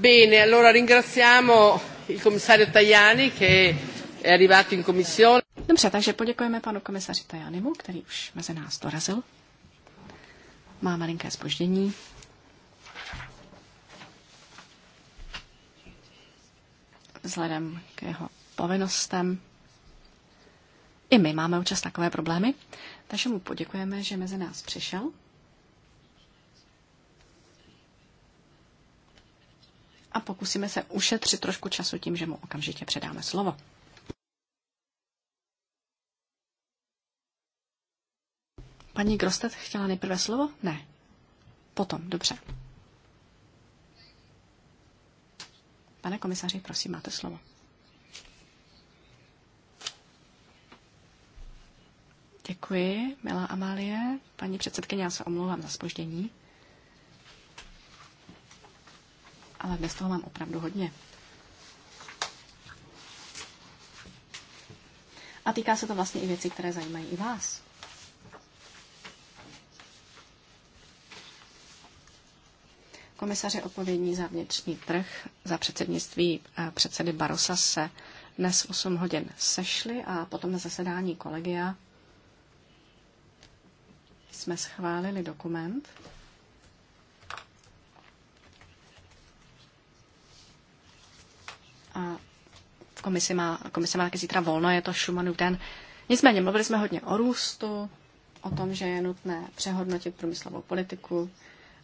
Bene, allora ringraziamo il commissario Tajani che è arrivato in commissione. Dobře, takže poděkujeme panu komisaři Tajanimu, který už mezi nás dorazil. Má malinké spoždění. Vzhledem k jeho povinnostem. I my máme občas takové problémy, takže mu poděkujeme, že mezi nás přišel. a pokusíme se ušetřit trošku času tím, že mu okamžitě předáme slovo. Paní Grostet chtěla nejprve slovo? Ne. Potom, dobře. Pane komisaři, prosím, máte slovo. Děkuji, milá Amálie. Paní předsedkyně, já se omlouvám za spoždění. ale dnes toho mám opravdu hodně. A týká se to vlastně i věcí, které zajímají i vás. Komisaři odpovědní za vnitřní trh za předsednictví eh, předsedy Barosa se dnes 8 hodin sešli a potom na zasedání kolegia jsme schválili dokument, A v má, komise má taky zítra volno, je to Schumannův den. Nicméně mluvili jsme hodně o růstu, o tom, že je nutné přehodnotit průmyslovou politiku.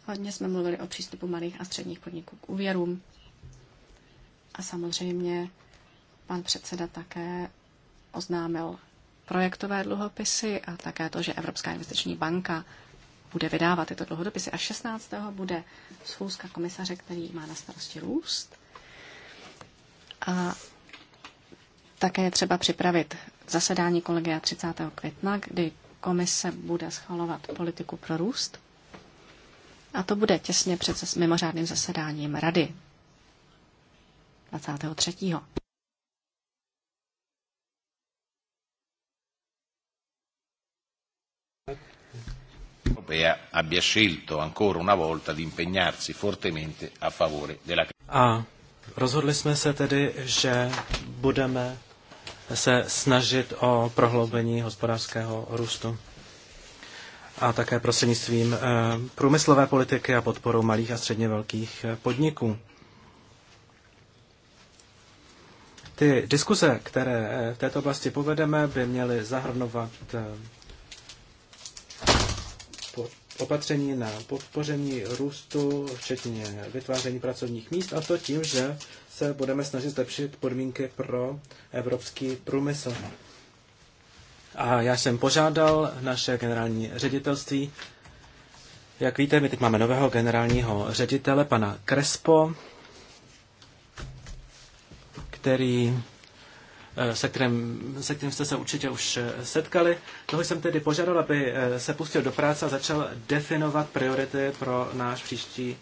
Hodně jsme mluvili o přístupu malých a středních podniků k úvěrům. A samozřejmě pan předseda také oznámil projektové dluhopisy a také to, že Evropská investiční banka bude vydávat tyto dluhopisy. A 16. bude schůzka komisaře, který má na starosti růst. A také je třeba připravit zasedání kolegia 30. května, kdy komise bude schvalovat politiku pro růst. A to bude těsně před mimořádným zasedáním rady 23. a Rozhodli jsme se tedy, že budeme se snažit o prohloubení hospodářského růstu a také prostřednictvím eh, průmyslové politiky a podporou malých a středně velkých eh, podniků. Ty diskuze, které eh, v této oblasti povedeme, by měly zahrnovat opatření na podpoření růstu, včetně vytváření pracovních míst, a to tím, že se budeme snažit zlepšit podmínky pro evropský průmysl. A já jsem požádal naše generální ředitelství, jak víte, my teď máme nového generálního ředitele, pana Krespo, který Eh, se kterým, se kterým jste se určitě už eh, setkali. Toho jsem tedy požádal, aby eh, se pustil do práce a začal definovat priority pro náš příští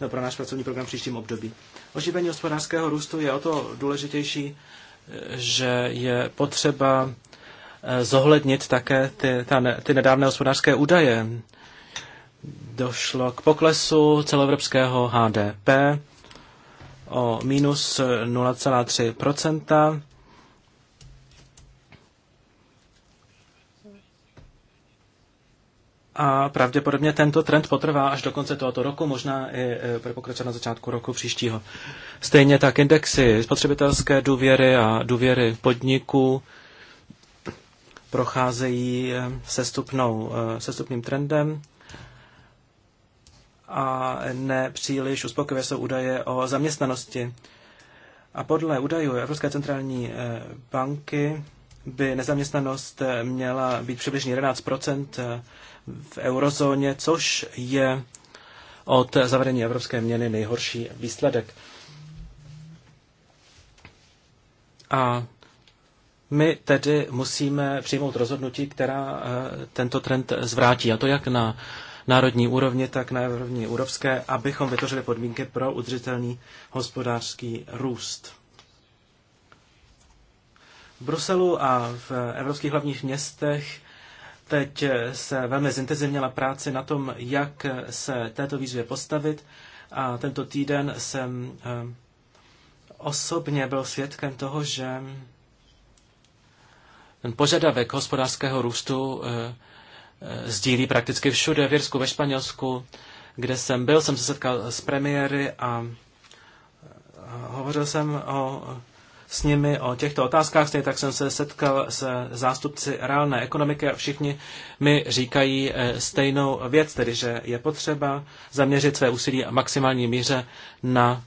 no, pro náš pracovní program v příštím období. Oživení hospodářského růstu je o to důležitější, že je potřeba zohlednit také ty, ta, ty nedávné hospodářské údaje. Došlo k poklesu celoevropského HDP o minus A pravděpodobně tento trend potrvá až do konce tohoto roku, možná i e, bude pokračovat na začátku roku příštího. Stejně tak indexy spotřebitelské důvěry a důvěry podniků procházejí e, sestupnou, e, sestupným trendem a nepříliš uspokojivé jsou údaje o zaměstnanosti. A podle údajů Evropské centrální banky by nezaměstnanost eh, měla být přibližně 11 eh, v eurozóně, což je od zavedení evropské měny nejhorší výsledek. A my tedy musíme přijmout rozhodnutí, která eh, tento trend zvrátí, a to jak na národní úrovni, tak na úrovni evropské, abychom vytvořili podmínky pro udržitelný hospodářský růst. V Bruselu a v evropských hlavních městech teď se velmi zintenzivněla práce na tom, jak se této výzvě postavit a tento týden jsem eh, osobně byl svědkem toho, že ten požadavek hospodářského růstu eh, eh, sdílí prakticky všude, v Jirsku, ve Španělsku, kde jsem byl, jsem se setkal s premiéry a hovořil jsem o s nimi o těchto otázkách, stejně tak jsem se setkal se zástupci reálné ekonomiky a všichni mi říkají eh, stejnou věc, tedy že je potřeba zaměřit své úsilí a maximální míře na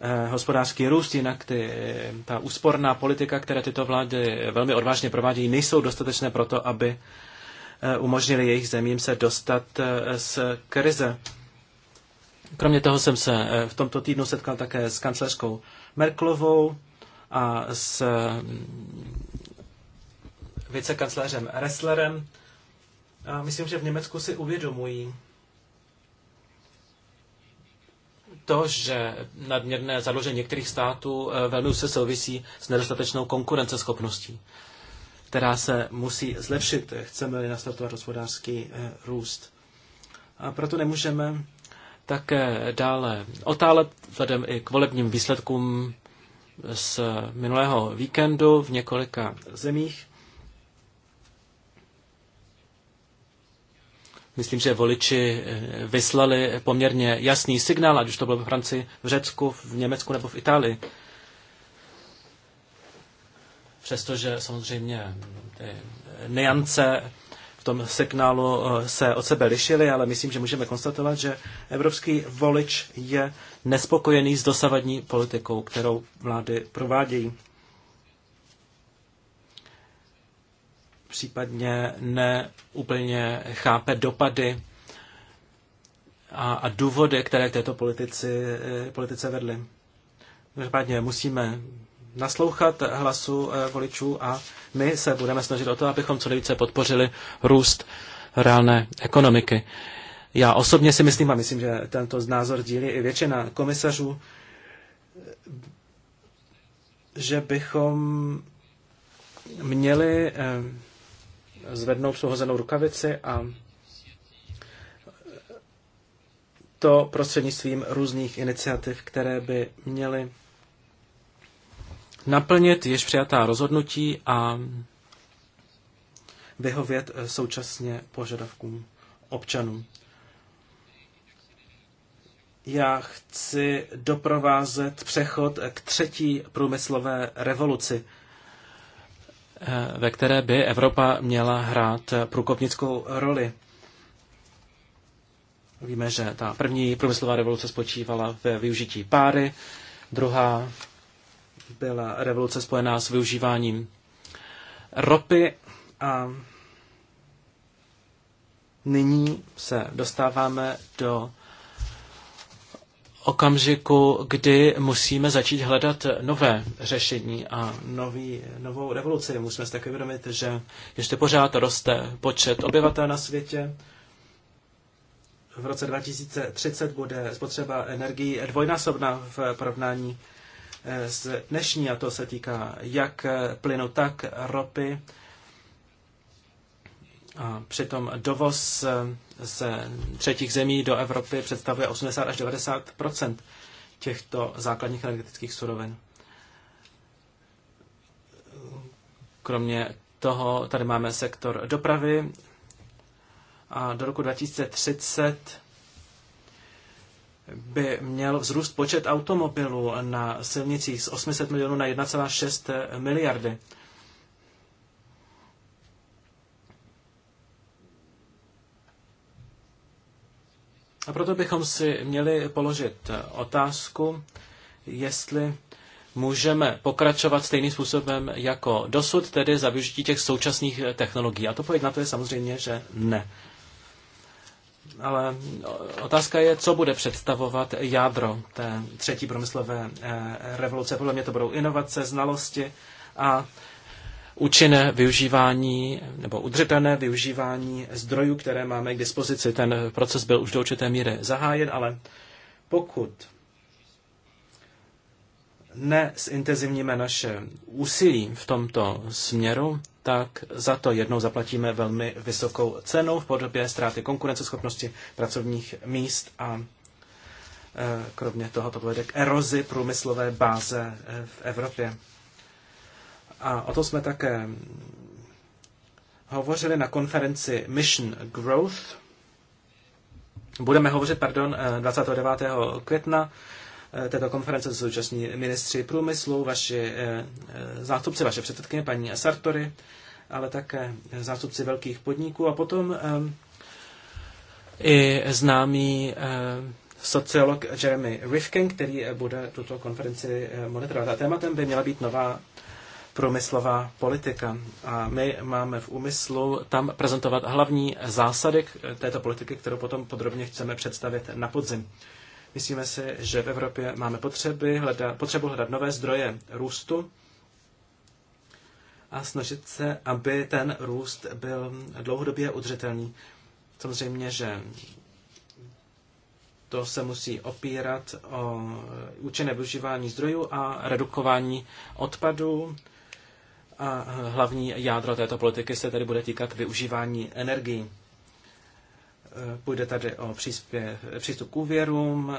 eh, hospodářský růst, jinak ty, eh, ta úsporná politika, které tyto vlády velmi odvážně provádějí, nejsou dostatečné pro to, aby umožnili jejich zemím se dostat z krize. Kromě toho jsem se v tomto týdnu setkal také s kancelářkou Merklovou, a s mm, vicekancléřem Resslerem. A myslím, že v Německu si uvědomují to, že nadměrné zadlužení některých států eh, velmi se souvisí s nedostatečnou konkurenceschopností, která se musí zlepšit, chceme-li nastartovat hospodářský eh, růst. A proto nemůžeme také dále otálet vzhledem i k volebním výsledkům z minulého víkendu v několika zemích. Myslím, že voliči eh, vyslali poměrně jasný signál, ať už to bylo v Francii, v Řecku, v Německu nebo v Itálii. Přestože samozřejmě ty niance v tom signálu eh, se od sebe lišily, ale myslím, že můžeme konstatovat, že evropský volič je nespokojený s dosavadní politikou, kterou vlády provádějí. Případně neúplně chápe dopady a, a důvody, které k této politici, eh, politice vedly. Případně musíme naslouchat hlasu eh, voličů a my se budeme snažit o to, abychom co nejvíce podpořili růst reálné ekonomiky. Já osobně si myslím, a myslím, že tento názor dílí i většina komisařů, že bychom měli eh, zvednout souhozenou rukavici a to prostřednictvím různých iniciativ, které by měly naplnit již přijatá rozhodnutí a vyhovět eh, současně požadavkům občanů já chci doprovázet přechod k třetí průmyslové revoluci, eh, ve které by Evropa měla hrát průkopnickou roli. Víme, že ta první průmyslová revoluce spočívala ve využití páry, druhá byla revoluce spojená s využíváním ropy a nyní se dostáváme do okamžiku, kdy musíme začít hledat nové řešení a nový, novou revoluci. Musíme si také uvědomit, že ještě pořád roste počet obyvatel na světě. V roce 2030 bude spotřeba energii dvojnásobná v porovnání eh, s dnešní, a to se týká jak plynu, tak ropy. A přitom dovoz eh, z třetích zemí do Evropy představuje 80 až 90 těchto základních energetických surovin. Kromě toho tady máme sektor dopravy a do roku 2030 by měl vzrůst počet automobilů na silnicích z 800 milionů na 1,6 miliardy. A proto bychom si měli položit eh, otázku, jestli můžeme pokračovat stejným způsobem jako dosud, tedy za využití těch současných eh, technologií. A to pojď na to je samozřejmě, že ne. Ale eh, otázka je, co bude představovat jádro té třetí promyslové revoluce. Podle mě to budou inovace, znalosti a účinné využívání nebo udržitelné využívání zdrojů, které máme k dispozici. Ten proces byl už do určité míry zahájen, ale pokud nezintenzivníme naše úsilí v tomto směru, tak za to jednou zaplatíme velmi vysokou cenu v podobě ztráty konkurenceschopnosti pracovních míst a e, kromě toho to povede k erozi průmyslové báze e, v Evropě. A o to jsme také hovořili na konferenci Mission Growth. Budeme hovořit, pardon, 29. Eh, května. Eh, této konference se zúčastní ministři průmyslu, vaši eh, zástupci, vaše předsedkyně, paní Sartory, ale také zástupci velkých podniků a potom i známý sociolog Jeremy Rifkin, který bude tuto konferenci monitorovat. A tématem by měla být nová průmyslová politika. A my máme v úmyslu tam prezentovat hlavní zásady této politiky, kterou potom podrobně chceme představit na podzim. Myslíme si, že v Evropě máme potřeby hledat, potřebu hledat nové zdroje růstu a snažit se, aby ten růst byl dlouhodobě udržitelný. Samozřejmě, že to se musí opírat o účinné využívání zdrojů a redukování odpadů. A hlavní jádro této politiky se tedy bude týkat využívání energií. Půjde tady o příspě, přístup k úvěrům,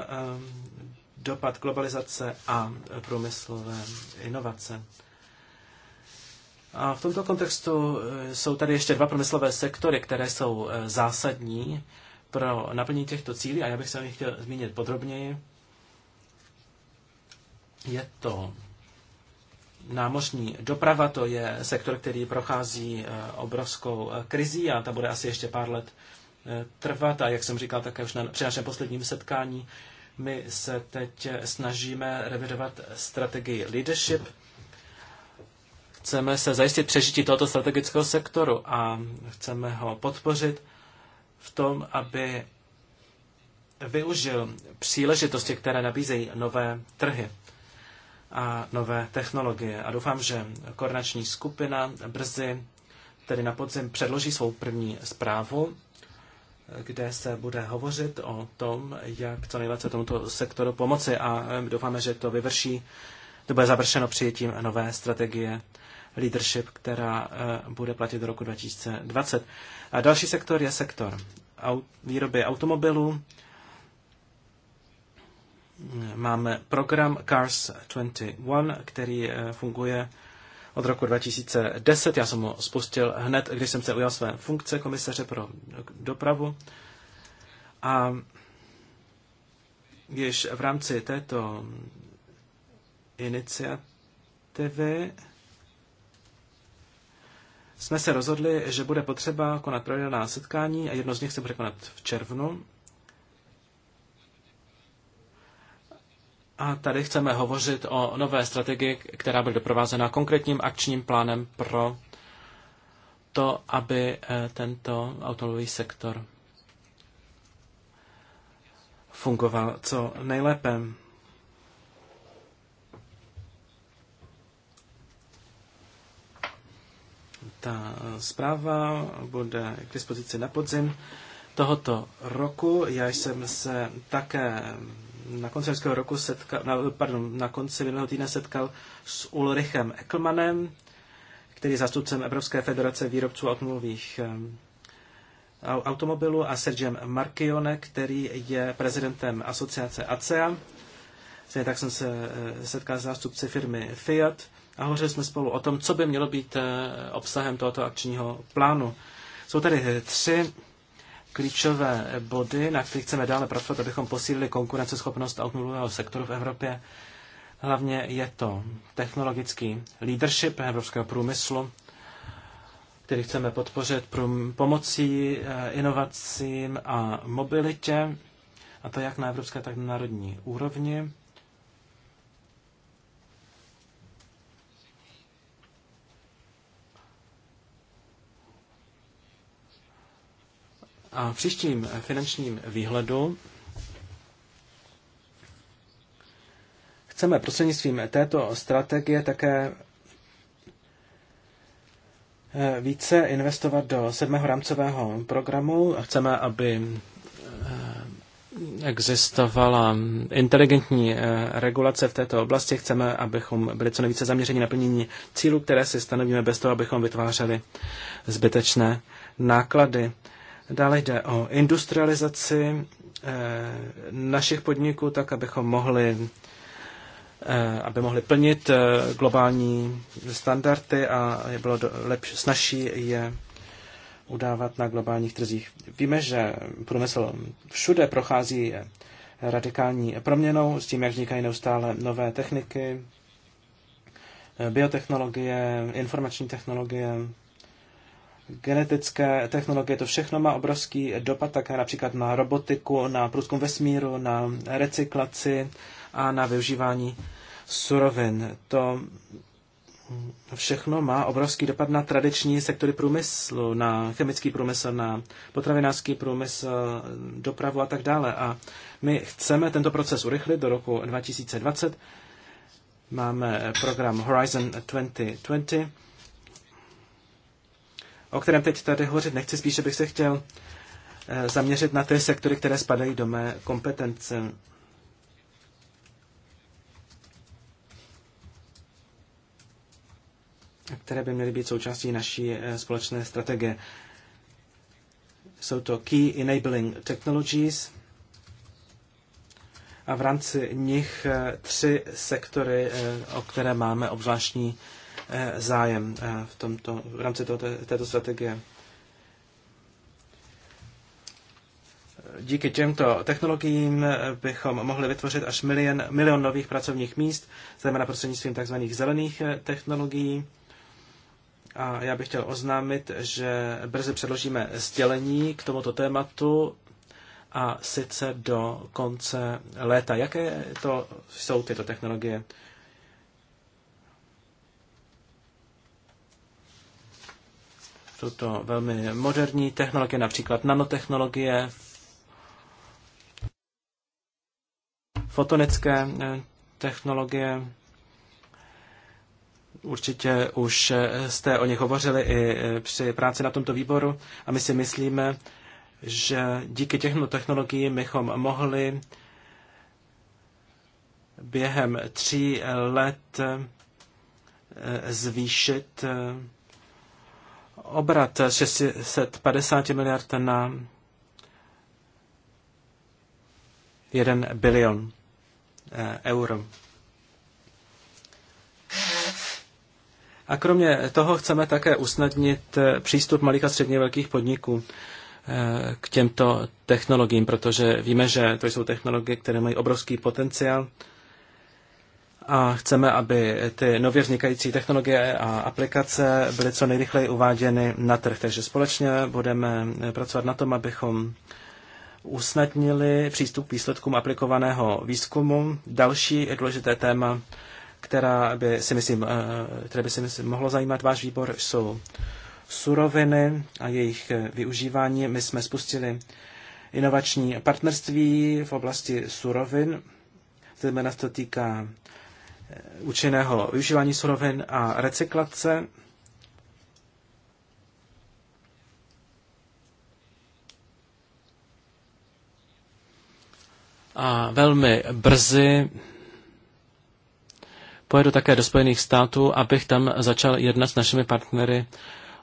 dopad globalizace a průmyslové inovace. A v tomto kontextu eh, jsou tady ještě dva průmyslové sektory, které jsou eh, zásadní pro naplnění těchto cílů a já bych se o nich chtěl zmínit podrobněji. Je to námořní doprava, to je sektor, který prochází eh, obrovskou eh, krizí a ta bude asi ještě pár let eh, trvat. A jak jsem říkal také už na, při našem posledním setkání, my se teď snažíme revidovat strategii leadership. Chceme se zajistit přežití tohoto strategického sektoru a chceme ho podpořit v tom, aby využil příležitosti, které nabízejí nové trhy a nové technologie. A doufám, že koordinační skupina brzy, tedy na podzim, předloží svou první zprávu, kde se bude hovořit o tom, jak co nejlépe tomuto sektoru pomoci a eh, doufáme, že to vyvrší, to bude završeno přijetím nové strategie leadership, která eh, bude platit do roku 2020. A další sektor je sektor výroby automobilů máme program CARS 21, který eh, funguje od roku 2010. Já jsem ho spustil hned, když jsem se ujal své funkce komisaře pro dopravu. A když v rámci této iniciativy jsme se rozhodli, že bude potřeba konat pravidelná setkání a jedno z nich se bude konat v červnu A tady chceme hovořit o nové strategii, která byl doprovázena konkrétním akčním plánem pro to, aby eh, tento automobilový sektor fungoval co nejlépe. Ta zpráva bude k dispozici na podzim tohoto roku. Já jsem se také na konci loňského roku setkal, na, pardon, na konci minulého týdne setkal s Ulrichem Eklmanem, který je zástupcem Evropské federace výrobců automobilových automobilů a Sergem Markione, který je prezidentem asociace ACEA. Zde tak jsem se eh, setkal s zástupci firmy Fiat a hovořili jsme spolu o tom, co by mělo být eh, obsahem tohoto akčního plánu. Jsou tady eh, tři klíčové body, na kterých chceme dále pracovat, abychom posílili konkurenceschopnost automobilového sektoru v Evropě. Hlavně je to technologický leadership evropského průmyslu, který chceme podpořit pomocí eh, inovacím a mobilitě, a to jak na evropské, tak na národní úrovni. A v příštím finančním výhledu chceme prostřednictvím této strategie také eh, více investovat do sedmého rámcového programu. Chceme, aby eh, existovala inteligentní eh, regulace v této oblasti. Chceme, abychom byli co nejvíce zaměřeni na plnění cílů, které si stanovíme bez toho, abychom vytvářeli zbytečné náklady. Dále jde o industrializaci eh, našich podniků, tak abychom mohli eh, aby mohli plnit eh, globální standardy a je bylo lepší, snažší je udávat na globálních trzích. Víme, že průmysl všude prochází radikální proměnou s tím, jak vznikají neustále nové techniky, biotechnologie, informační technologie, genetické technologie, to všechno má obrovský dopad také například na robotiku, na průzkum vesmíru, na recyklaci a na využívání surovin. To všechno má obrovský dopad na tradiční sektory průmyslu, na chemický průmysl, na potravinářský průmysl, dopravu a tak dále. A my chceme tento proces urychlit do roku 2020. Máme program Horizon 2020 o kterém teď tady hovořit nechci, spíše bych se chtěl eh, zaměřit na ty sektory, které spadají do mé kompetence. které by měly být součástí naší eh, společné strategie. Jsou to Key Enabling Technologies a v rámci nich eh, tři sektory, o které máme obzvláštní Eh, zájem eh, v, tomto, v rámci tohoto, této strategie. Díky těmto technologiím eh, bychom mohli vytvořit až milion, milion nových pracovních míst, zejména prostřednictvím tzv. zelených technologií. A já bych chtěl oznámit, že brzy předložíme sdělení k tomuto tématu a sice do konce léta. Jaké to jsou tyto technologie? Jsou to velmi moderní technologie, například nanotechnologie, fotonické eh, technologie. Určitě už eh, jste o nich hovořili i eh, při práci na tomto výboru a my si myslíme, že díky těchto technologiím bychom mohli během tří let zvýšit obrat 650 miliard na 1 bilion eh, euro. A kromě toho chceme také usnadnit eh, přístup malých a středně velkých podniků eh, k těmto technologiím, protože víme, že to jsou technologie, které mají obrovský potenciál a chceme, aby ty nově vznikající technologie a aplikace byly co nejrychleji uváděny na trh. Takže společně budeme pracovat na tom, abychom usnadnili přístup k výsledkům aplikovaného výzkumu. Další důležité téma, která by si myslím, eh, které by si myslím mohlo zajímat váš výbor, jsou suroviny a jejich využívání. My jsme spustili inovační partnerství v oblasti surovin, zejména se to týká Eh, účinného využívání surovin a recyklace. A velmi brzy pojedu také do Spojených států, abych tam začal jednat s našimi partnery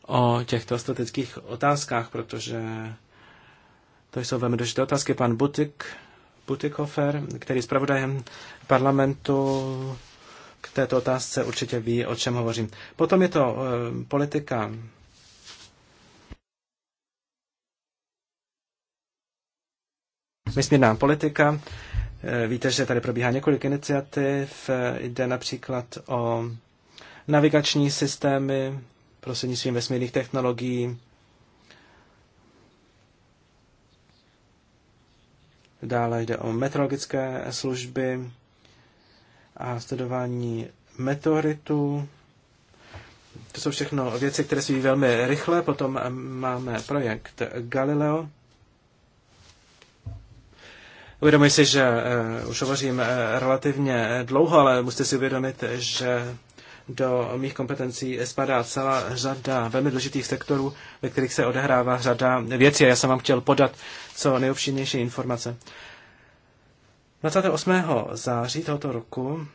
o těchto estetických otázkách, protože to jsou velmi důležité otázky. Pan Butik, Butikhofer, který je zpravodajem parlamentu k této otázce určitě ví, o čem hovořím. Potom je to eh, politika Vesmírná politika. Eh, víte, že tady probíhá několik iniciativ. Eh, jde například o navigační systémy prostřednictvím vesmírných technologií. Dále jde o meteorologické služby a sledování meteoritu. To jsou všechno věci, které se velmi rychle. Potom máme projekt Galileo. Uvědomuji si, že uh, už hovořím uh, relativně dlouho, ale musíte si uvědomit, že do mých kompetencí spadá celá řada velmi důležitých sektorů, ve kterých se odehrává řada věcí a já jsem vám chtěl podat co nejobšírnější informace. 28. září tohoto roku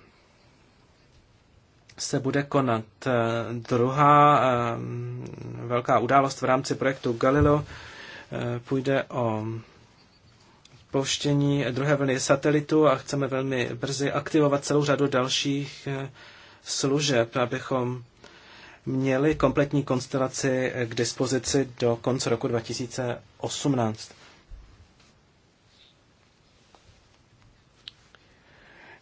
se bude konat eh, druhá eh, velká událost v rámci projektu Galileo. Eh, půjde o pouštění druhé vlny satelitu a chceme velmi brzy aktivovat celou řadu dalších služeb, abychom měli kompletní konstelaci k dispozici do konce roku 2018.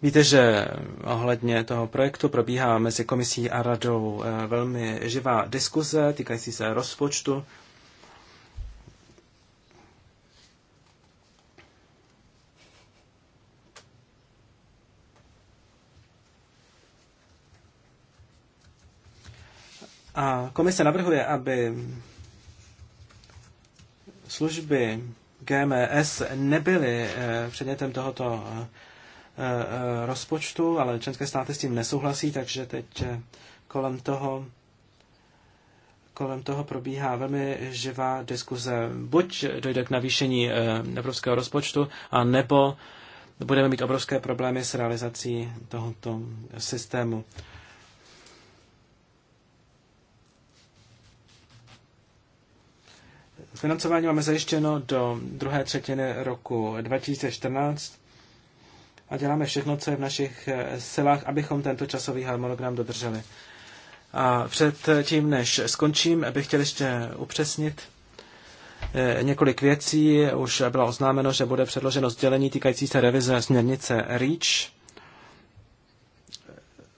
Víte, že ohledně toho projektu probíhá mezi komisí a radou eh, velmi živá diskuze týkající se rozpočtu. A komise navrhuje, aby služby GMS nebyly eh, předmětem tohoto eh, Eh, eh, rozpočtu, ale členské státy s tím nesouhlasí, takže teď eh, kolem toho kolem toho probíhá velmi živá diskuze. Buď dojde k navýšení evropského rozpočtu, a nebo budeme mít obrovské problémy s realizací tohoto systému. Financování máme zajištěno do druhé třetiny roku 2014 a děláme všechno, co je v našich eh, silách, abychom tento časový harmonogram dodrželi. A předtím, eh, než skončím, bych chtěl ještě upřesnit eh, několik věcí. Už bylo oznámeno, že bude předloženo sdělení týkající se revize směrnice REACH.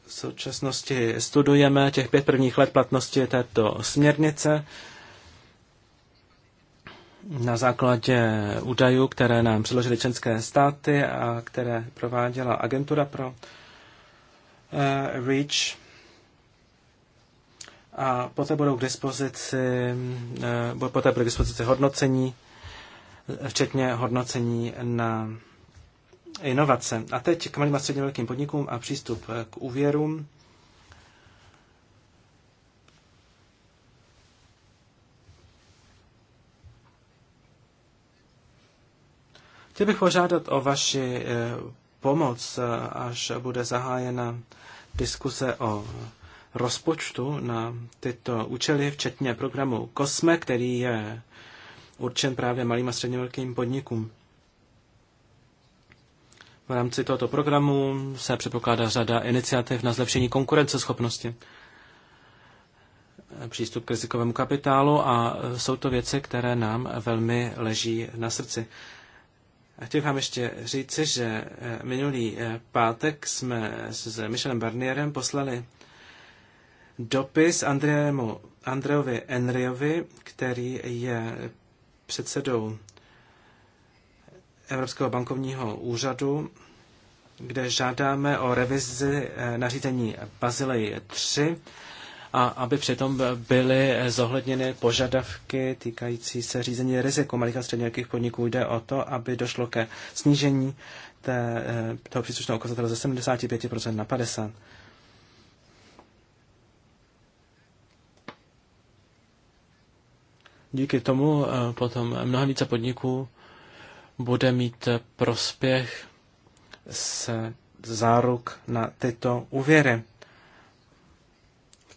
V současnosti studujeme těch pět prvních let platnosti této směrnice na základě údajů, které nám přiložily členské státy a které prováděla agentura pro eh, REACH. A poté budou k dispozici, eh, poté budou k dispozici hodnocení, včetně hodnocení na inovace. A teď k malým a středně velkým podnikům a přístup eh, k úvěrům. Chtěl bych požádat o vaši eh, pomoc, eh, až bude zahájena diskuse o rozpočtu na tyto účely, včetně programu COSME, který je určen právě malým a středně velkým podnikům. V rámci tohoto programu se předpokládá řada iniciativ na zlepšení konkurenceschopnosti, eh, přístup k rizikovému kapitálu a jsou to věci, které nám velmi leží na srdci. Chtěl vám ještě říci, že eh, minulý eh, pátek jsme s Michelem Barnierem poslali dopis Andrému, Andreovi Enriovi, který je předsedou Evropského bankovního úřadu, kde žádáme o revizi eh, nařízení Bazilej 3 a aby přitom byly zohledněny požadavky týkající se řízení riziku malých a středních podniků. Jde o to, aby došlo ke snížení té, eh, toho příslušného ukazatele ze 75% na 50%. Díky tomu eh, potom mnohem více podniků bude mít prospěch z záruk na tyto úvěry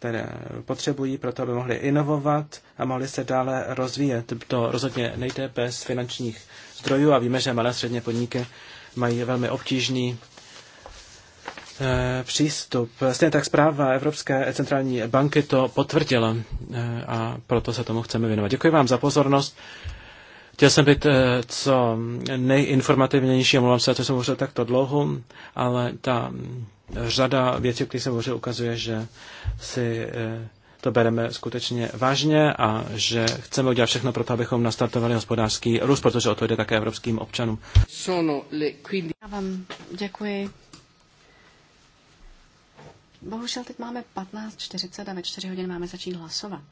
které potřebují pro to, aby mohli inovovat a mohli se dále rozvíjet. To rozhodně nejde bez finančních zdrojů a víme, že malé a střední podniky mají velmi obtížný eh, přístup. Stejně tak zpráva Evropské centrální banky to potvrdila eh, a proto se tomu chceme věnovat. Děkuji vám za pozornost. Chtěl jsem být eh, co nejinformativnější, omlouvám se, že jsem mluvil takto dlouho, ale ta řada věcí, o kterých jsem hovořil, ukazuje, že si eh, to bereme skutečně vážně a že chceme udělat všechno pro to, abychom nastartovali hospodářský růst, protože o to jde také evropským občanům. Já vám děkuji. Bohužel teď máme 15.40 a ve 4 hodin máme začít hlasovat.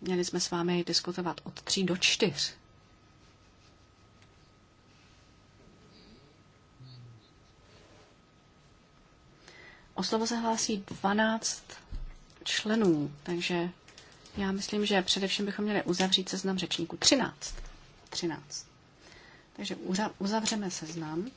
Měli jsme s vámi diskutovat od 3 do 4. O slovo se hlásí 12 členů, takže já myslím, že především bychom měli uzavřít seznam řečníků. 13. 13. Takže uzavřeme seznam.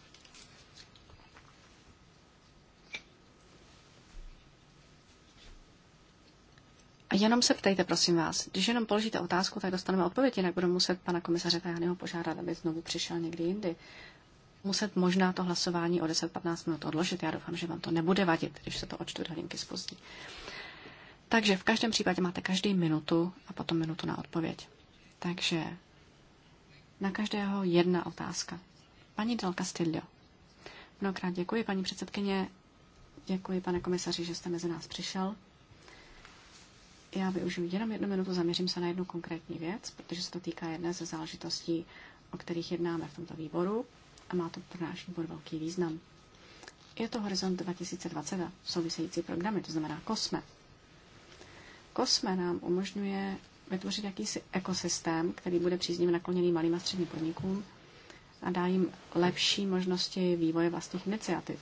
A jenom se ptejte, prosím vás. Když jenom položíte otázku, tak dostaneme odpověď, jinak budu muset pana komisaře Tajanyho požádat, aby znovu přišel někdy jindy muset možná to hlasování o 10-15 minut odložit. Já doufám, že vám to nebude vadit, když se to o čtvrt hodinky spozdí. Takže v každém případě máte každý minutu a potom minutu na odpověď. Takže na každého jedna otázka. Paní Del Castillo. Mnohokrát děkuji, paní předsedkyně. Děkuji, pane komisaři, že jste mezi nás přišel. Já využiju jenom jednu minutu, zaměřím se na jednu konkrétní věc, protože se to týká jedné ze záležitostí, o kterých jednáme v tomto výboru a má to pro náš výbor velký význam. Je to Horizont 2020 a související programy, to znamená COSME. COSME nám umožňuje vytvořit jakýsi ekosystém, který bude příznivě nakloněný malým a středním podnikům a dá jim lepší možnosti vývoje vlastních iniciativ.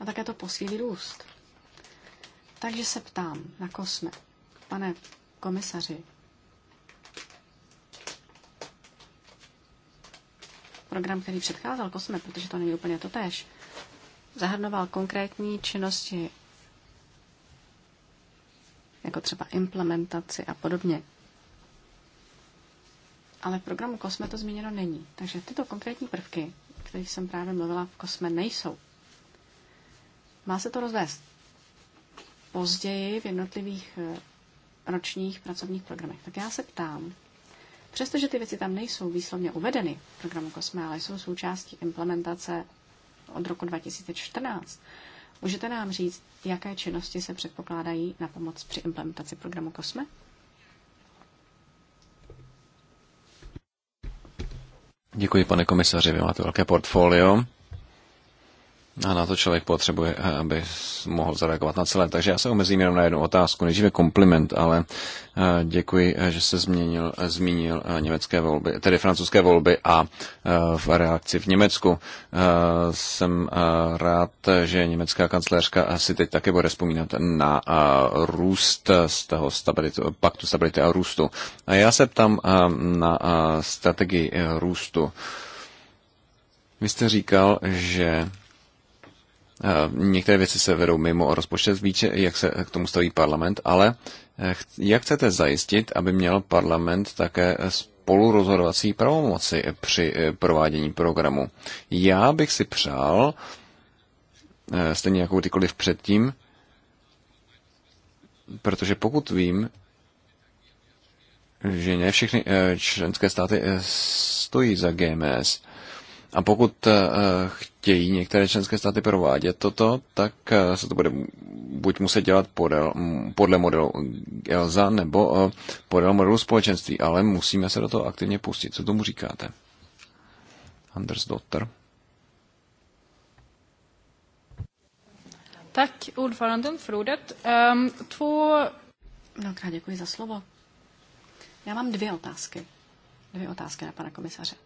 A také to posílí růst. Takže se ptám na COSME, Pane komisaři, program, který předcházel Kosme, protože to není úplně to tež, zahrnoval konkrétní činnosti jako třeba implementaci a podobně. Ale v programu Kosme to zmíněno není. Takže tyto konkrétní prvky, o kterých jsem právě mluvila v Kosme, nejsou. Má se to rozvést později v jednotlivých eh, ročních pracovních programech. Tak já se ptám, Přestože ty věci tam nejsou výslovně uvedeny v programu Kosme, ale jsou součástí implementace od roku 2014, můžete nám říct, jaké činnosti se předpokládají na pomoc při implementaci programu Kosme? Děkuji, pane komisaři, vy máte velké portfolio. A na to člověk potřebuje, eh, aby mohl zareagovat na celé. Takže já se omezím jenom na jednu otázku. Nejdříve kompliment, ale eh, děkuji, eh, že se změnil, zmínil německé volby, tedy francouzské volby a v reakci v Německu. Jsem rád, že německá kancléřka asi teď také bude vzpomínat na růst z toho stabilitu, paktu stability a růstu. A já se ptám na strategii růstu. Vy jste říkal, že Eh, některé věci se vedou mimo rozpočet, víte, jak se k tomu staví parlament, ale eh, jak chcete zajistit, aby měl parlament také eh, spolurozhodovací pravomoci při provádění programu? Já bych si přál, stejně jako kdykoliv předtím, protože pokud vím, že ne všechny členské státy stojí za GMS. A pokud chtějí některé členské státy provádět toto, tak eh, se to bude buď muset dělat podel, podle modelu ELSA nebo eh, podle modelu společenství, ale musíme se do toho aktivně pustit. Co tomu říkáte? Anders Dotter. Tak, ordföranden, för ordet. Um, ehm, två... Mnohokrát děkuji za slovo. Já mám dvě otázky. Dvě otázky na pana komisaře.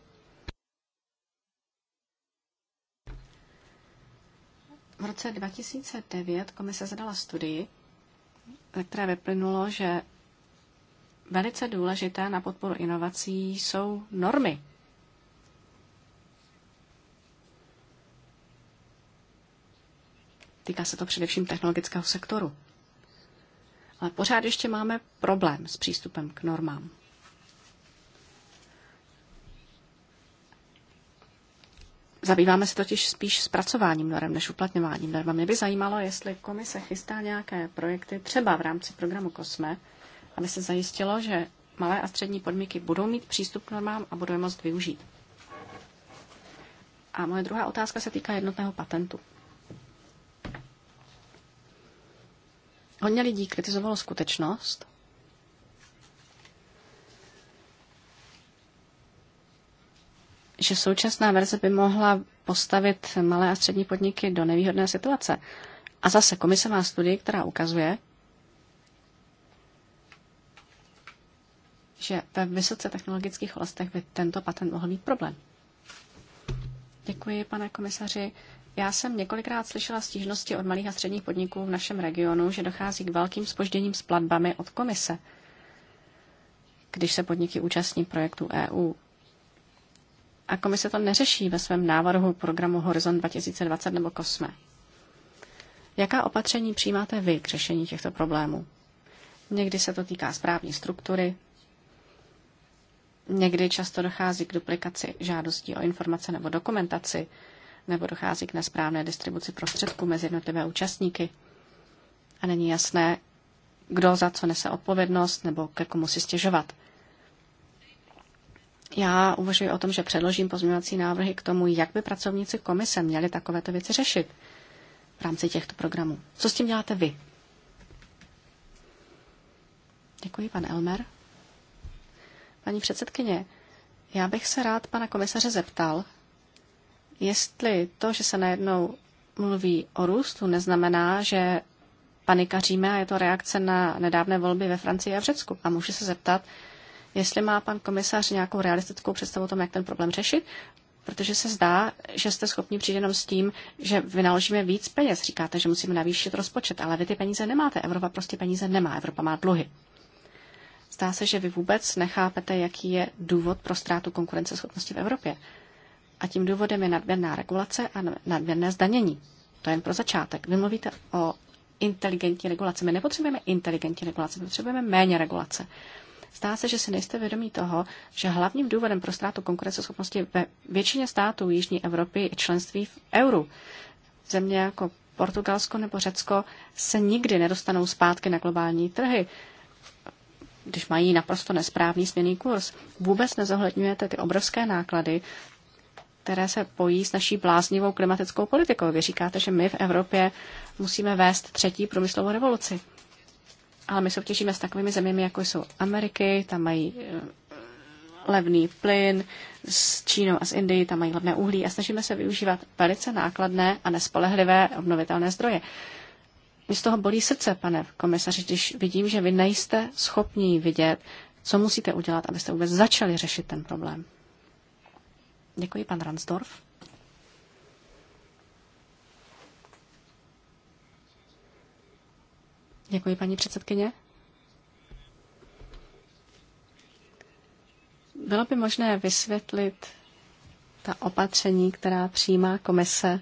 V roce 2009 komise zadala studii, ze které vyplynulo, že velice důležité na podporu inovací jsou normy. Týká se to především technologického sektoru. Ale pořád ještě máme problém s přístupem k normám. Zabýváme se totiž spíš zpracováním norem než uplatňováním norm. Mě by zajímalo, jestli komise chystá nějaké projekty, třeba v rámci programu COSME, aby se zajistilo, že malé a střední podmínky budou mít přístup k normám a budou je moct využít. A moje druhá otázka se týká jednotného patentu. Hodně lidí kritizovalo skutečnost, že současná verze by mohla postavit malé a střední podniky do nevýhodné situace. A zase komise má studii, která ukazuje, že ve vysoce technologických oblastech by tento patent mohl být problém. Děkuji, pane komisaři. Já jsem několikrát slyšela stížnosti od malých a středních podniků v našem regionu, že dochází k velkým spožděním s platbami od komise, když se podniky účastní projektu EU. A komise to neřeší ve svém návrhu programu Horizon 2020 nebo Kosme. Jaká opatření přijímáte vy k řešení těchto problémů? Někdy se to týká správní struktury, někdy často dochází k duplikaci žádostí o informace nebo dokumentaci, nebo dochází k nesprávné distribuci prostředků mezi jednotlivé účastníky. A není jasné, kdo za co nese odpovědnost nebo ke komu si stěžovat. Já uvažuji o tom, že předložím pozměňovací návrhy k tomu, jak by pracovníci komise měli takovéto věci řešit v rámci těchto programů. Co s tím děláte vy? Děkuji, pan Elmer. Paní předsedkyně, já bych se rád pana komisaře zeptal, jestli to, že se najednou mluví o růstu, neznamená, že panikaříme a je to reakce na nedávné volby ve Francii a v Řecku. A můžu se zeptat, jestli má pan komisař nějakou realistickou představu o tom, jak ten problém řešit, protože se zdá, že jste schopni přijít jenom s tím, že vynaložíme víc peněz. Říkáte, že musíme navýšit rozpočet, ale vy ty peníze nemáte. Evropa prostě peníze nemá. Evropa má dluhy. Zdá se, že vy vůbec nechápete, jaký je důvod pro ztrátu konkurenceschopnosti v Evropě. A tím důvodem je nadměrná regulace a nadměrné zdanění. To jen pro začátek. Vy mluvíte o inteligentní regulaci. My nepotřebujeme inteligentní regulace, potřebujeme méně regulace. Zdá se, že si nejste vědomí toho, že hlavním důvodem pro ztrátu konkurenceschopnosti ve většině států Jižní Evropy je členství v euru. Země jako Portugalsko nebo Řecko se nikdy nedostanou zpátky na globální trhy, když mají naprosto nesprávný směný kurz. Vůbec nezohledňujete ty obrovské náklady, které se pojí s naší bláznivou klimatickou politikou. Vy říkáte, že my v Evropě musíme vést třetí průmyslovou revoluci. Ale my se obtěžíme s takovými zeměmi, jako jsou Ameriky, tam mají eh, levný plyn, s Čínou a s Indií tam mají levné uhlí a snažíme se využívat velice nákladné a nespolehlivé obnovitelné zdroje. Mě z toho bolí srdce, pane komisaři, když vidím, že vy nejste schopní vidět, co musíte udělat, abyste vůbec začali řešit ten problém. Děkuji, pan Ransdorf. Děkuji, paní předsedkyně. Bylo by možné vysvětlit ta opatření, která přijímá komise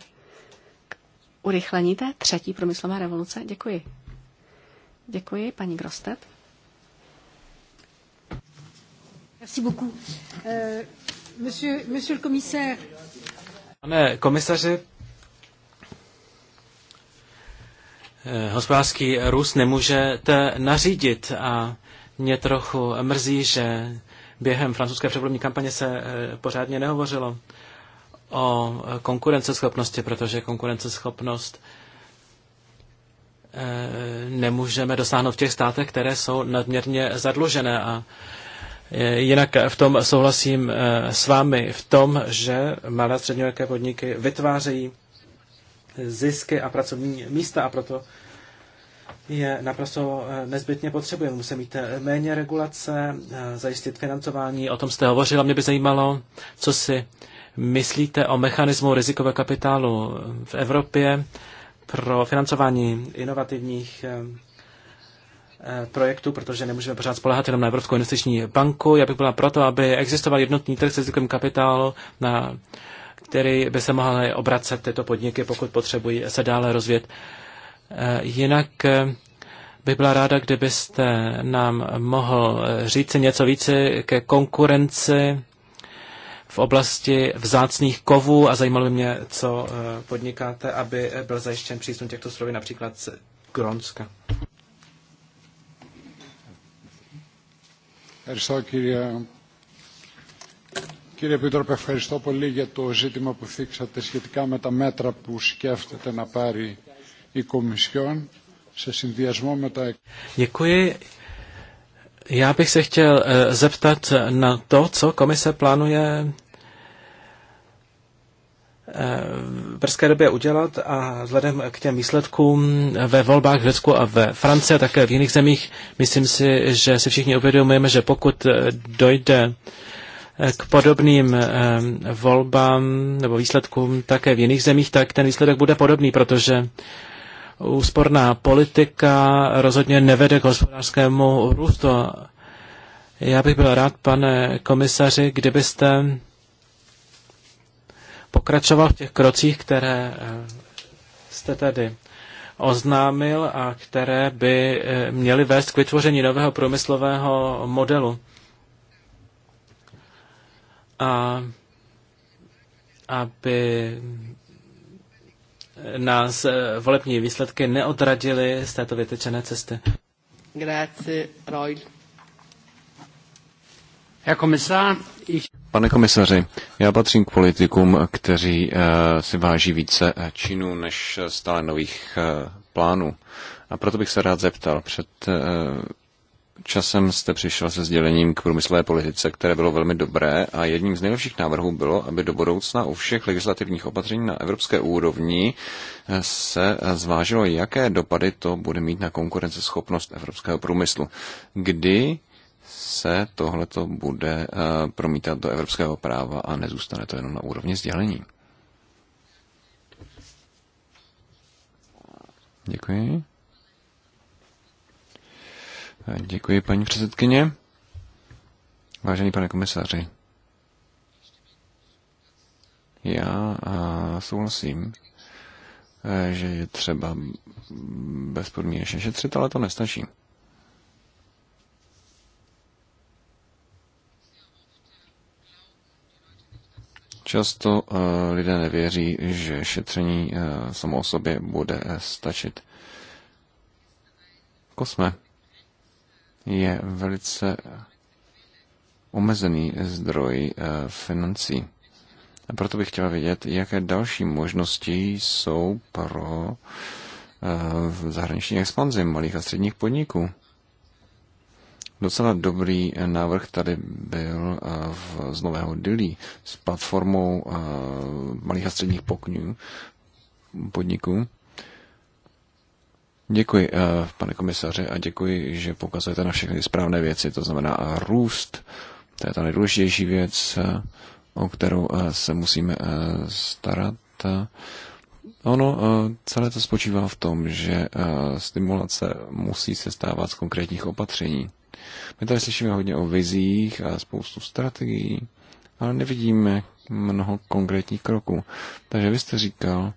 k urychlení té třetí průmyslové revoluce? Děkuji. Děkuji, paní Grostet. Merci beaucoup. Euh, monsieur, monsieur le commissaire. Pane komisaři, Eh, hospodářský růst nemůžete nařídit a mě trochu mrzí, že během francouzské převolební kampaně se eh, pořádně nehovořilo o konkurenceschopnosti, protože konkurenceschopnost eh, nemůžeme dosáhnout v těch státech, které jsou nadměrně zadlužené a Jinak v tom souhlasím s vámi, v tom, že malé a podniky vytvářejí zisky a pracovní místa a proto je naprosto eh, nezbytně potřebujeme. Musíme mít eh, méně regulace, eh, zajistit financování. O tom jste hovořila, mě by zajímalo, co si myslíte o mechanismu rizikového kapitálu v Evropě pro financování inovativních projektů, protože nemůžeme pořád spolehat jenom na Evropskou investiční banku. Já bych byla proto, aby existoval jednotný trh s rizikovým kapitálu na který by se mohl obracet tyto podniky, pokud potřebují se dále rozvět, eh, Jinak eh, bych byla ráda, kdybyste nám mohl eh, říct něco více ke konkurenci v oblasti vzácných kovů a zajímalo by mě, co podnikáte, aby byl zajištěn přístup těchto slovy například z Gronska. Ευχαριστώ κύριε Κύριε Επίτροπε, ευχαριστώ πολύ για το ζήτημα που θίξατε σχετικά με τα μέτρα που σκέφτεται να πάρει η Κομισιόν σε συνδυασμό με τα... Děkuji. Já bych se chtěl eh, zeptat na to, co komise plánuje eh, v brzké době udělat a vzhledem k těm výsledkům ve volbách v Řecku a ve Francii a také v jiných zemích, myslím si, že si všichni uvědomujeme, že pokud eh, dojde k podobným eh, volbám nebo výsledkům také v jiných zemích, tak ten výsledek bude podobný, protože úsporná politika rozhodně nevede k hospodářskému růstu. Já bych byl rád, pane komisaři, kdybyste pokračoval v těch krocích, které eh, jste tady oznámil a které by eh, měly vést k vytvoření nového průmyslového modelu a aby nás eh, volební výsledky neodradily z této vytečené cesty. Grazie, Roy. Pane komisaři, já patřím k politikům, kteří eh, si váží více eh, činů než stále nových plánů. A proto bych se rád zeptal, před časem jste přišel se sdělením k průmyslové politice, které bylo velmi dobré a jedním z nejlepších návrhů bylo, aby do budoucna u všech legislativních opatření na evropské úrovni eh, se eh, zvážilo, jaké dopady to bude mít na konkurenceschopnost evropského průmyslu. Kdy se tohleto bude eh, promítat do evropského práva a nezůstane to jenom na úrovni sdělení? Děkuji. Děkuji, paní předsedkyně. Vážený pane komisaři, já souhlasím, e, že je třeba bezpodmínečně šetřit, ale to nestačí. Často e, lidé nevěří, že šetření e, samo o sobě bude stačit. Kosme je velice omezený zdroj eh, financí. A proto bych chtěla vědět, jaké další možnosti jsou pro eh, zahraniční expanzi malých a středních podniků. Docela dobrý eh, návrh tady byl v, z Nového Dilí s platformou malých a středních pokňů, podniků. Děkuji, eh, pane komisaře a děkuji, že pokazujete na všechny správné věci, to znamená eh, růst. To je ta nejdůležitější věc, eh, o kterou se musíme starat. Ono celé to spočívá v tom, že stimulace musí se stávat z konkrétních opatření. My tady slyšíme hodně o vizích a spoustu strategií, ale nevidíme mnoho konkrétních kroků. Takže vy jste říkal,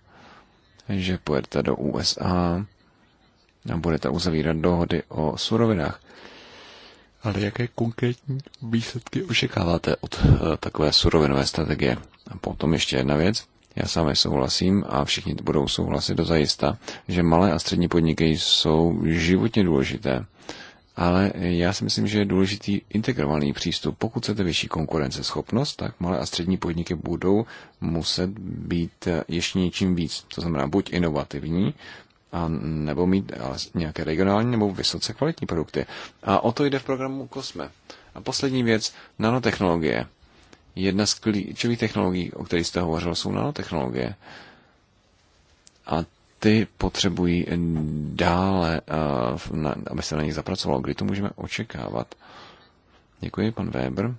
že pojedete do USA, budete uzavírat dohody o surovinách. Ale jaké konkrétní výsledky očekáváte od eh, takové surovinové strategie? A potom ještě jedna věc. Já sám souhlasím a všichni budou souhlasit do zajista, že malé a střední podniky jsou životně důležité. Ale já si myslím, že je důležitý integrovaný přístup. Pokud chcete vyšší konkurenceschopnost, tak malé a střední podniky budou muset být eh, ještě něčím víc. To znamená buď inovativní, a nebo mít nějaké regionální nebo vysoce kvalitní produkty. A o to jde v programu Kosme. A poslední věc, nanotechnologie. Jedna z klíčových technologií, o kterých jste hovořil, jsou nanotechnologie. A ty potřebují dále, aby se na nich zapracovalo. Kdy to můžeme očekávat? Děkuji, pan Weber.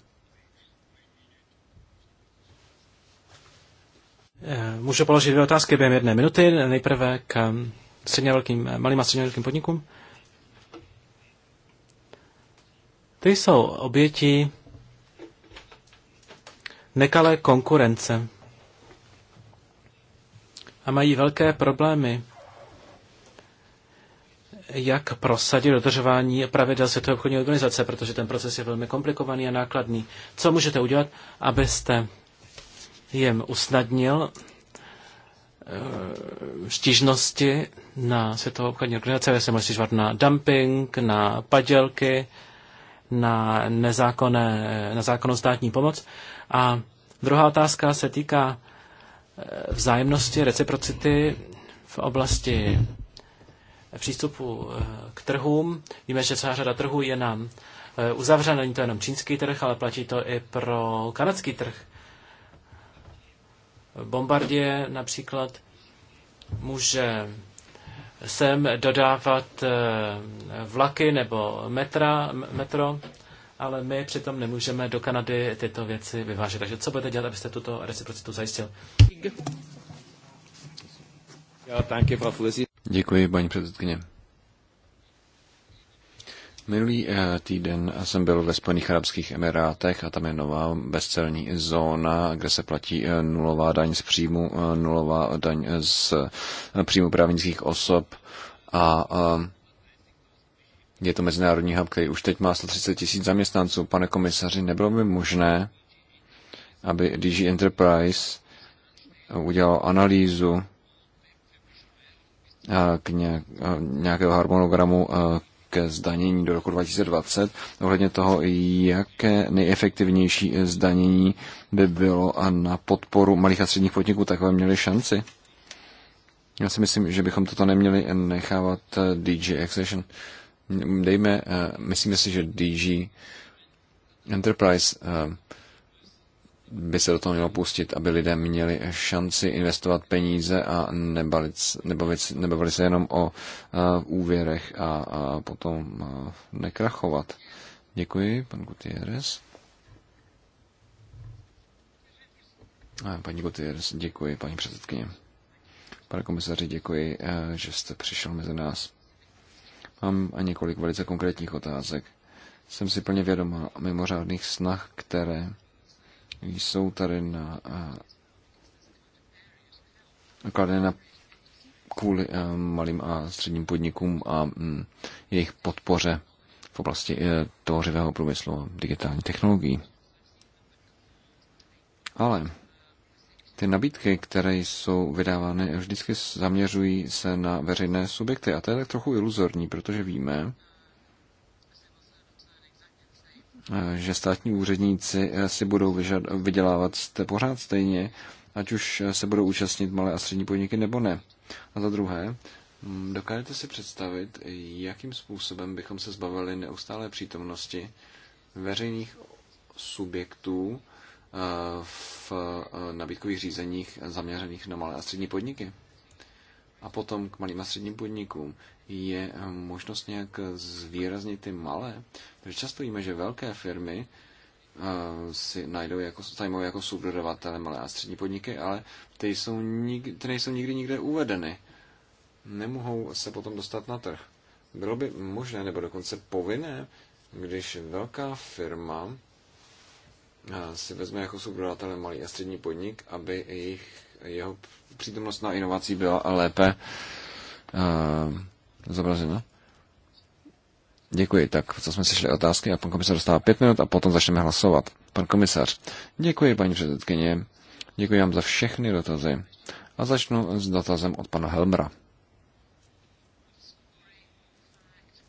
Eh, můžu položit dvě otázky během jedné minuty. Nejprve k středně velkým, eh, malým a středně velkým podnikům. Ty jsou oběti nekalé konkurence a mají velké problémy, jak prosadit dodržování pravidel Světové obchodní organizace, protože ten proces je velmi komplikovaný a nákladný. Co můžete udělat, abyste jim usnadnil Eh, stížnosti na Světovou obchodní organizaci, se mohli stěžovat na dumping, na padělky, na nezákonné, na zákonnou státní pomoc. A druhá otázka se týká eh, vzájemnosti, reciprocity v oblasti přístupu eh, k trhům. Víme, že celá řada trhů je nám uzavřena, není to jenom čínský trh, ale platí to i pro kanadský trh. Bombardier například může sem dodávat eh, vlaky nebo metra, metro, ale my přitom nemůžeme do Kanady tyto věci vyvážet. Takže co budete dělat, abyste tuto reciprocitu zajistil? Děkuji, paní předsedkyně. Minulý eh, týden jsem byl ve Spojených Arabských Emirátech a tam je nová bezcelní zóna, kde se platí eh, nulová daň z příjmu, eh, nulová daň z příjmu právnických osob a je to mezinárodní hub, který už teď má 130 tisíc zaměstnanců. Pane komisaři, nebylo by možné, aby DG Enterprise udělal analýzu k nějakého harmonogramu, k zdanění do roku 2020, ohledně toho, jaké nejefektivnější zdanění by bylo a na podporu malých a středních podniků takové měly šanci? Já si myslím, že bychom toto neměli nechávat eh, DG Accession. Dejme, eh, myslíme si, že DG Enterprise eh, by se do toho mělo pustit, aby lidé měli šanci investovat peníze a nebavit, nebavit, nebavili se jenom o eh, úvěrech a, a potom eh, nekrachovat. Děkuji, pan Gutierrez. Paní Gutierrez, děkuji, paní předsedkyně. Pane komisaři, děkuji, eh, že jste přišel mezi nás. Mám a několik velice konkrétních otázek. Jsem si plně vědoma mimořádných snah, které jsou tady na, eh, nakladeny na kvůli eh, malým a středním podnikům a mm, jejich podpoře v oblasti eh, tvořivého průmyslu a digitální technologií. Ale ty nabídky, které jsou vydávány, vždycky zaměřují se na veřejné subjekty a to je tak trochu iluzorní, protože víme, že státní úředníci si budou vyžad, vydělávat pořád stejně, ať už se budou účastnit malé a střední podniky nebo ne. A za druhé, mm, dokážete si představit, jakým způsobem bychom se zbavili neustálé přítomnosti veřejných subjektů eh, v eh, nabídkových řízeních zaměřených na malé a střední podniky? A potom k malým a středním podnikům je možnost nějak zvýraznit ty malé. Protože často víme, že velké firmy eh, si najdou jako, zajímavé jako subdodavatele malé a střední podniky, ale ty, jsou nik, ty nejsou nikdy nikde uvedeny. Nemohou se potom dostat na trh. Bylo by možné, nebo dokonce povinné, když velká firma eh, si vezme jako subdodavatele malý a střední podnik, aby jejich, jeho přítomnost na inovací byla lépe uh, zobrazeno? Děkuji. Tak, co jsme slyšeli otázky a pan komisař dostává pět minut a potom začneme hlasovat. Pan komisař. Děkuji, paní předsedkyně. Děkuji vám za všechny dotazy. A začnu s dotazem od pana Helmra.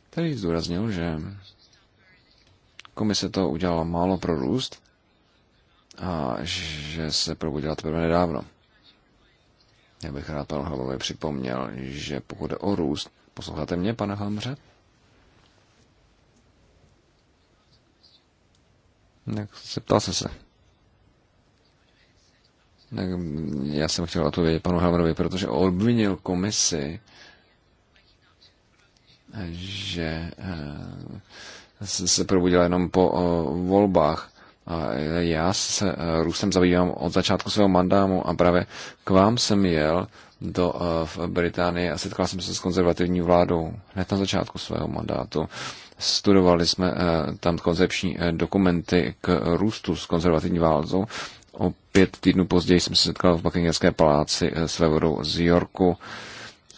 Tady zdůraznil, že komise to udělala málo pro růst a že se probudila teprve nedávno. Já bych rád panu Helmovi připomněl, že pokud jde o růst, Posloucháte mě, pane Hamře? Tak zeptal jsem se. Tak já jsem chtěl odpovědět panu Hamrovi, protože obvinil komisi, že eh, se probudila jenom po eh, volbách. A já se eh, Rusem zabývám od začátku svého mandámu a právě k vám jsem jel do eh, v Británii a setkal jsem se s konzervativní vládou hned na začátku svého mandátu. Studovali jsme eh, tam koncepční eh, dokumenty k růstu s konzervativní vládou. O pět týdnů později jsem se setkal v Buckinghamské paláci s vévodou z Yorku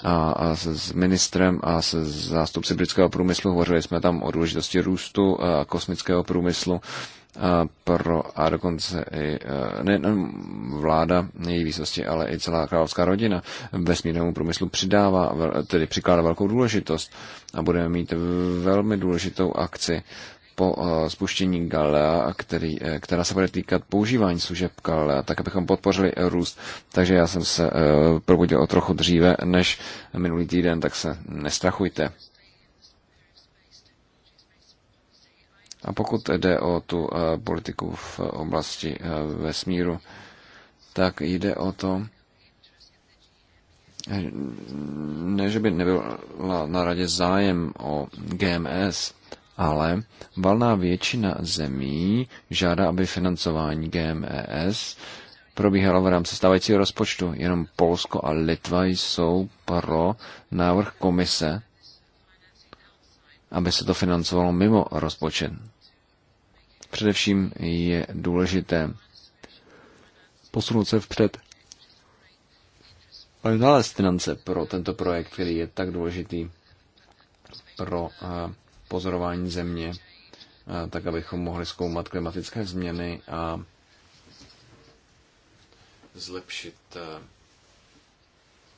a, a s, s ministrem a se zástupci britského průmyslu. Hovořili jsme tam o důležitosti růstu a kosmického průmyslu pro, a dokonce i eh, ne, ne, vláda její výsosti, ale i celá královská rodina vesmírnému průmyslu přidává, tedy přikládá velkou důležitost a budeme mít velmi důležitou akci po eh, spuštění Galea, který, eh, která se bude týkat používání služeb Galea, tak abychom podpořili růst. Takže já jsem se probudil o trochu dříve než minulý týden, tak se nestrachujte. A pokud jde o tu eh, politiku v oblasti eh, vesmíru, tak jde o to, eh, ne, že by nebyl na radě zájem o GMS, ale valná většina zemí žádá, aby financování GMS probíhalo v rámci stávajícího rozpočtu. Jenom Polsko a Litva jsou pro návrh komise, aby se to financovalo mimo rozpočet. Především je důležité posunout se vpřed ale nalézt finance pro tento projekt, který je tak důležitý pro eh, pozorování země, eh, tak abychom mohli zkoumat klimatické změny a zlepšit eh,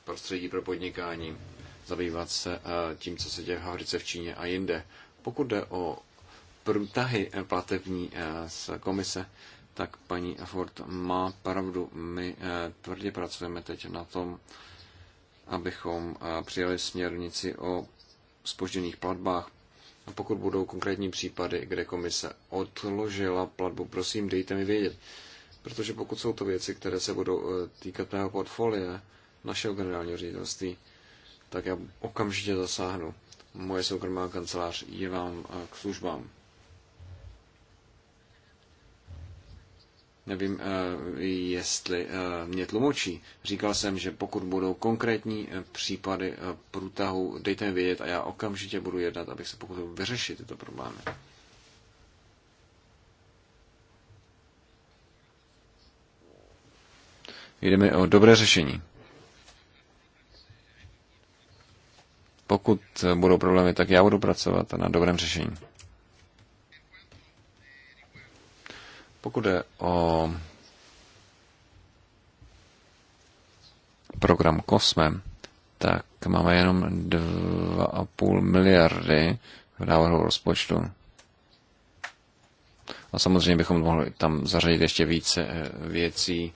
prostředí pro podnikání, zabývat se tím, co se děje v Havřice v Číně a jinde. Pokud jde o průtahy eh, platební eh, z komise, tak paní Ford má pravdu. My eh, tvrdě pracujeme teď na tom, abychom přijali směrnici o spožděných platbách. A pokud budou konkrétní případy, kde komise odložila platbu, prosím, dejte mi vědět. Protože pokud jsou to věci, které se budou týkat mého portfolia, našeho generálního ředitelství, tak já okamžitě zasáhnu. Moje soukromá kancelář je vám k službám. Nevím, eh, jestli eh, mě tlumočí. Říkal jsem, že pokud budou konkrétní eh, případy průtahu, dejte mi vědět a já okamžitě budu jednat, abych se pokusil vyřešit tyto problémy. Jdeme o dobré řešení. Pokud budou problémy, tak já budu pracovat na dobrém řešení. Pokud je o program Kosme, tak máme jenom 2,5 miliardy v návrhu rozpočtu. A samozřejmě bychom mohli tam zařadit ještě více eh, věcí,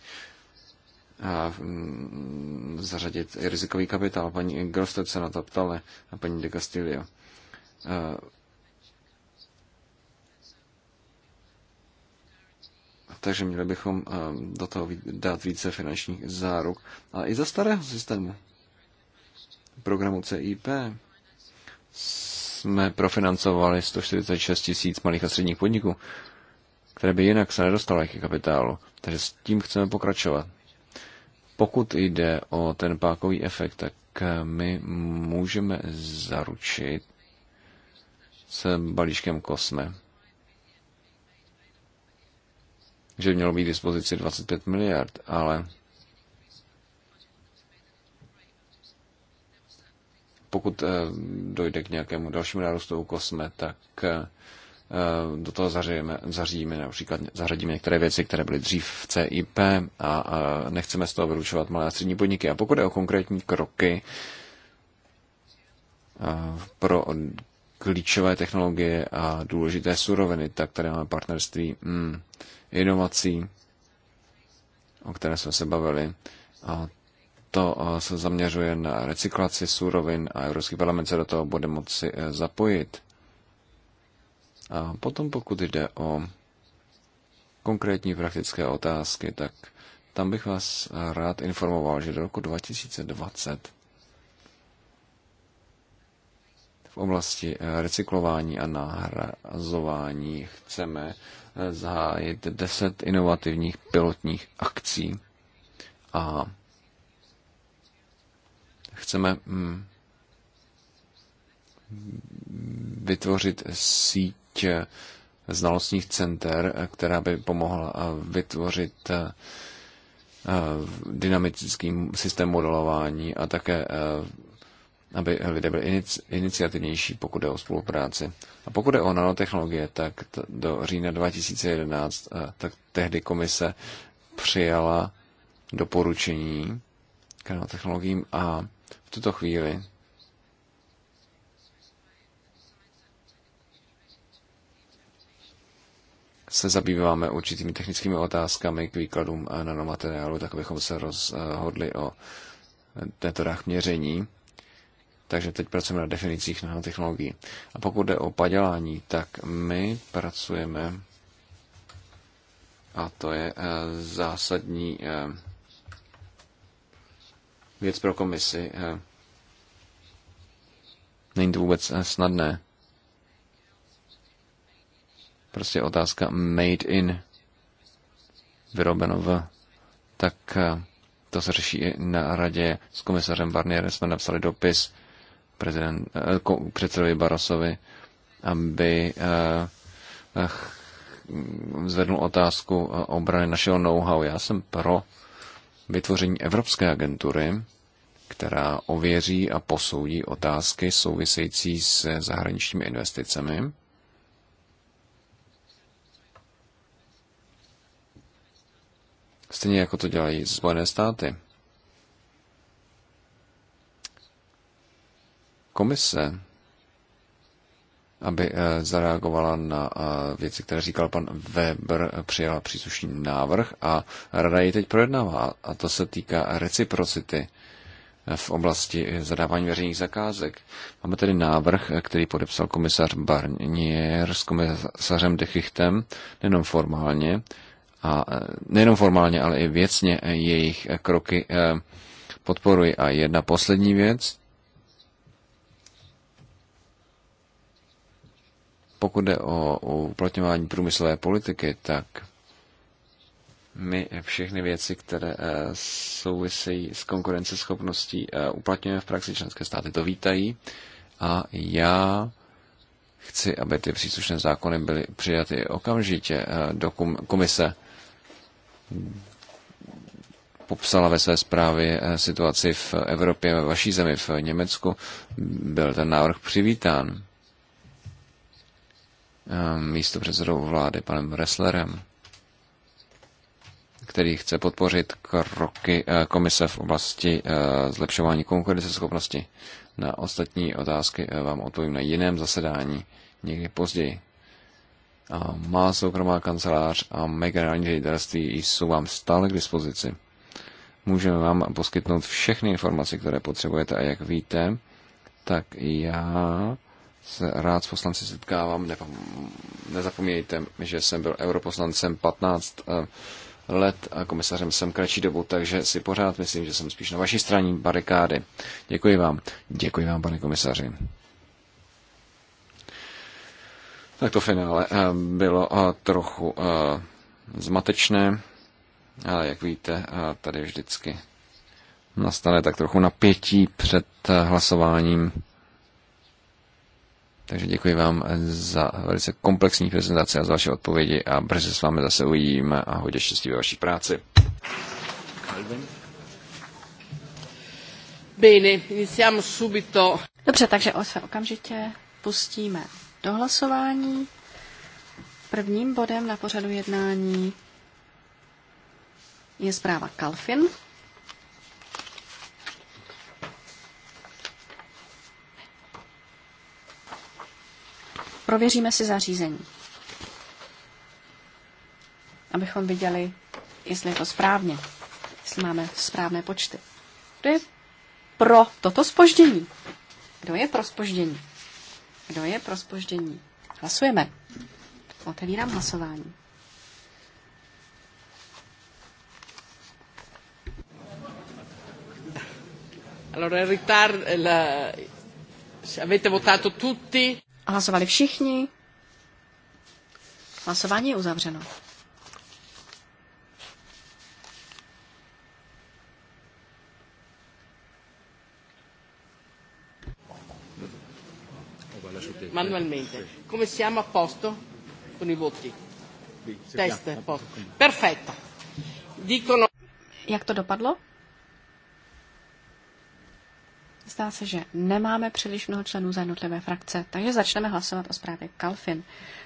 a mm, zařadit i rizikový kapitál. Paní Grostet se na to ptala, a paní de Castillo. Eh, Takže měli bychom eh, do toho dát více finančních záruk. A i za starého systému programu CIP jsme profinancovali 146 tisíc malých a středních podniků, které by jinak se nedostaly ke kapitálu. Takže s tím chceme pokračovat. Pokud jde o ten pákový efekt, tak eh, my můžeme zaručit s balíčkem Kosme, že mělo být k dispozici 25 miliard, ale pokud eh, dojde k nějakému dalšímu nárůstu u kosme, tak eh, do toho zařijeme, zařijeme například zařadíme některé věci, které byly dřív v CIP a, nechceme z toho vylučovat malé a střední podniky. A pokud je o konkrétní kroky eh, pro klíčové technologie a důležité suroviny, tak tady máme partnerství Hmm inovací, o které jsme se bavili. A to eh, se zaměřuje na recyklaci surovin a Evropský parlament se do toho bude moci eh, zapojit. A potom, pokud jde o konkrétní praktické otázky, tak tam bych vás eh, rád informoval, že do roku 2020 v oblasti eh, recyklování a nahrazování chceme eh, zahájit 10 inovativních pilotních akcí a chceme mm, vytvořit síť eh, znalostních center, která by pomohla vytvořit dynamický systém modelování a také aby lidé byli iniciativnější, pokud jde o spolupráci. A pokud jde o nanotechnologie, tak do října 2011, eh, tak tehdy komise přijala doporučení k nanotechnologiím a v tuto chvíli se zabýváme určitými technickými otázkami k výkladům a eh, nanomateriálu, tak abychom se rozhodli o metodách měření takže teď pracujeme na definicích nanotechnologií. A pokud jde o padělání, tak my pracujeme, a to je eh, zásadní eh, věc pro komisi, eh, není to vůbec snadné. Prostě otázka made in, vyrobeno v, tak to se řeší i na radě. S komisařem Barnierem jsme napsali dopis, prezident, eh, předsedovi Barosovi, aby eh, zvednul otázku eh, obrany našeho know-how. Já jsem pro vytvoření Evropské agentury, která ověří a posoudí otázky související se zahraničními investicemi. Stejně jako to dělají Spojené státy. komise, aby eh, zareagovala na eh, věci, které říkal pan Weber, přijala příslušný návrh a rada ji teď projednává. A to se týká reciprocity eh, v oblasti zadávání veřejných zakázek. Máme tedy návrh, který podepsal komisař Barnier s komisařem De Chichtem, nejenom formálně, a nejenom formálně, ale i věcně jejich kroky podporuji. A jedna poslední věc, pokud jde o, uplatňování průmyslové politiky, tak my všechny věci, které eh, souvisejí s konkurenceschopností, eh, uplatňujeme v praxi. Členské státy to vítají a já chci, aby ty příslušné zákony byly přijaty okamžitě eh, do komise popsala ve své zprávě situaci v Evropě, ve vaší zemi, v Německu, byl ten návrh přivítán. Eh, místo předsedou vlády panem Resslerem, který chce podpořit kroky eh, komise v oblasti eh, zlepšování konkurenceschopnosti. Na ostatní otázky vám odpovím na jiném zasedání, někdy později. A má soukromá kancelář a mé generální ředitelství jsou vám stále k dispozici. Můžeme vám poskytnout všechny informace, které potřebujete a jak víte, tak já se rád s poslanci setkávám. Nezapomínejte, že jsem byl europoslancem 15 eh, let a komisařem jsem kratší dobu, takže si pořád myslím, že jsem spíš na vaší straně barikády. Děkuji vám. Děkuji vám, pane komisaři. Tak to finále eh, bylo eh, trochu zmatečné, ale jak víte, tady vždycky nastane tak trochu napětí před hlasováním. Takže děkuji vám za velice komplexní prezentaci a za vaše odpovědi a brzy s vámi zase uvidíme a hodně štěstí ve vaší práci. Dobře, takže se okamžitě pustíme do hlasování. Prvním bodem na pořadu jednání je zpráva Kalfin. prověříme si zařízení, abychom viděli, jestli je to správně, jestli máme správné počty. Kdo je pro toto spoždění? Kdo je pro spoždění? Kdo je pro spoždění? Hlasujeme. Otevírám hlasování. Allora, il ritardo, la... avete votato tutti? Hlasovali všichni. Hlasování je uzavřeno. Manualmente. Come siamo a posto con i voti? Test, posto. Perfetto. Dicono... Jak to dopadlo? Zdá se, že nemáme příliš mnoho členů za jednotlivé frakce, takže začneme hlasovat o zprávě Kalfin.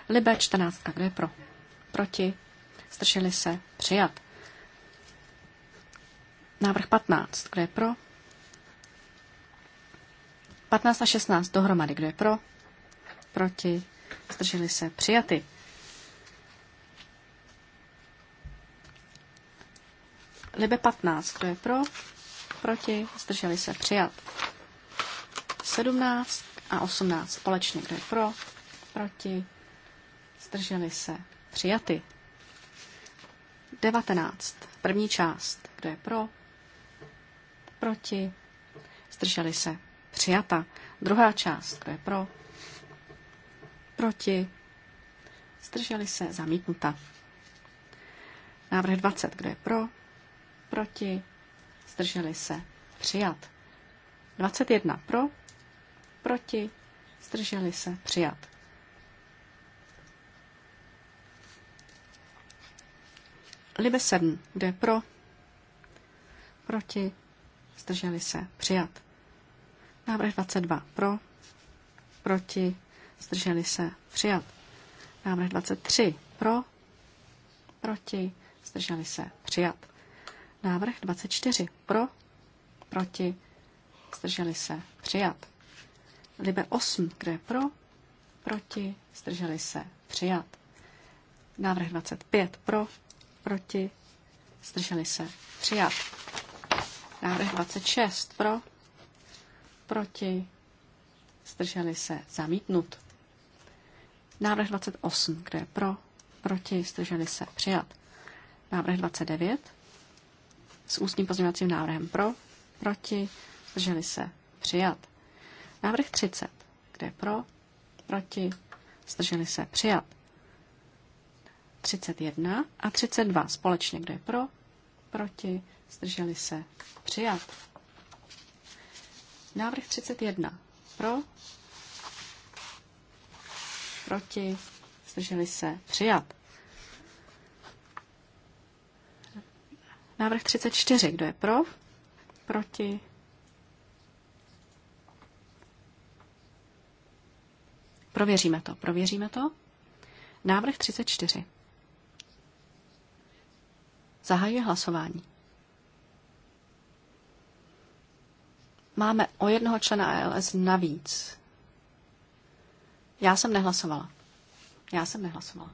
Libe 14. Kdo je pro? Proti? Zdrželi se? Přijat. Návrh 15. Kdo je pro? 15 a 16 dohromady. Kdo je pro? Proti? Zdrželi se? Přijaty. Libe 15. Kdo je pro? Proti? Zdrželi se? Přijat. 17 a 18 společně, kdo je pro, proti, zdrželi se, přijaty. 19. První část, kdo je pro, proti, zdrželi se, přijata. Druhá část, kdo je pro, proti, zdrželi se, zamítnuta. Návrh 20, kdo je pro, proti, zdrželi se, přijat. 21 pro, Proti? Zdrželi se? Přijat. Libe 7. Kde pro? Proti? Zdrželi se? Přijat. Návrh 22. Pro? Proti? Zdrželi se? Přijat. Návrh 23. Pro? Proti? Zdrželi se? Přijat. Návrh 24. Pro? Proti? Zdrželi se? Přijat. Libe 8, kde je pro, proti, zdrželi se, přijat. Návrh 25 pro, proti, zdrželi se, přijat. Návrh 26 pro, proti, zdrželi se, zamítnut. Návrh 28, kde je pro, proti, zdrželi se, přijat. Návrh 29 s ústním pozměňovacím návrhem pro, proti, zdrželi se, přijat. Návrh 30. Kde je pro? Proti? Zdrželi se? Přijat. 31 a 32 společně. Kde je pro? Proti? Zdrželi se? Přijat. Návrh 31. Pro? Proti? Zdrželi se? Přijat. Návrh 34. Kdo je pro? Proti? Prověříme to, prověříme to. Návrh 34. Zahajuje hlasování. Máme o jednoho člena ALS navíc. Já jsem nehlasovala. Já jsem nehlasovala.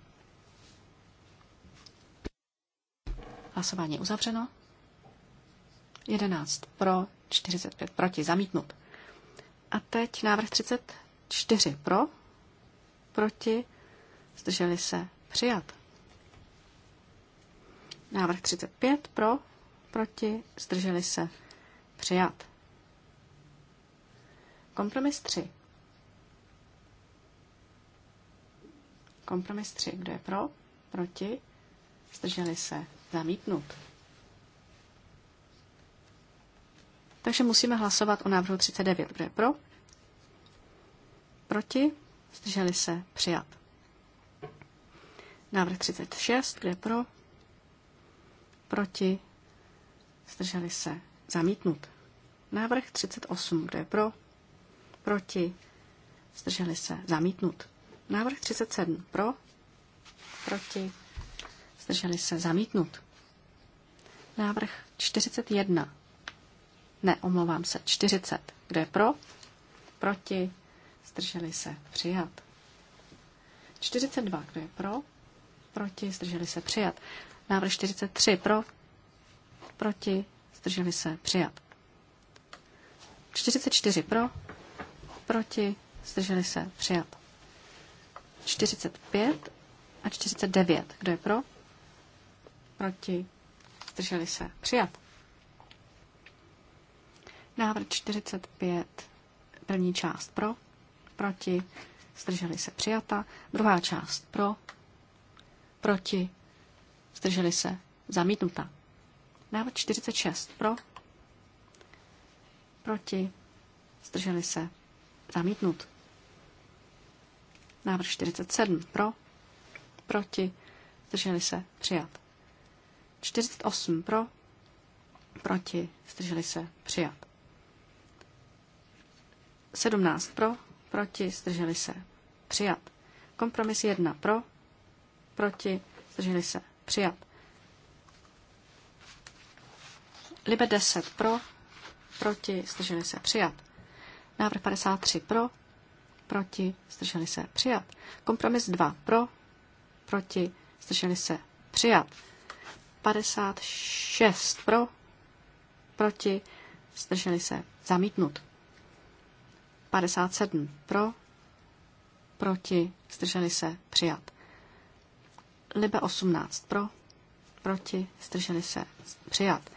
Hlasování uzavřeno. 11 pro, 45 proti, zamítnut. A teď návrh 34 pro, Proti? Zdrželi se? Přijat. Návrh 35 pro, proti, zdrželi se. Přijat. Kompromis 3. Kompromis 3. Kdo je pro? Proti? Zdrželi se. Zamítnut. Takže musíme hlasovat o návrhu 39. Kdo je pro? Proti? Zdrželi se? Přijat. Návrh 36. Kde pro? Proti? Zdrželi se? Zamítnut. Návrh 38. Kde pro? Proti? Zdrželi se? Zamítnut. Návrh 37. Pro? Proti? Zdrželi se? Zamítnut. Návrh 41. Ne, omlouvám se. 40. Kdo je pro? Proti? Zdrželi se. Přijat. 42. Kdo je pro? Proti. Zdrželi se. Přijat. Návrh 43. Pro? Proti. Zdrželi se. Přijat. 44. Pro? Proti. Zdrželi se. Přijat. 45 a 49. Kdo je pro? Proti. Zdrželi se. Přijat. Návrh 45. První část pro proti, zdrželi se přijata. Druhá část pro, proti, zdrželi se zamítnuta. Návrh 46 pro, proti, zdrželi se zamítnut. Návrh 47 pro, proti, zdrželi se přijat. 48 pro, proti, zdrželi se přijat. 17 pro, proti, zdrželi se, přijat. Kompromis 1 pro, proti, zdrželi se, přijat. Libe 10 pro, proti, zdrželi se, přijat. Návrh 53 pro, proti, zdrželi se, přijat. Kompromis 2 pro, proti, zdrželi se, přijat. 56 pro, proti, zdrželi se, zamítnut. 57 pro, proti, zdrželi se, přijat. Libe 18 pro, proti, zdrželi se, přijat.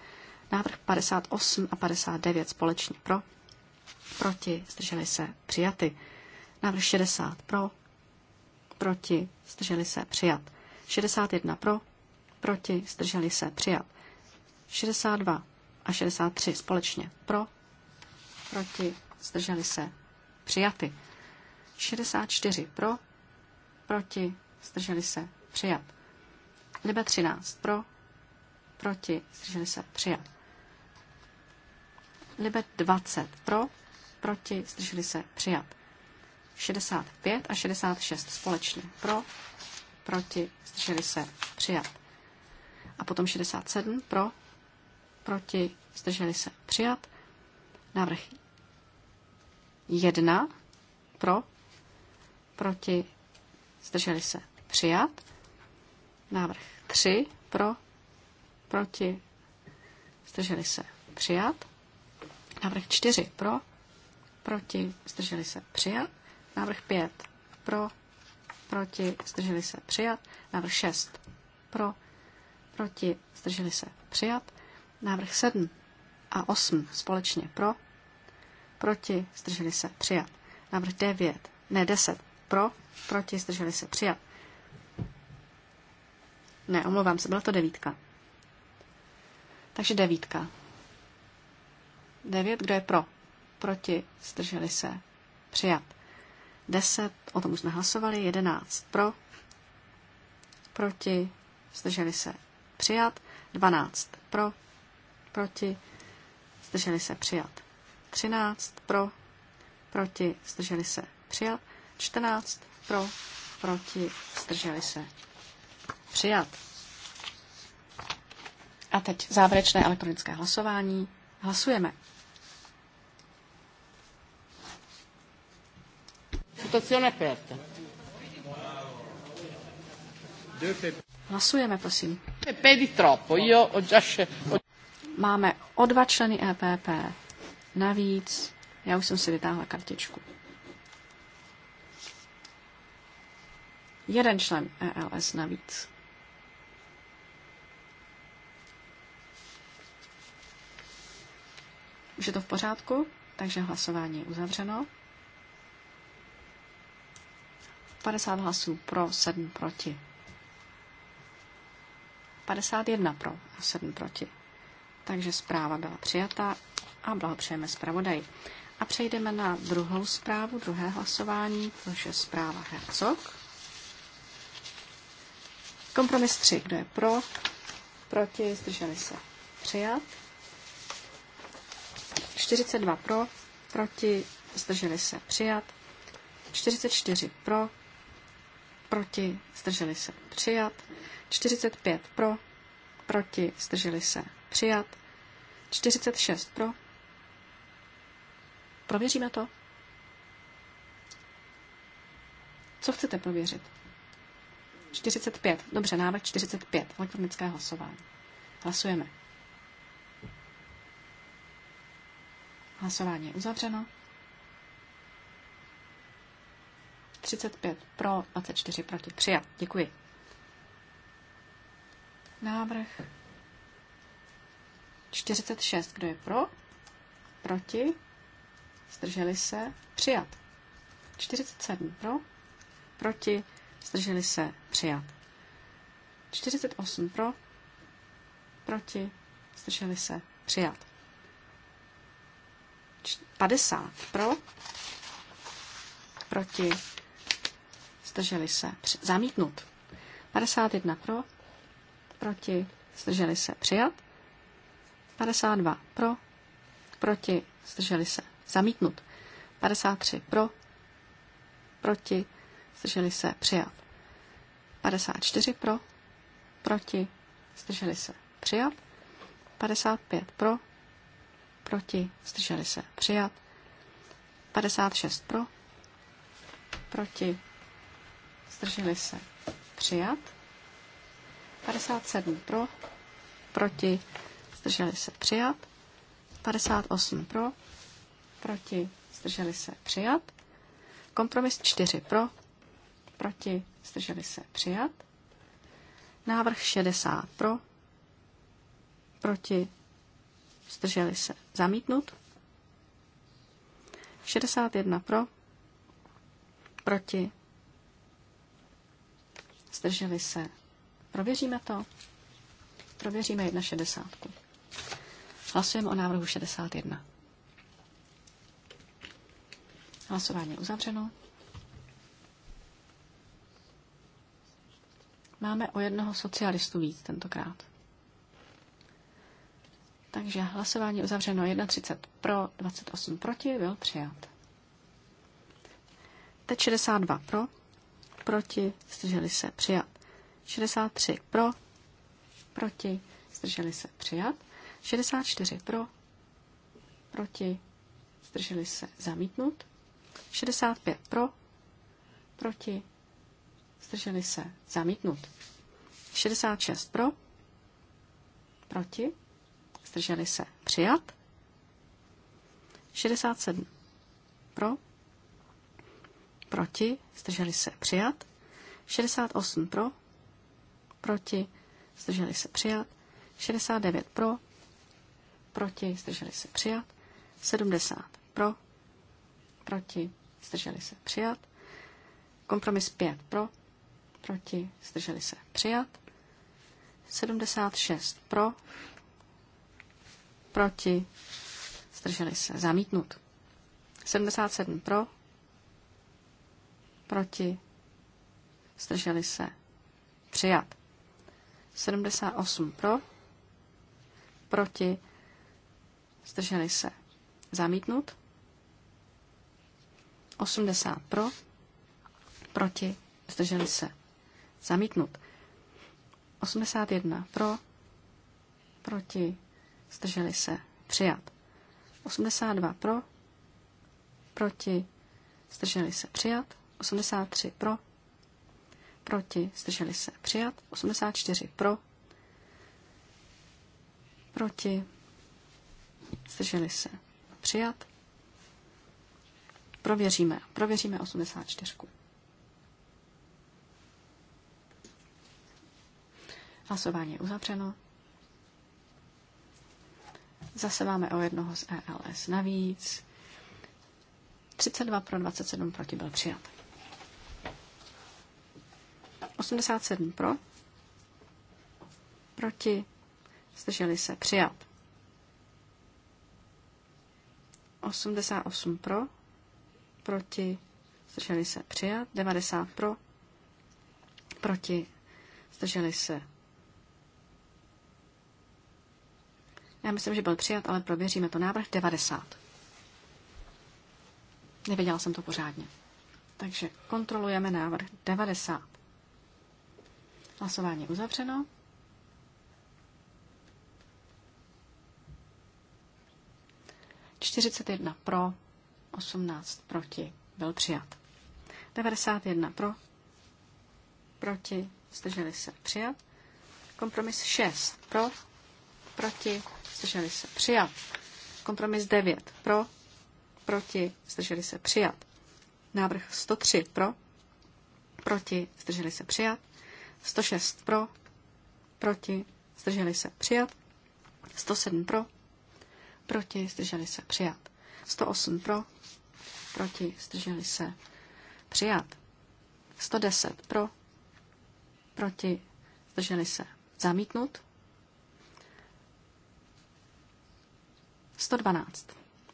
Návrh 58 a 59 společně pro, proti, zdrželi se, přijaty. Návrh 60 pro, proti, zdrželi se, přijat. 61 pro, proti, zdrželi se, přijat. 62 a 63 společně pro, proti, zdrželi se, Přijaty. 64 pro, proti, zdrželi se, přijat. Liba 13 pro, proti, zdrželi se, přijat. Liba 20 pro, proti, zdrželi se, přijat. 65 a 66 společně pro, proti, zdrželi se, přijat. A potom 67 pro, proti, zdrželi se, přijat. Návrh 1 pro, proti, zdrželi se přijat. Návrh 3 pro, proti, zdrželi se přijat. Návrh 4 pro, proti, zdrželi se přijat. Návrh 5 pro, proti, zdrželi se přijat. Návrh 6 pro, proti, zdrželi se přijat. Návrh 7 a 8 společně pro, proti, zdrželi se, přijat. Návrh 9, ne 10, pro, proti, zdrželi se, přijat. Ne, omlouvám se, byla to devítka. Takže devítka. Devět, kdo je pro? Proti, zdrželi se, přijat. Deset, o tom už jsme hlasovali, jedenáct pro, proti, zdrželi se, přijat. Dvanáct pro, proti, zdrželi se, přijat. 13 pro, proti, zdrželi se, přijat. 14 pro, proti, zdrželi se, přijat. A teď závěrečné elektronické hlasování. Hlasujeme. situace aperta. Hlasujeme, prosím. Pedi troppo, io ho già... Máme o dva členy EPP Navíc, já už jsem si vytáhla kartičku. Jeden člen ELS navíc. Už je to v pořádku, takže hlasování je uzavřeno. 50 hlasů pro, 7 proti. 51 pro a 7 proti. Takže zpráva byla přijata a blahopřejeme zpravodaj. A přejdeme na druhou zprávu, druhé hlasování, což je zpráva Hercog. Kompromis 3. Kdo je pro? Proti? Zdrželi se? Přijat. 42 pro, proti, zdrželi se, přijat. 44 pro, proti, zdrželi se, přijat. 45 pro, proti, zdrželi se, přijat. 46 pro, Prověříme to? Co chcete prověřit? 45. Dobře, návrh 45. Elektronické hlasování. Hlasujeme. Hlasování je uzavřeno. 35 pro, 24 proti. Přijat. Děkuji. Návrh 46. Kdo je pro? Proti? zdrželi se, přijat. 47 pro, proti, zdrželi se, přijat. 48 pro, proti, zdrželi se, přijat. 50 pro, proti, zdrželi se, při, zamítnut. 51 pro, proti, zdrželi se, přijat. 52 pro, proti, zdrželi se, Zamítnut. 53 pro, proti, zdrželi se, přijat. 54 pro, proti, zdrželi se, přijat. 55 pro, proti, zdrželi se, přijat. 56 pro, proti, zdrželi se, přijat. 57 pro, proti, zdrželi se, přijat. 58 pro, proti, zdrželi se přijat. Kompromis 4 pro, proti, zdrželi se přijat. Návrh 60 pro, proti, zdrželi se zamítnut. 61 pro, proti, zdrželi se. Prověříme to. Prověříme 61. Hlasujeme o návrhu 61. Hlasování je uzavřeno. Máme o jednoho socialistu víc tentokrát. Takže hlasování uzavřeno 31 pro, 28 proti, byl přijat. Teď 62 pro, proti, zdrželi se přijat. 63 pro, proti, zdrželi se přijat. 64 pro, proti, zdrželi se zamítnut. 65 pro, proti, zdrželi se, zamítnut. 66 pro, proti, zdrželi se, přijat. 67 pro, proti, zdrželi se, přijat. 68 pro, proti, zdrželi se, přijat. 69 pro, proti, zdrželi se, přijat. 70 pro, proti, zdrželi se, přijat. Kompromis 5 pro, proti, zdrželi se, přijat. 76 pro, proti, zdrželi se, zamítnut. 77 pro, proti, zdrželi se, přijat. 78 pro, proti, zdrželi se, zamítnut. 80 pro, proti, zdrželi se. Zamítnut. 81 pro, proti, zdrželi se. Přijat. 82 pro, proti, zdrželi se. Přijat. 83 pro, proti, zdrželi se. Přijat. 84 pro, proti, zdrželi se. Přijat. Prověříme. Prověříme 84. Hlasování je uzavřeno. Zase máme o jednoho z ELS navíc. 32 pro 27 proti byl přijat. 87 pro, proti, zdrželi se, přijat. 88 pro, proti, zdrželi se přijat, 90 pro, proti, zdrželi se. Já myslím, že byl přijat, ale prověříme to. Návrh 90. Nevěděla jsem to pořádně. Takže kontrolujeme návrh 90. Hlasování uzavřeno. Čtyřicet jedna pro, 18 proti. Byl přijat. 91 pro. Proti. Zdrželi se. Přijat. Kompromis 6 pro. Proti. Zdrželi se. Přijat. Kompromis 9 pro. Proti. Zdrželi se. Přijat. Návrh 103 pro. Proti. Zdrželi se. Přijat. 106 pro. Proti. Zdrželi se. Přijat. 107 pro. Proti. Zdrželi se. Přijat. 108 pro, proti, zdrželi se, přijat. 110 pro, proti, zdrželi se, zamítnut. 112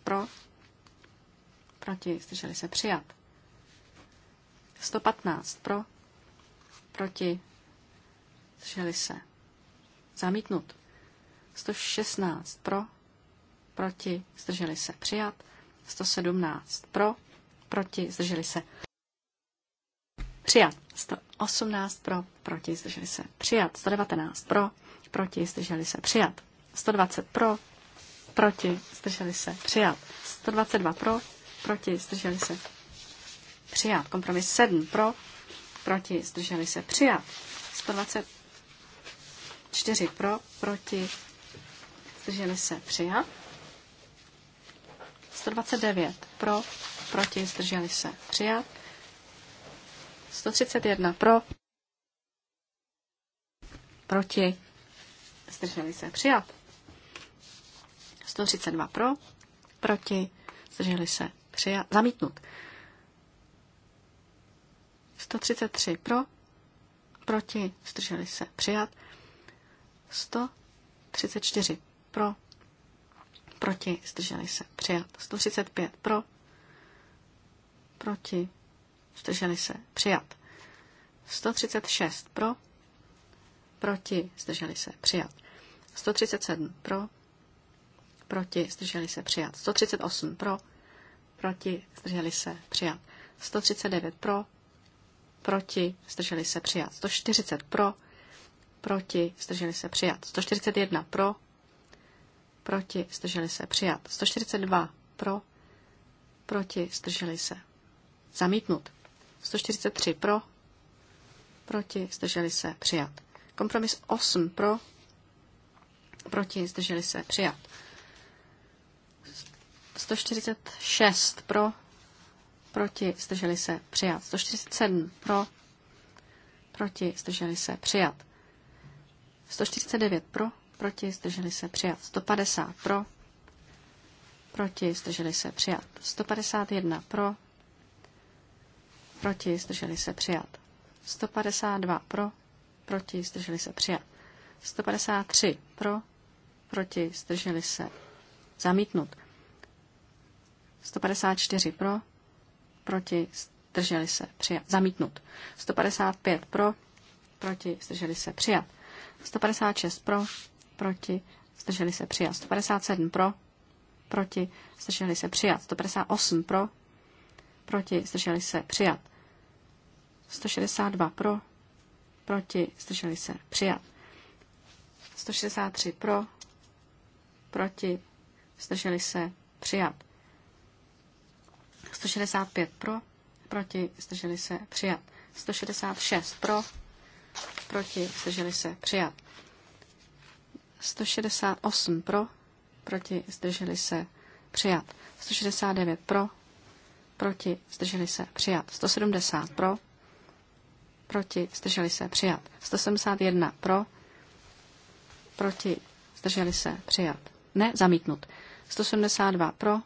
pro, proti, zdrželi se, přijat. 115 pro, proti, zdrželi se, zamítnut. 116 pro, proti, zdrželi se přijat, 117 pro, proti, zdrželi se přijat, 118 pro, proti, zdrželi se přijat, 119 pro, proti, zdrželi se přijat, 120 pro, proti, zdrželi se přijat, 122 pro, proti, zdrželi se přijat, kompromis 7 pro, proti, zdrželi se přijat, 124 pro, proti, zdrželi se přijat. 129 pro, proti, zdrželi se, přijat. 131 pro, proti, zdrželi se, přijat. 132 pro, proti, zdrželi se, přijat, zamítnut. 133 pro, proti, zdrželi se, přijat. 134 pro, proti, zdrželi se, přijat. 135 pro, proti, zdrželi se, přijat. 136 pro, proti, zdrželi se, přijat. 137 pro, proti, zdrželi se, přijat. 138 pro, proti, zdrželi se, přijat. 139 pro, proti, zdrželi se, přijat. 140 pro, proti, zdrželi se, přijat. 141 pro, proti, zdrželi se, přijat. 142 pro, proti, zdrželi se, zamítnut. 143 pro, proti, zdrželi se, přijat. Kompromis 8 pro, proti, zdrželi se, přijat. 146 pro, proti, zdrželi se, přijat. 147 pro, proti, zdrželi se, přijat. 149 pro, proti, zdrželi se přijat. 150 pro, proti, zdrželi se přijat. 151 pro, proti, zdrželi se přijat. 152 pro, proti, zdrželi se přijat. 153 pro, proti, zdrželi se zamítnut. 154 pro, proti, zdrželi se přijat. Zamítnut. 155 pro, proti, zdrželi se přijat. 156 pro, proti, zdrželi se přijat. 157 pro, proti, zdrželi se přijat. 158 pro, proti, zdrželi se přijat. 162 pro, proti, zdrželi se přijat. 163 pro, proti, zdrželi se přijat. 165 pro, proti, zdrželi se přijat. 166 pro, proti, zdrželi se přijat. 168 pro, proti, zdrželi se, přijat. 169 pro, proti, zdrželi se, přijat. 170 pro, proti, zdrželi se, přijat. 171 pro, proti, zdrželi se, přijat. Ne, zamítnut. 172 pro,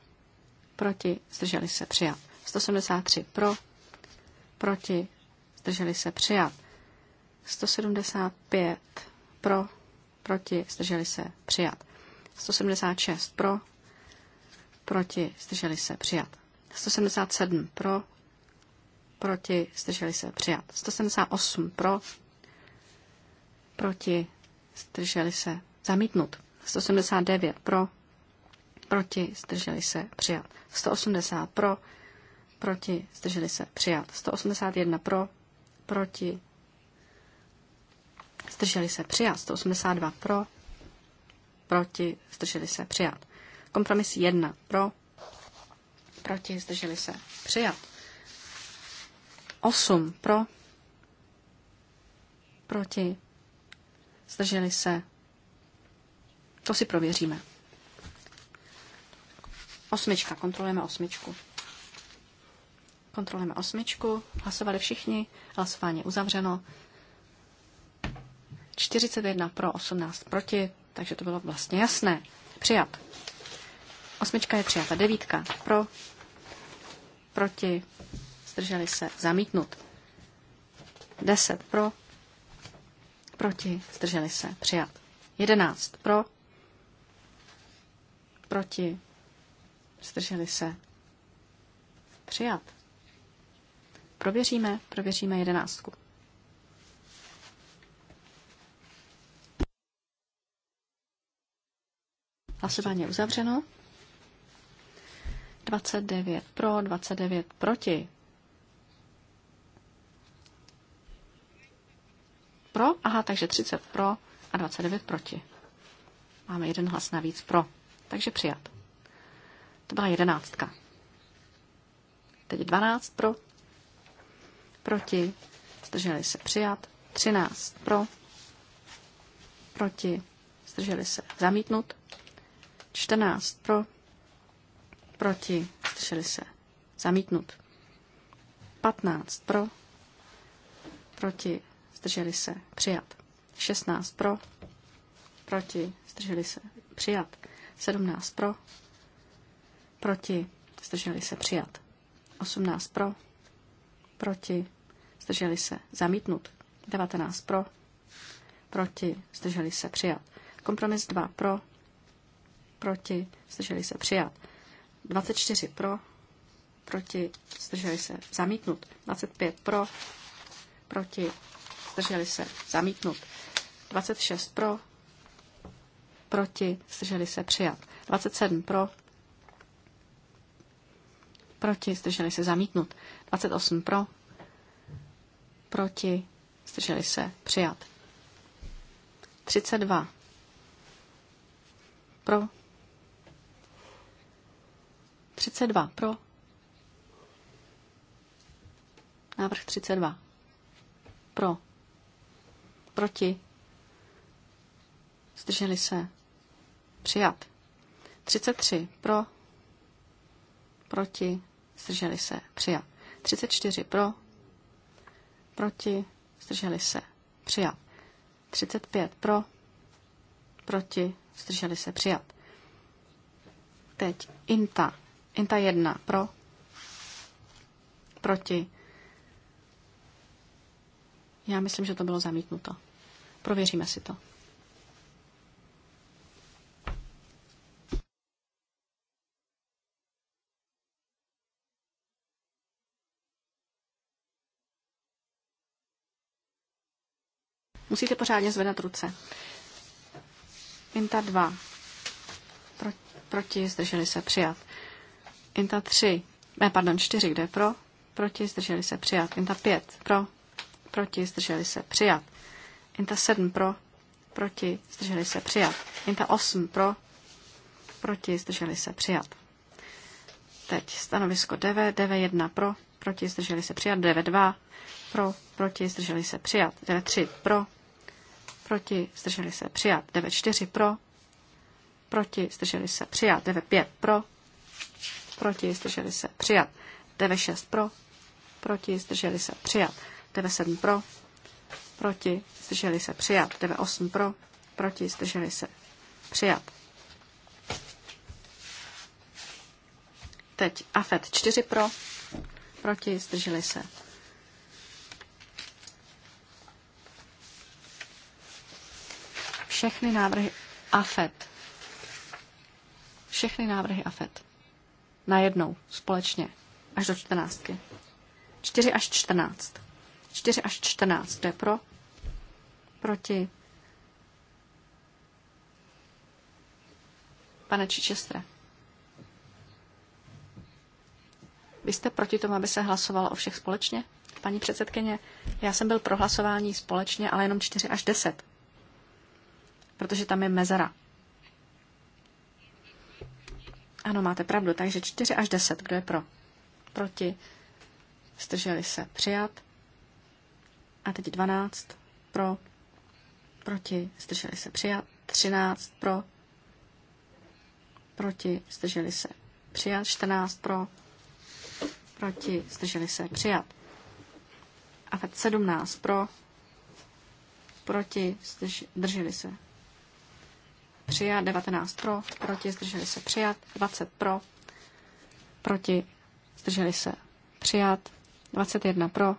proti, zdrželi se, přijat. 173 pro, proti, zdrželi se, přijat. 175 pro, proti, zdrželi se, přijat. 176 pro, proti, zdrželi se, přijat. 177 pro, proti, zdrželi se, přijat. 178 pro, proti, zdrželi se, zamítnut. 179 pro, proti, zdrželi se, přijat. 180 pro, proti, zdrželi se, přijat. 181 pro, proti, Zdrželi se přijat. 182 pro. Proti. Zdrželi se přijat. Kompromis 1 pro. Proti. Zdrželi se přijat. 8 pro. Proti. Zdrželi se. To si prověříme. Osmička. Kontrolujeme osmičku. Kontrolujeme osmičku. Hlasovali všichni. Hlasování uzavřeno. 41 pro, 18 proti, takže to bylo vlastně jasné. Přijat. Osmička je přijata. Devítka pro, proti, zdrželi se, zamítnut. 10 pro, proti, zdrželi se, přijat. 11 pro, proti, zdrželi se, přijat. Prověříme, prověříme jedenáctku. Hlasování je uzavřeno. 29 pro, 29 proti. Pro? Aha, takže 30 pro a 29 proti. Máme jeden hlas navíc pro. Takže přijat. To byla jedenáctka. Teď 12 pro, proti, zdrželi se přijat, 13 pro, proti, zdrželi se zamítnut, 14 pro, proti, zdrželi se, zamítnut. 15 pro, proti, zdrželi se, přijat. 16 pro, proti, zdrželi se, přijat. 17 pro, proti, zdrželi se, přijat. 18 pro, proti, zdrželi se, zamítnut. 19 pro, proti, zdrželi se, přijat. Kompromis 2 pro, proti, zdrželi se přijat. 24 pro, proti, zdrželi se zamítnut. 25 pro, proti, zdrželi se zamítnut. 26 pro, proti, zdrželi se přijat. 27 pro, proti, zdrželi se zamítnut. 28 pro, proti, zdrželi se přijat. 32 pro, 32 pro. Návrh 32 pro. Proti. Zdrželi se. Přijat. 33 pro. Proti. Zdrželi se. Přijat. 34 pro. Proti. Zdrželi se. Přijat. 35 pro. Proti. Zdrželi se. Přijat. Teď INTA Inta jedna pro, proti. Já myslím, že to bylo zamítnuto. Prověříme si to. Musíte pořádně zvedat ruce. Inta 2. Pro, proti zdrželi se přijat. Inta 3, ne, pardon, 4, kde je pro, proti, zdrželi se přijat. Inta 5, pro, proti, zdrželi se přijat. Inta 7, pro, proti, zdrželi se přijat. Inta 8, pro, proti, zdrželi se přijat. Teď stanovisko 9, 9, 1, pro, proti, zdrželi se přijat. 9, 2, pro, proti, zdrželi se přijat. 9, 3, pro, proti, zdrželi se přijat. 9, 4, pro, proti, zdrželi se přijat. 9, 5, pro, Proti, proti, zdrželi se, přijat. 96 pro, proti, zdrželi se, přijat. 97 pro, proti, zdrželi se, přijat. 98 pro, proti, zdrželi se, přijat. Teď AFET 4 pro, proti, zdrželi se. Všechny návrhy AFET. Všechny návrhy AFET najednou, společně, až do čtrnáctky. čtyři až čtrnáct, čtyři až čtrnáct, to je pro, proti. Pane Čičestre, vy jste proti tomu, aby se hlasovalo o všech společně? Paní předsedkyně, já jsem byl pro hlasování společně, ale jenom 4 až 10, protože tam je mezera. Ano, máte pravdu, takže 4 až 10, kdo je pro? Proti, zdrželi se, přijat. A teď 12, pro, proti, zdrželi se, přijat. 13, pro, proti, zdrželi se, přijat. 14, pro, proti, zdrželi se, přijat. A teď 17, pro, proti, zdrželi se, přijat, 19 pro, proti, zdrželi se přijat, 20 pro, proti, zdrželi se přijat, 21 pro,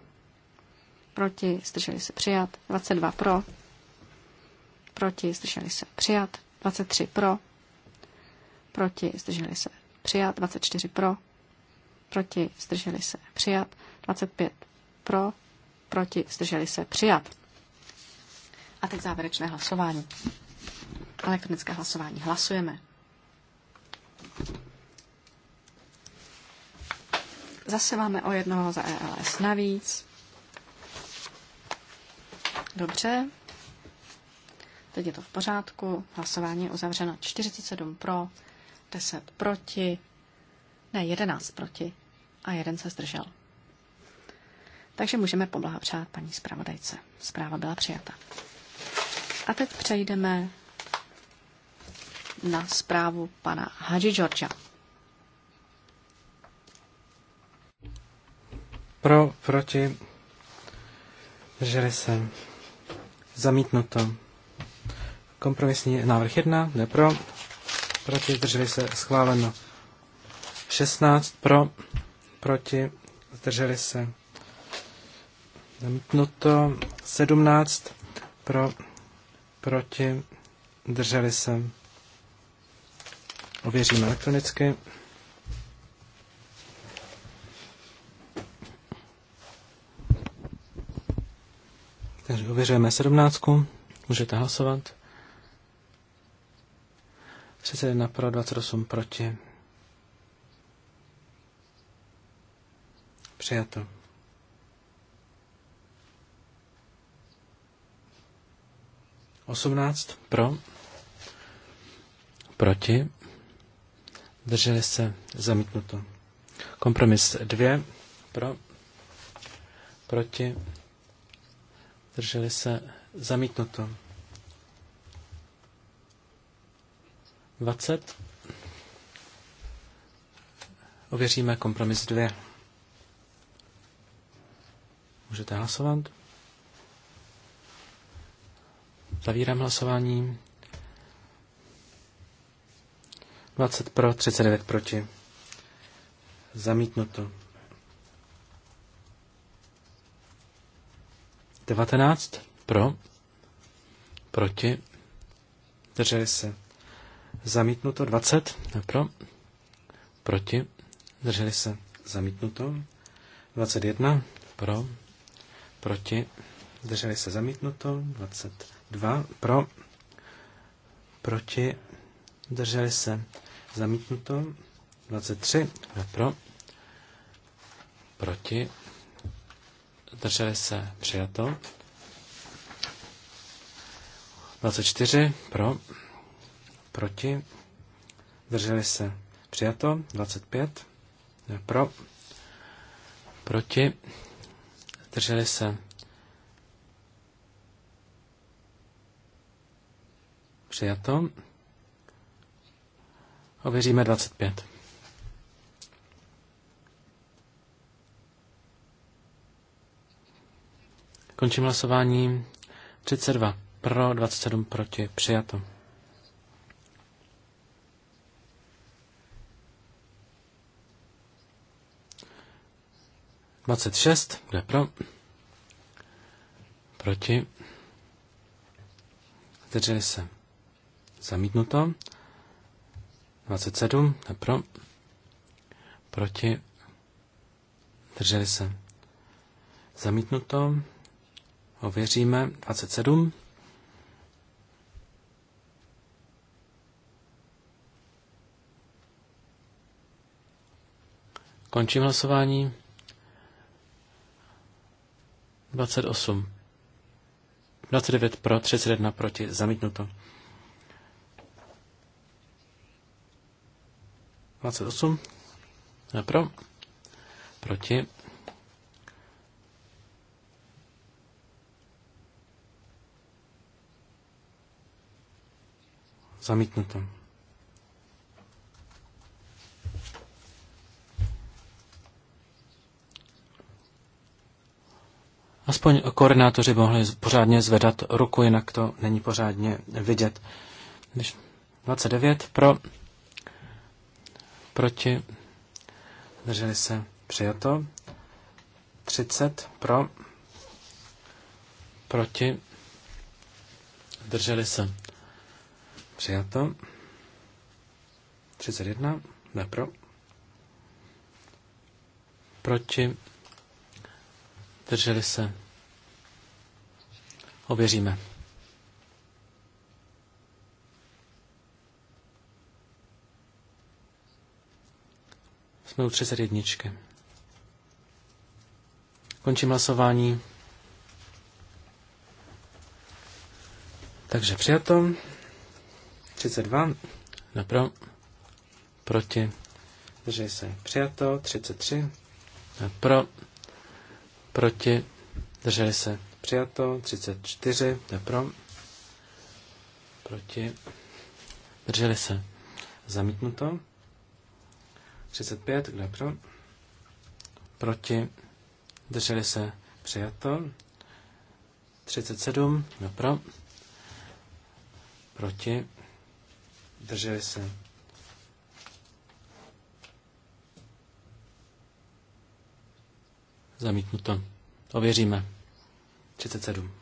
proti, zdrželi se přijat, 22 pro, proti, zdrželi se přijat, 23 pro, proti, zdrželi se přijat, 24 pro, proti, zdrželi se přijat, 25 pro, proti, zdrželi se přijat. A teď závěrečné hlasování. Elektronické hlasování. Hlasujeme. Zase máme o jednoho za ELS navíc. Dobře. Teď je to v pořádku. Hlasování je uzavřeno 47 pro, 10 proti, ne 11 proti a jeden se zdržel. Takže můžeme poblahopřát paní zpravodajce. Zpráva byla přijata. A teď přejdeme na zprávu pana Hadži Georgia. Pro, proti, drželi se, zamítnuto. Kompromisní návrh 1, ne pro, proti, drželi se, schváleno. 16 pro, proti, zdrželi se. Zamítnuto 17 pro, proti, drželi se. Ověříme elektronicky. Takže ověřujeme sedmnáctku. Můžete hlasovat. 31 pro, 28 proti. Přijato. Osmnáct pro. Proti. Drželi se zamítnuto. Kompromis 2 pro, proti, drželi se zamítnuto. 20. Ověříme kompromis 2. Můžete hlasovat. Zavírám hlasování. 20 pro, 39 proti. Zamítnuto. 19 pro, proti, drželi se. Zamítnuto 20 pro, proti, drželi se. Zamítnuto 21 pro, proti, drželi se. Zamítnuto 22 pro, proti, drželi se. Zamítnuto. 23. pro? Proti. Drželi se. Přijato. 24. Pro. Proti. Drželi se. Přijato. 25. pro. Proti. Drželi se. Přijato. Ověříme 25. Končím hlasování. 32 pro, 27 proti. Přijato. Dvacet šest, kde pro? Proti. Zdrželi se. Zamítnuto. 27 pro, proti, drželi se. Zamítnuto, ověříme 27. Končím hlasování. 28. 29 pro, 31 proti, zamítnuto. 28. pro. Proti. Zamítnuto. Aspoň koordinátoři mohli pořádně zvedat ruku, jinak to není pořádně vidět. 29 pro, proti, drželi se, přijato. 30 pro, proti, drželi se, přijato. 31, ne pro, proti, drželi se, ověříme. Jsme u 31. Končím hlasování. Takže přijato. 32. pro. Proti. Takže se. Přijato. 33. Pro. Proti. Drželi se. Přijato. 34. Pro. Proti. Drželi se. Zamítnuto. 35, kdo je pro? Proti? Drželi se přijato. 37, kdo pro? Proti? Drželi se Zamítnuto. Ověříme. 37.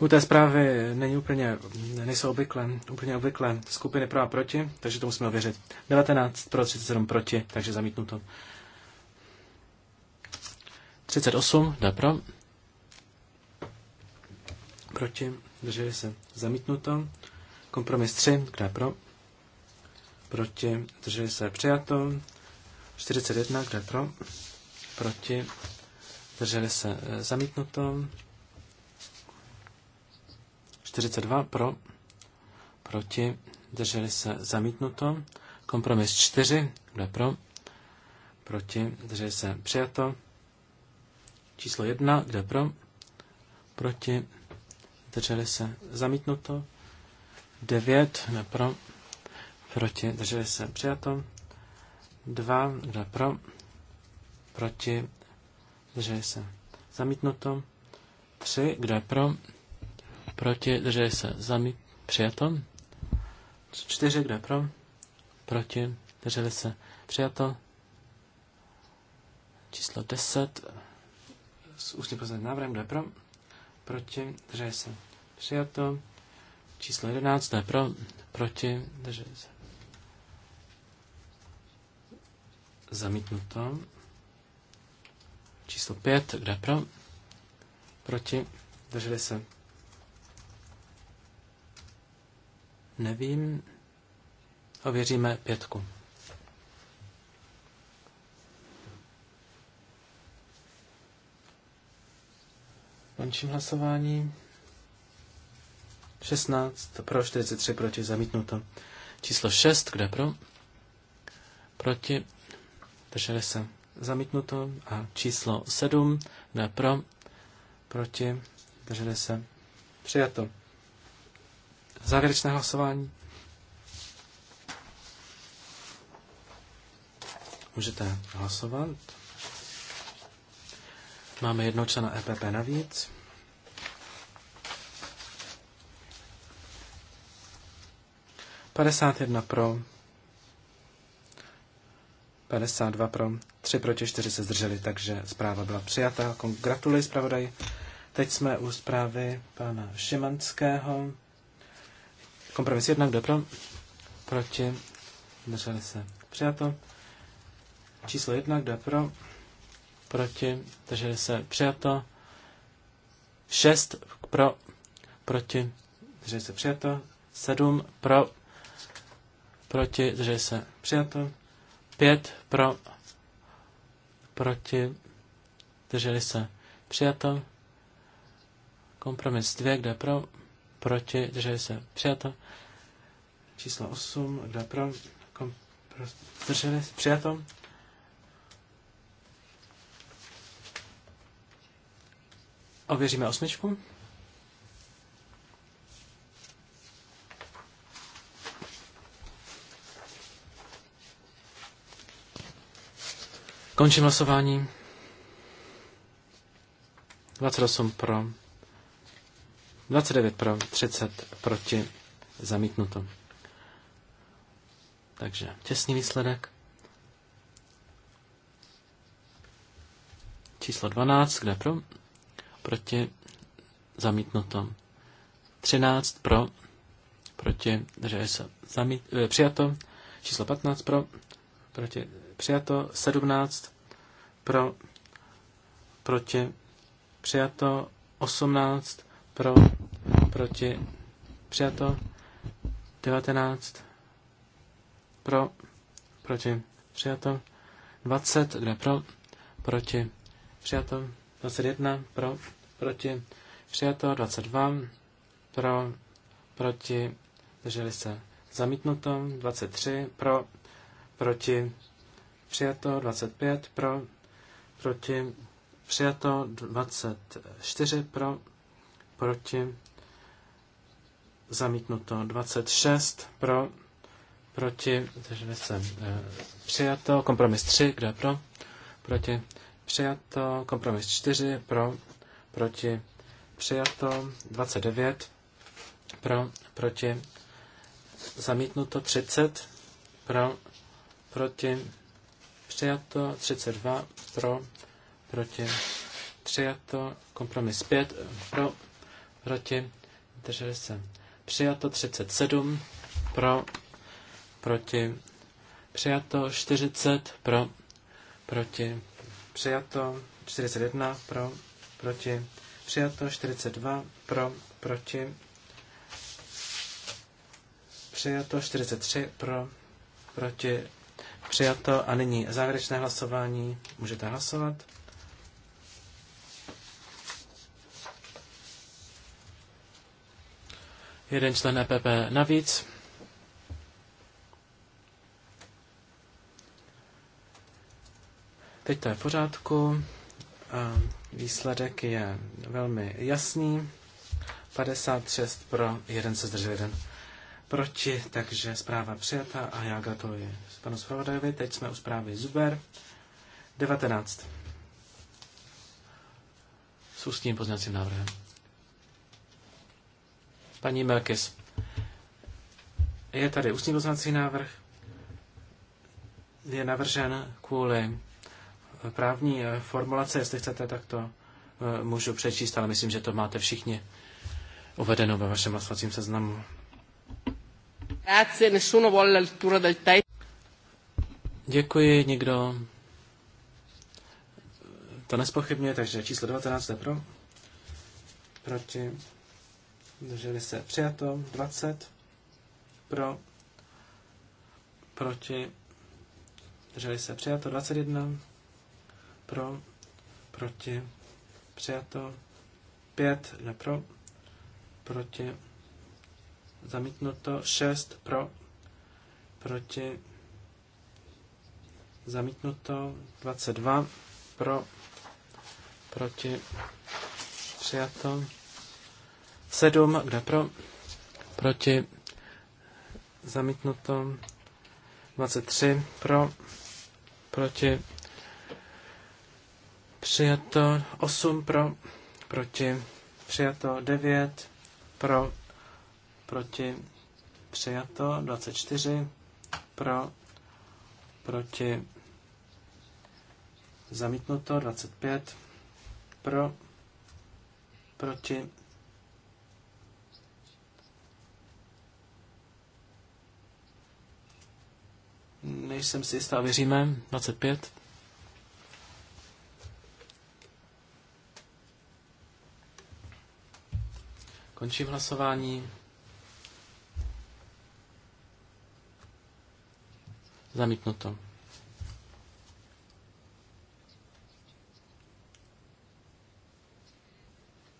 U té zprávy není úplně, nejsou obvykle, úplně obvykle skupiny pro a proti, takže to musíme ověřit. 19 pro, 37 proti, takže zamítnuto. 38, dá pro. Proti, drželi se, zamítnuto. Kompromis 3, kde pro. Proti, drželi se, přijato. 41, kde pro. Proti, drželi se, e, zamítnuto. 42 pro, proti, drželi se zamítnuto. Kompromis 4, kdo je pro, proti, drželi se přijato. Číslo 1, kdo je pro, proti, drželi se zamítnuto. 9, kdo je pro, proti, drželi se přijato. 2, kdo je pro, proti, drželi se zamítnuto. 3, kdo je pro, Proti, drželi se zami přijato. Čtyři, kdo je pro? Proti, drželi se přijato. Číslo 10 s ústně pozorným návrhem, kdo je pro? Proti, drželi se přijato. Číslo 11, kdo je pro? Proti, drželi se zamítnuto. Číslo 5, kde pro? Proti, drželi se Nevím. Ověříme pětku. Končím hlasování. 16 pro, 43 proti, zamítnuto. Číslo 6, kde pro? Proti, drželi se, zamítnuto. A číslo 7, kde pro? Proti, drželi se, přijato. Závěrečné hlasování. Můžete hlasovat. Máme jedno člena EPP navíc. Padesát jedna pro, 52 pro, 3 proti 4 se zdrželi, takže zpráva byla přijata. Gratuluji zpravodaj. Teď jsme u zprávy pana Šimanského. Kompromis jednak kdo pro? Proti? Drželi se. Přijato. Číslo 1, kdo pro? Proti? Drželi se. Přijato. Šest pro? Proti? Drželi se. Přijato. Sedm pro? Proti? Drželi se. Přijato. Pět pro? Proti? Drželi se. Přijato. Kompromis dvě kde pro? proti, že se, přijato. Číslo 8, kdo pro, kom, pro zdrželi přijato. Ověříme osmičku. Končím hlasování. 28 pro. 29 pro, 30 proti, zamítnuto. Takže těsný výsledek. Číslo 12, kde pro? Proti, zamítnuto. 13 pro, proti, že se zamít, eh, přijato. Číslo 15 pro, proti, přijato. 17 pro, proti, přijato. 18 pro, proti, přijato, 19 pro, proti, přijato, 20, kde pro, proti, přijato, 21 pro, proti, přijato, 22 pro, proti, drželi se zamítnuto, 23 pro, proti, přijato, 25 pro, proti, přijato, 24 pro, proti, zamítnuto 26 pro, proti, zdrželi se e, přijato, kompromis 3, kdo je pro, proti, přijato, kompromis 4 pro, proti, přijato, 29 pro, proti, zamítnuto 30 pro, proti, přijato, 32 pro, proti, přijato, kompromis 5 pro, proti, drželi se přijato 37 pro, proti, přijato 40 pro, proti, přijato 41 pro, proti, přijato 42 pro, proti, přijato 43 pro, proti, přijato a nyní závěrečné hlasování, můžete hlasovat. jeden člen EPP navíc. Teď to je v pořádku. Výsledek je velmi jasný. 56 pro, jeden se zdržel, jeden proti, takže zpráva přijata a já gratuluji panu zpravodajovi. Teď jsme u zprávy Zuber 19 s ústním pozněcím návrhem. Paní Melkis, je tady ústní poznací návrh, je navržen kvůli právní formulace, jestli chcete, tak to eh, můžu přečíst, ale myslím, že to máte všichni uvedeno ve vašem hlasovacím seznamu. Děkuji, nikdo to nespochybňuje, takže číslo 19 je pro, proti. Zdrželi se přijato. 20 pro. Proti. Zdrželi se přijato. 21 pro. Proti. Přijato. 5 nepro. Proti. Zamítnuto. 6 pro. Proti. Zamítnuto 22 pro, proti přijato 7, kde pro, proti, zamítnuto, 23 pro, proti, přijato, 8 pro, proti, přijato, 9 pro, proti, přijato, 24 pro, proti, zamítnuto, 25 pro, proti, Nejsem si jistá, věříme. 25. Končím hlasování. Zamítnuto.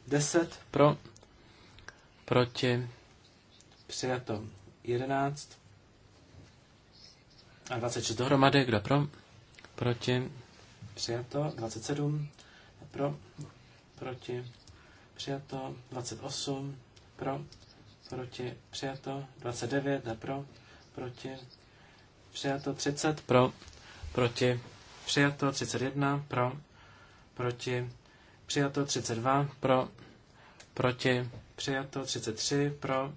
Deset pro, proti, přijato. Jedenáct a 26 dohromady, kdo pro? Proti. Přijato. 27. Pro. Proti. Přijato. 28. Pro. Proti. Přijato. 29. Pro. Proti. Přijato. 30. Pro. Proti. Přijato. 31. Pro. Proti. Přijato. 32. Pro. Proti. Přijato. 33. Pro.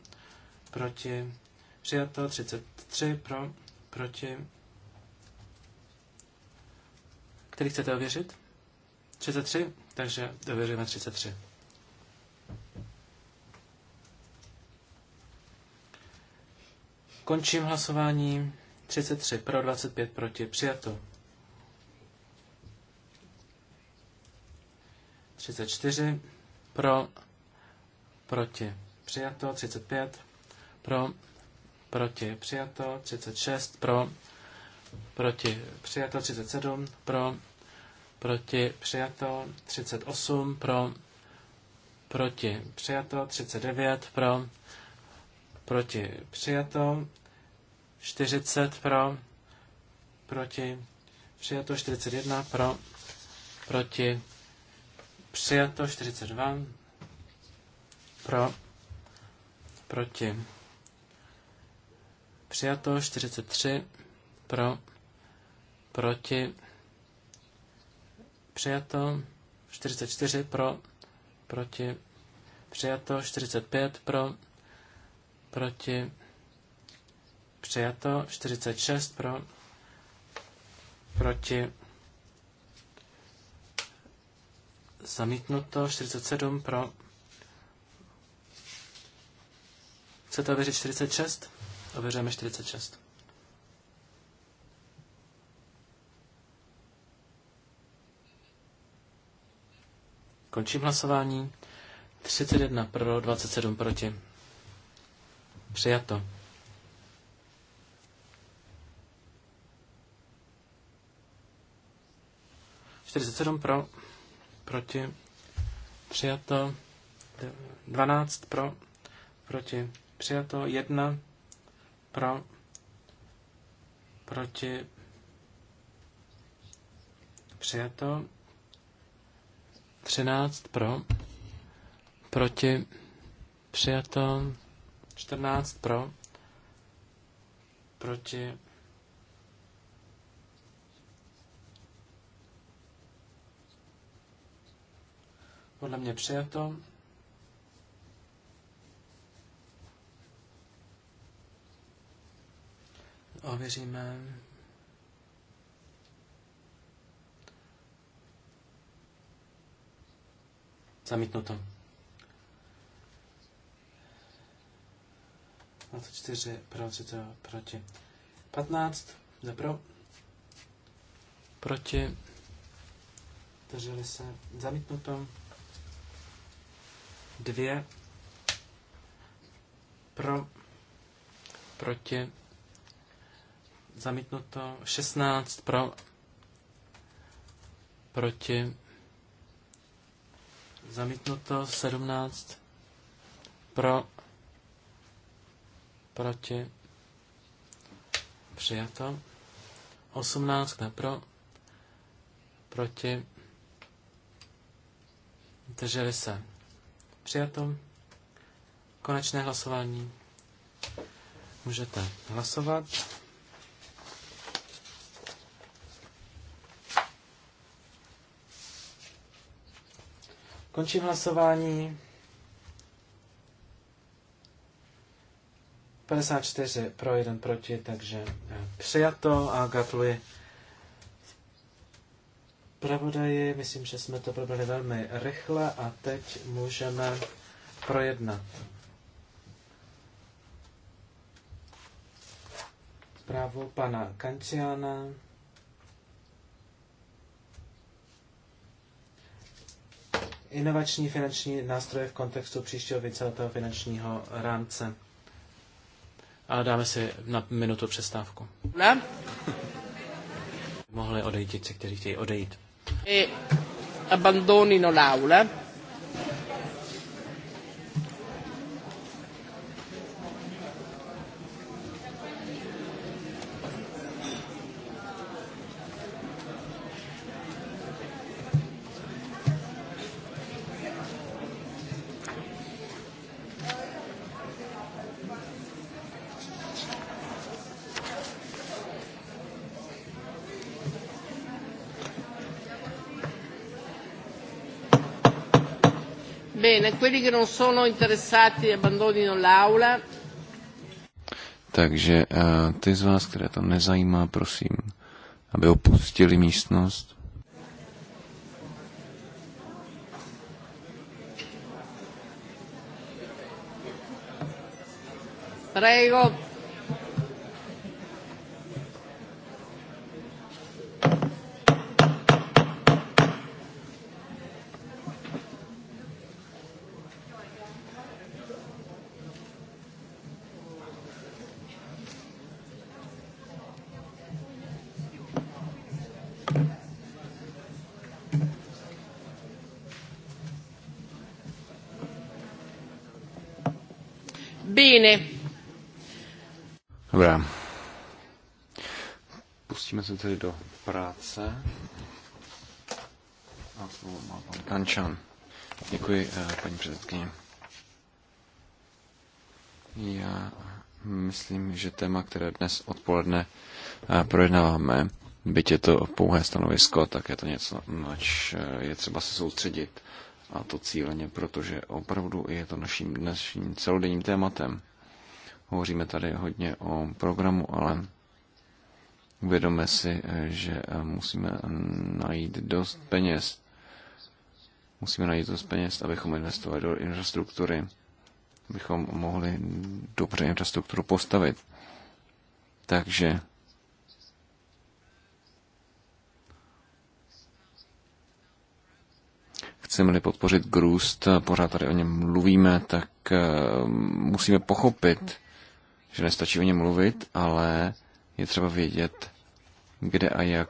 Proti. Přijato. 33. Pro Proti. Který chcete ověřit? 33? Takže ověříme 33. Končím hlasování. 33 pro, 25 proti. Přijato. 34 pro, proti. Přijato. 35 pro, proti přijato, 36 pro, proti přijato, 37 pro, proti přijato, 38 pro, proti přijato, 39 pro, proti přijato, 40 pro, proti přijato, 41 pro, proti přijato, 42 pro, proti Přijato 43 pro, proti, přijato 44 pro, proti, přijato 45 pro, proti, přijato 46 pro, proti, zamítnuto 47 pro, chcete věřit 46? Ověřujeme 46. Končím hlasování. 31 pro, 27 proti. Přijato. Čtyřicet sedm pro, proti, přijato, 12 pro, proti, přijato, 1 pro. Proti. Přijato. 13 pro. Proti. Přijato. 14 pro. Proti. Podle mě přijato. Ověříme. Zamítnuto. 24 pro, 30 proti. 15 za pro. Proti. Drželi se. Zamítnuto. Dvě. Pro. Proti. Zamítnuto 16 pro, proti, zamítnuto 17 pro, proti, přijato 18 ne pro, proti, drželi se přijato. Konečné hlasování můžete hlasovat. Končím hlasování. 54 pro, 1 proti, takže eh, přijato a gratuluji pravodaji. Myslím, že jsme to probrali velmi rychle a teď můžeme projednat. Zprávu pana Kanciana. inovační finanční nástroje v kontextu příštího víceletého finančního rámce. A dáme si na minutu přestávku. Ne? Mohli odejít ti, kteří chtějí odejít. E abbandonino l'aula. quelli che non sono interessati e abbandonino l'aula. Takže eh, ty z vás, které to nezajímá, prosím, aby opustili místnost. Prego, se tedy do práce. A slovo má pan Kančan. Děkuji, eh, paní předsedkyně. Já myslím, že téma, které dnes odpoledne eh, projednáváme, byť je to pouhé stanovisko, tak je to něco, nač eh, je třeba se soustředit a to cíleně, protože opravdu je to naším dnešním celodenním tématem. Hovoříme tady hodně o programu, ale Uvědomme si, že musíme najít dost peněz. Musíme najít dost peněz, abychom investovali do infrastruktury, abychom mohli dobře infrastrukturu postavit. Takže chceme-li podpořit grůst, pořád tady o něm mluvíme, tak eh, musíme pochopit, že nestačí o něm mluvit, ale je třeba vědět, kde a jak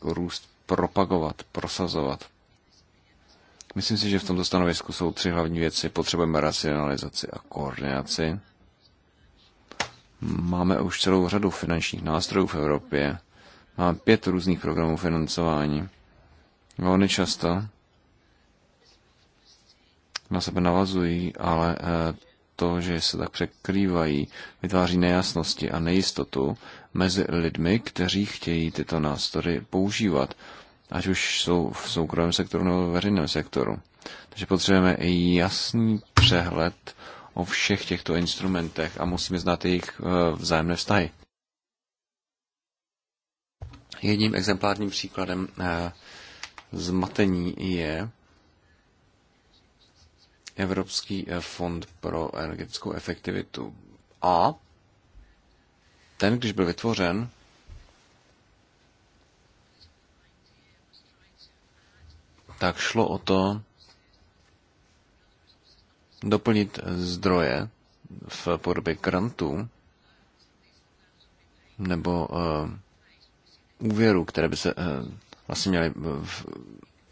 růst propagovat, prosazovat. Myslím si, že v tomto stanovisku jsou tři hlavní věci. Potřebujeme racionalizaci a koordinaci. Máme už celou řadu finančních nástrojů v Evropě. Máme pět různých programů financování. Velmi často na sebe navazují, ale eh, to, že se tak překrývají, vytváří nejasnosti a nejistotu mezi lidmi, kteří chtějí tyto nástroje používat, ať už jsou v soukromém sektoru nebo v veřejném sektoru. Takže potřebujeme i jasný přehled o všech těchto instrumentech a musíme znát jejich eh, vzájemné vztahy. Jedním exemplárním příkladem eh, zmatení je Evropský eh, fond pro energetickou efektivitu. A ten, když byl vytvořen, tak šlo o to doplnit zdroje v podobě grantů nebo uh, úvěrů, které by se uh, vlastně měly v,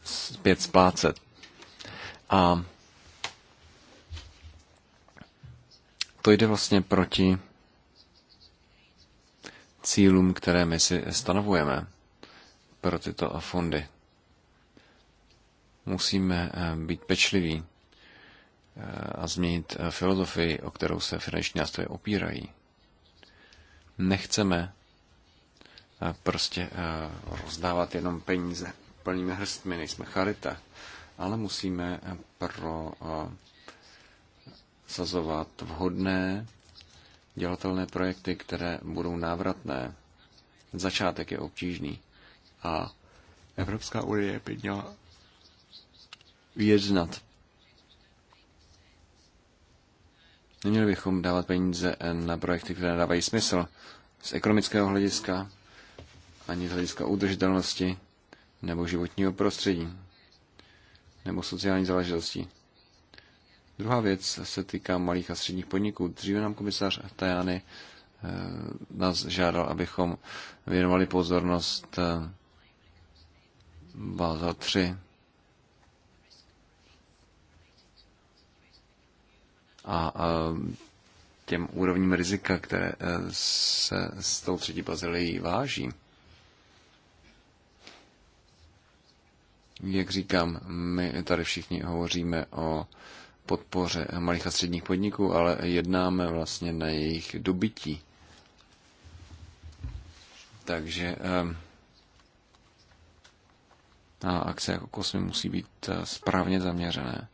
zpět splácet. A to jde vlastně proti cílům, které my si stanovujeme pro tyto fondy. Musíme eh, být pečliví eh, a změnit eh, filozofii, o kterou se finanční nástroje opírají. Nechceme prostě rozdávat jenom peníze plnými hrstmi, nejsme charita, ale musíme pro sazovat vhodné dělatelné projekty, které budou návratné. Začátek je obtížný a Evropská unie by měla vyjednat, Neměli bychom dávat peníze na projekty, které dávají smysl z ekonomického hlediska, ani z hlediska udržitelnosti, nebo životního prostředí, nebo sociální záležitosti. Druhá věc se týká malých a středních podniků. Dříve nám komisař Tajany eh, nás žádal, abychom věnovali pozornost eh, Bázel 3. A, eh, těm úrovním rizika, které se s tou třetí bazilií váží. Jak říkám, my tady všichni hovoříme o podpoře malých a středních podniků, ale jednáme vlastně na jejich dobytí. Takže ehm, a akce jako kosmy musí být eh, správně zaměřené.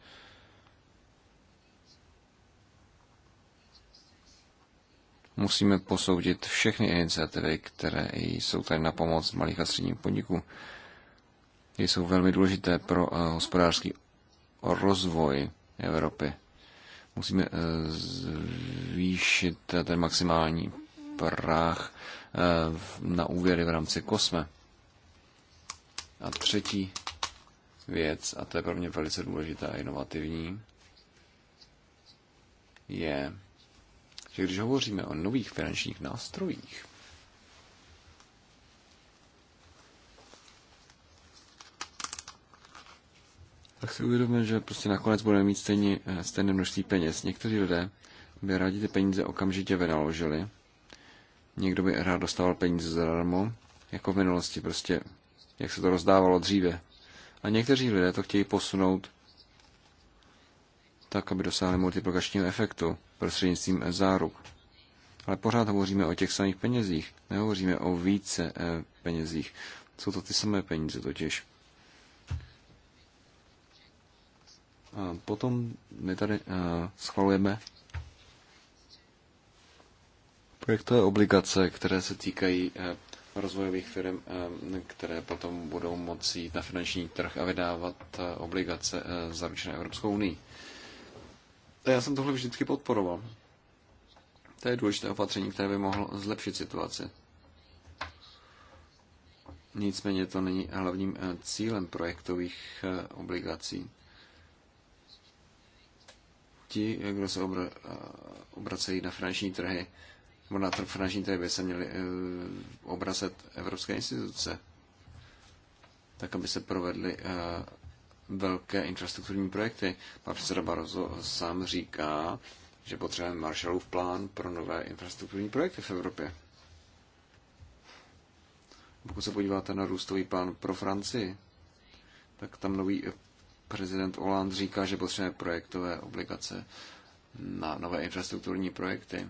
Musíme posoudit všechny iniciativy, které jsou tady na pomoc malých a středních podniků. jsou velmi důležité pro eh, hospodářský rozvoj Evropy. Musíme eh, zvýšit ten maximální práh eh, na úvěry v rámci kosme. A třetí věc, a to je pro mě velice důležitá a inovativní, je, že když hovoříme o nových finančních nástrojích, tak si uvědomíme, že prostě nakonec budeme mít stejně, eh, stejné množství peněz. Někteří lidé by rádi ty peníze okamžitě vynaložili, někdo by rád dostával peníze zadarmo, jako v minulosti prostě, jak se to rozdávalo dříve. A někteří lidé to chtějí posunout tak, aby dosáhli multiplikačního efektu prostřednictvím eh, záruk. Ale pořád hovoříme o těch samých penězích, nehovoříme o více eh, penězích. Jsou to ty samé peníze totiž. potom my tady eh, schvalujeme projektové obligace, které se týkají eh, rozvojových firm, eh, které potom budou moci jít na finanční trh a vydávat obligace zaručené Evropskou unii. Já jsem tohle vždycky podporoval. To je důležité opatření, které by mohlo zlepšit situaci. Nicméně to není hlavním cílem projektových obligací ti, kdo se obr- eh, obracejí na finanční trhy, nebo na trh finanční trhy, by se uh, obracet evropské instituce, tak aby se provedly eh, velké infrastrukturní projekty. Pan předseda Barozo sám říká, že potřebujeme Marshallův plán pro nové infrastrukturní projekty v Evropě. Pokud se podíváte na růstový plán pro Francii, tak tam nový prezident Oland říká, že potřebuje projektové obligace na nové infrastrukturní projekty.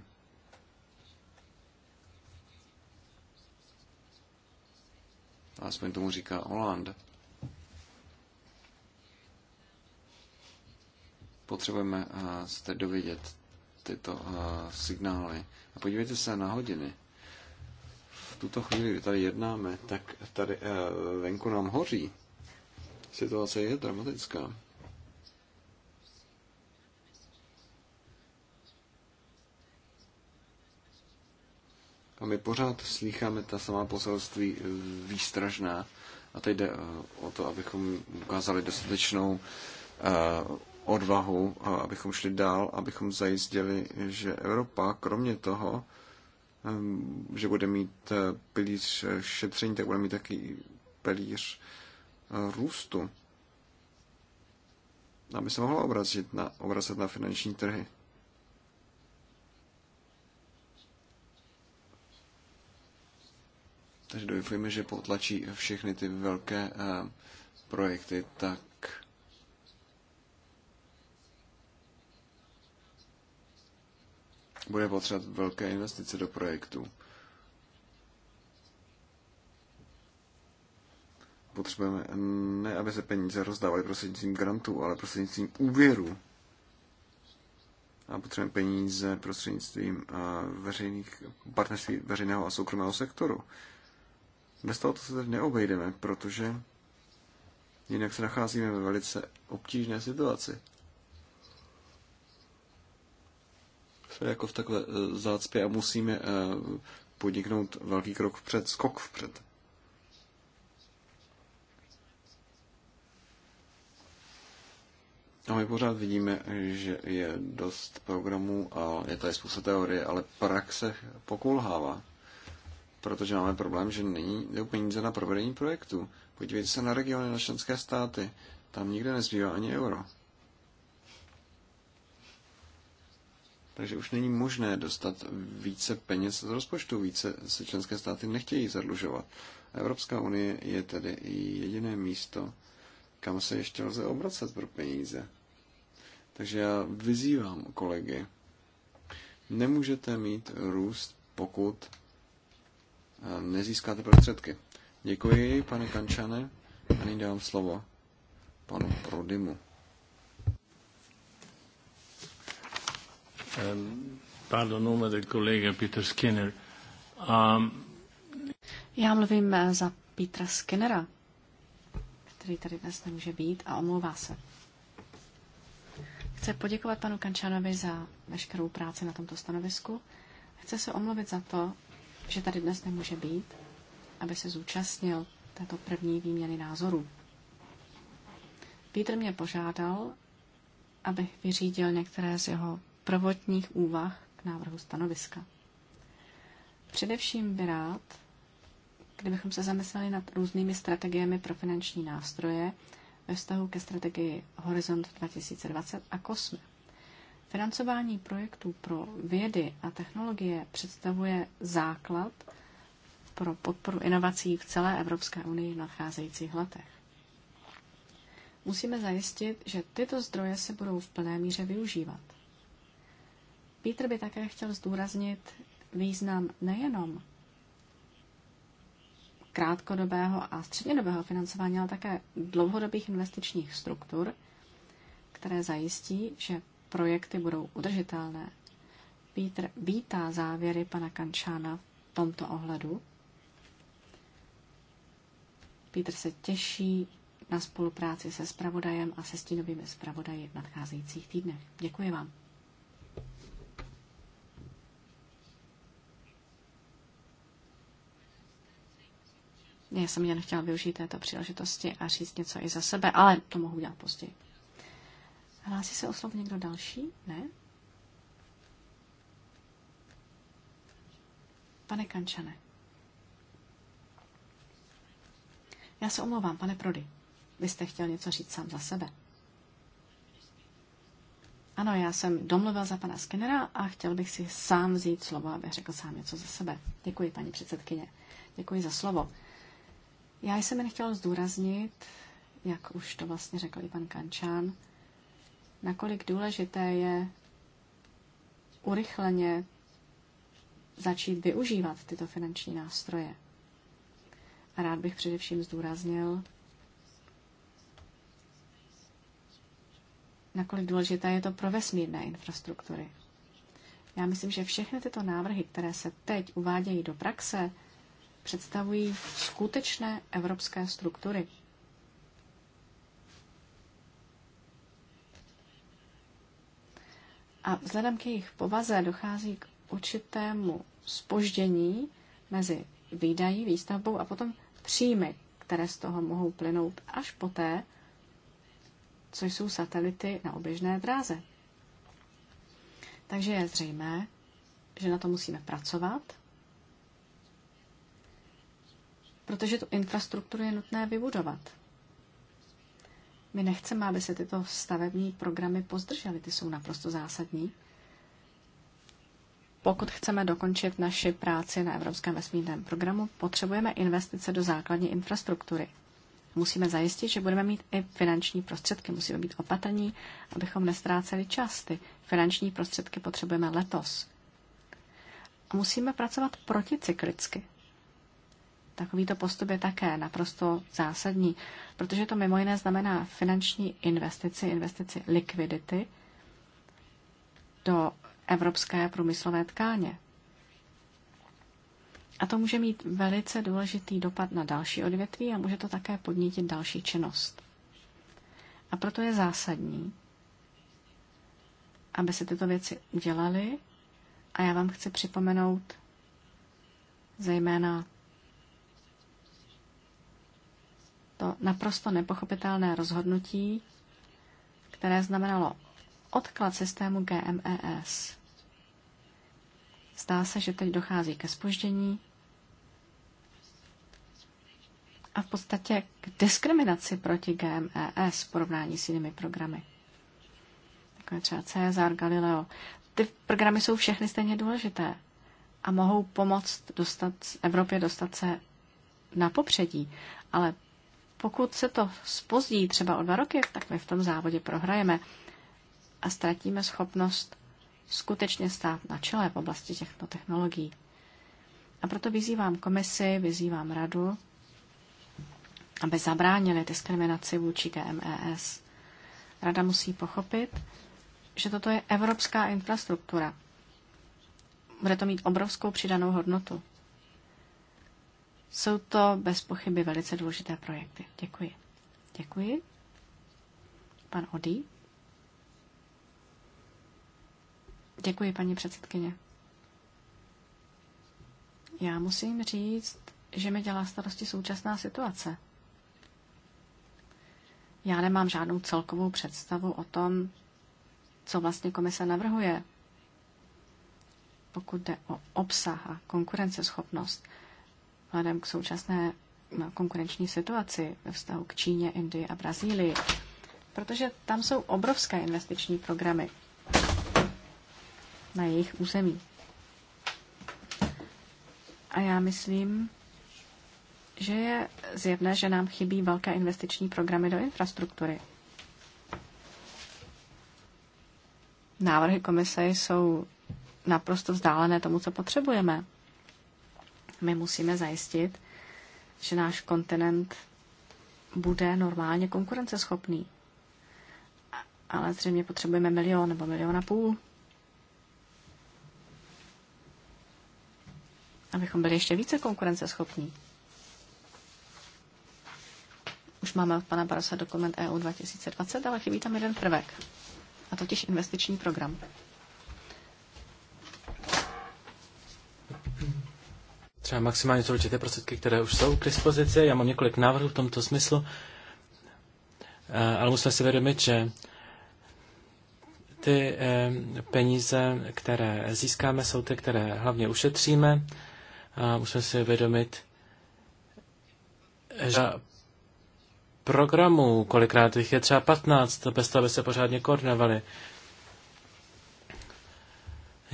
Aspoň tomu říká Holand. Potřebujeme eh, se dovědět tyto eh, signály. A podívejte se na hodiny. V tuto chvíli, kdy tady jednáme, tak tady eh, venku nám hoří. Situace je dramatická. A my pořád slycháme ta samá poselství eh, výstražná. A teď jde eh, o to, abychom ukázali dostatečnou eh, odvahu, abychom šli dál, abychom zajistili, že Evropa, kromě toho, že bude mít pilíř šetření, tak bude mít taky pilíř růstu, aby se mohla obrazit na, obrazit na finanční trhy. Takže doufujeme, že potlačí všechny ty velké eh, projekty, tak bude potřebovat velké investice do projektu. potřebujeme ne, aby se peníze rozdávaly prostřednictvím grantů, ale prostřednictvím úvěru. A potřebujeme peníze prostřednictvím veřejných, partnerství veřejného a soukromého sektoru. Bez toho to se tady neobejdeme, protože jinak se nacházíme ve velice obtížné situaci. Jsme jako v takové e, zácpě a musíme e, podniknout velký krok vpřed, skok vpřed. No, my pořád vidíme, že je dost programů a je tady spousta teorie, ale praxe pokulhává. Protože máme problém, že není peníze na provedení projektu. Podívejte se na regiony, na členské státy. Tam nikde nezbývá ani euro. Takže už není možné dostat více peněz z rozpočtu, více se členské státy nechtějí zadlužovat. Evropská unie je tedy jediné místo, kam se ještě lze obracet pro peníze. Takže já vyzývám kolegy, nemůžete mít růst, pokud eh, nezískáte prostředky. Děkuji, pane Kančane, a nyní dávám slovo panu Prodymu. Ehm, pardon, omade kolega Peter Skinner. Um... Já mluvím eh, za Petra Skinnera který tady dnes nemůže být a omlouvá se. Chce poděkovat panu Kančanovi za veškerou práci na tomto stanovisku. Chce se omluvit za to, že tady dnes nemůže být, aby se zúčastnil této první výměny názorů. Pítr mě požádal, abych vyřídil některé z jeho prvotních úvah k návrhu stanoviska. Především by rád, kdybychom se zamysleli nad různými strategiemi pro finanční nástroje ve vztahu ke strategii Horizont 2020 a Kosme. Financování projektů pro vědy a technologie představuje základ pro podporu inovací v celé Evropské unii v nadcházejících letech. Musíme zajistit, že tyto zdroje se budou v plné míře využívat. Pítr by také chtěl zdůraznit význam nejenom krátkodobého a střednědobého financování, ale také dlouhodobých investičních struktur, které zajistí, že projekty budou udržitelné. Pítr vítá závěry pana Kančána v tomto ohledu. Pítr se těší na spolupráci se spravodajem a se stínovými spravodaji v nadcházejících týdnech. Děkuji vám. Já jsem jen chtěla využít této příležitosti a říct něco i za sebe, ale to mohu udělat později. Hlásí se o slovo někdo další? Ne? Pane Kančane. Já se omlouvám, pane Prody. Vy jste chtěl něco říct sám za sebe. Ano, já jsem domluvil za pana Skinnera a chtěl bych si sám vzít slovo, aby řekl sám něco za sebe. Děkuji, paní předsedkyně. Děkuji za slovo. Já jsem jen chtěla zdůraznit, jak už to vlastně řekl i pan Kančán, nakolik důležité je urychleně začít využívat tyto finanční nástroje. A rád bych především zdůraznil, nakolik důležité je to pro vesmírné infrastruktury. Já myslím, že všechny tyto návrhy, které se teď uvádějí do praxe, představují skutečné evropské struktury. A vzhledem k jejich povaze dochází k určitému spoždění mezi výdají, výstavbou a potom příjmy, které z toho mohou plynout až poté, co jsou satelity na oběžné dráze. Takže je zřejmé, že na to musíme pracovat protože tu infrastrukturu je nutné vybudovat. My nechceme, aby se tyto stavební programy pozdržely, ty jsou naprosto zásadní. Pokud chceme dokončit naši práci na Evropském vesmírném programu, potřebujeme investice do základní infrastruktury. Musíme zajistit, že budeme mít i finanční prostředky. Musíme být opatrní, abychom nestráceli čas. Ty finanční prostředky potřebujeme letos. A musíme pracovat proticyklicky. Takovýto postup je také naprosto zásadní, protože to mimo jiné znamená finanční investici, investici likvidity do evropské průmyslové tkáně. A to může mít velice důležitý dopad na další odvětví a může to také podnítit další činnost. A proto je zásadní, aby se tyto věci dělaly. A já vám chci připomenout zejména to naprosto nepochopitelné rozhodnutí, které znamenalo odklad systému GMES. Zdá se, že teď dochází ke spoždění a v podstatě k diskriminaci proti GMES v porovnání s jinými programy. Takové třeba Cezar, Galileo. Ty programy jsou všechny stejně důležité a mohou pomoct dostat, Evropě dostat se na popředí, ale pokud se to spozdí třeba o dva roky, tak my v tom závodě prohrajeme a ztratíme schopnost skutečně stát na čele v oblasti těchto technologií. A proto vyzývám komisi, vyzývám radu, aby zabránili diskriminaci vůči GMES. Rada musí pochopit, že toto je evropská infrastruktura. Bude to mít obrovskou přidanou hodnotu. Jsou to bez pochyby velice důležité projekty. Děkuji. Děkuji. Pan Odí. Děkuji, paní předsedkyně. Já musím říct, že mi dělá starosti současná situace. Já nemám žádnou celkovou představu o tom, co vlastně komise navrhuje, pokud jde o obsah a konkurenceschopnost vzhledem k současné konkurenční situaci ve vztahu k Číně, Indii a Brazílii, protože tam jsou obrovské investiční programy na jejich území. A já myslím, že je zjevné, že nám chybí velké investiční programy do infrastruktury. Návrhy komise jsou naprosto vzdálené tomu, co potřebujeme. My musíme zajistit, že náš kontinent bude normálně konkurenceschopný. Ale zřejmě potřebujeme milion nebo milion a půl. Abychom byli ještě více konkurenceschopní. Už máme od pana Barasa dokument EU 2020, ale chybí tam jeden prvek. A totiž investiční program. třeba maximálně jsou určité prostředky, které už jsou k dispozici. Já mám několik návrhů v tomto smyslu, eh, ale musíme si vědomit, že ty eh, peníze, které získáme, jsou ty, které hlavně ušetříme. A musíme si vědomit, že programů, kolikrát jich je třeba 15, bez toho, aby se pořádně koordinovali.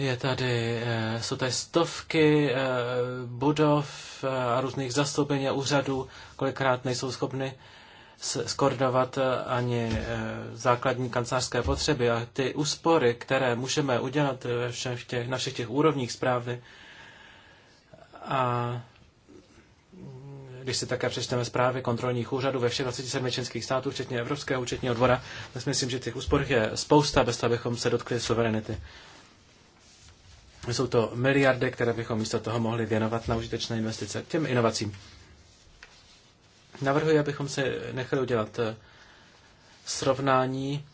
Je tady, eh, jsou tady stovky eh, budov eh, a různých zastoupení a úřadů, kolikrát nejsou schopny skordovat ani základní kancelářské potřeby. A ty úspory, které můžeme udělat ve všech těch, na všech těch úrovních zprávy, a když si také přečteme zprávy kontrolních úřadů ve všech 27 členských států, včetně Evropského účetního dvora, tak si myslím, že těch úspor je spousta, bez toho, abychom se dotkli suverenity. Jsou to miliardy, které bychom místo toho mohli věnovat na užitečné investice, těm inovacím. Navrhuji, abychom se nechali udělat eh, srovnání,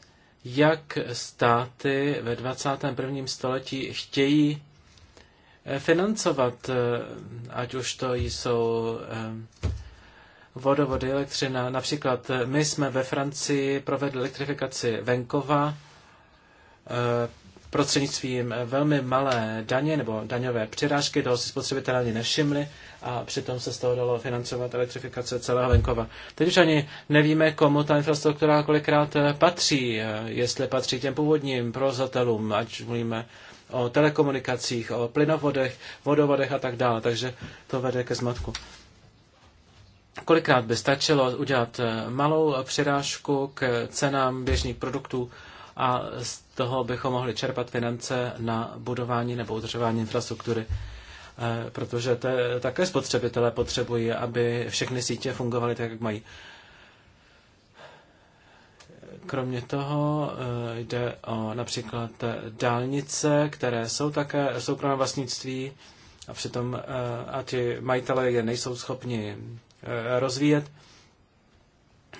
jak státy ve 21. století chtějí eh, financovat, eh, ať už to jsou vodovody, elektřina. Například my jsme ve Francii provedli elektrifikaci venkova prostřednictvím velmi malé daně nebo daňové přirážky, toho si spotřebitelé ani nevšimli a přitom se z toho dalo financovat elektrifikace celého venkova. Teď už ani nevíme, komu ta infrastruktura kolikrát patří, jestli patří těm původním provozatelům, ať mluvíme o telekomunikacích, o plynovodech, vodovodech a tak dále, takže to vede ke zmatku. Kolikrát by stačilo udělat malou přirážku k cenám běžných produktů a toho bychom mohli čerpat finance na budování nebo udržování infrastruktury. Eh, protože to také spotřebitelé potřebují, aby všechny sítě fungovaly tak, jak mají. Kromě toho eh, jde o například dálnice, které jsou také soukromé vlastnictví a přitom eh, a ti majitelé je nejsou schopni rozvíjet.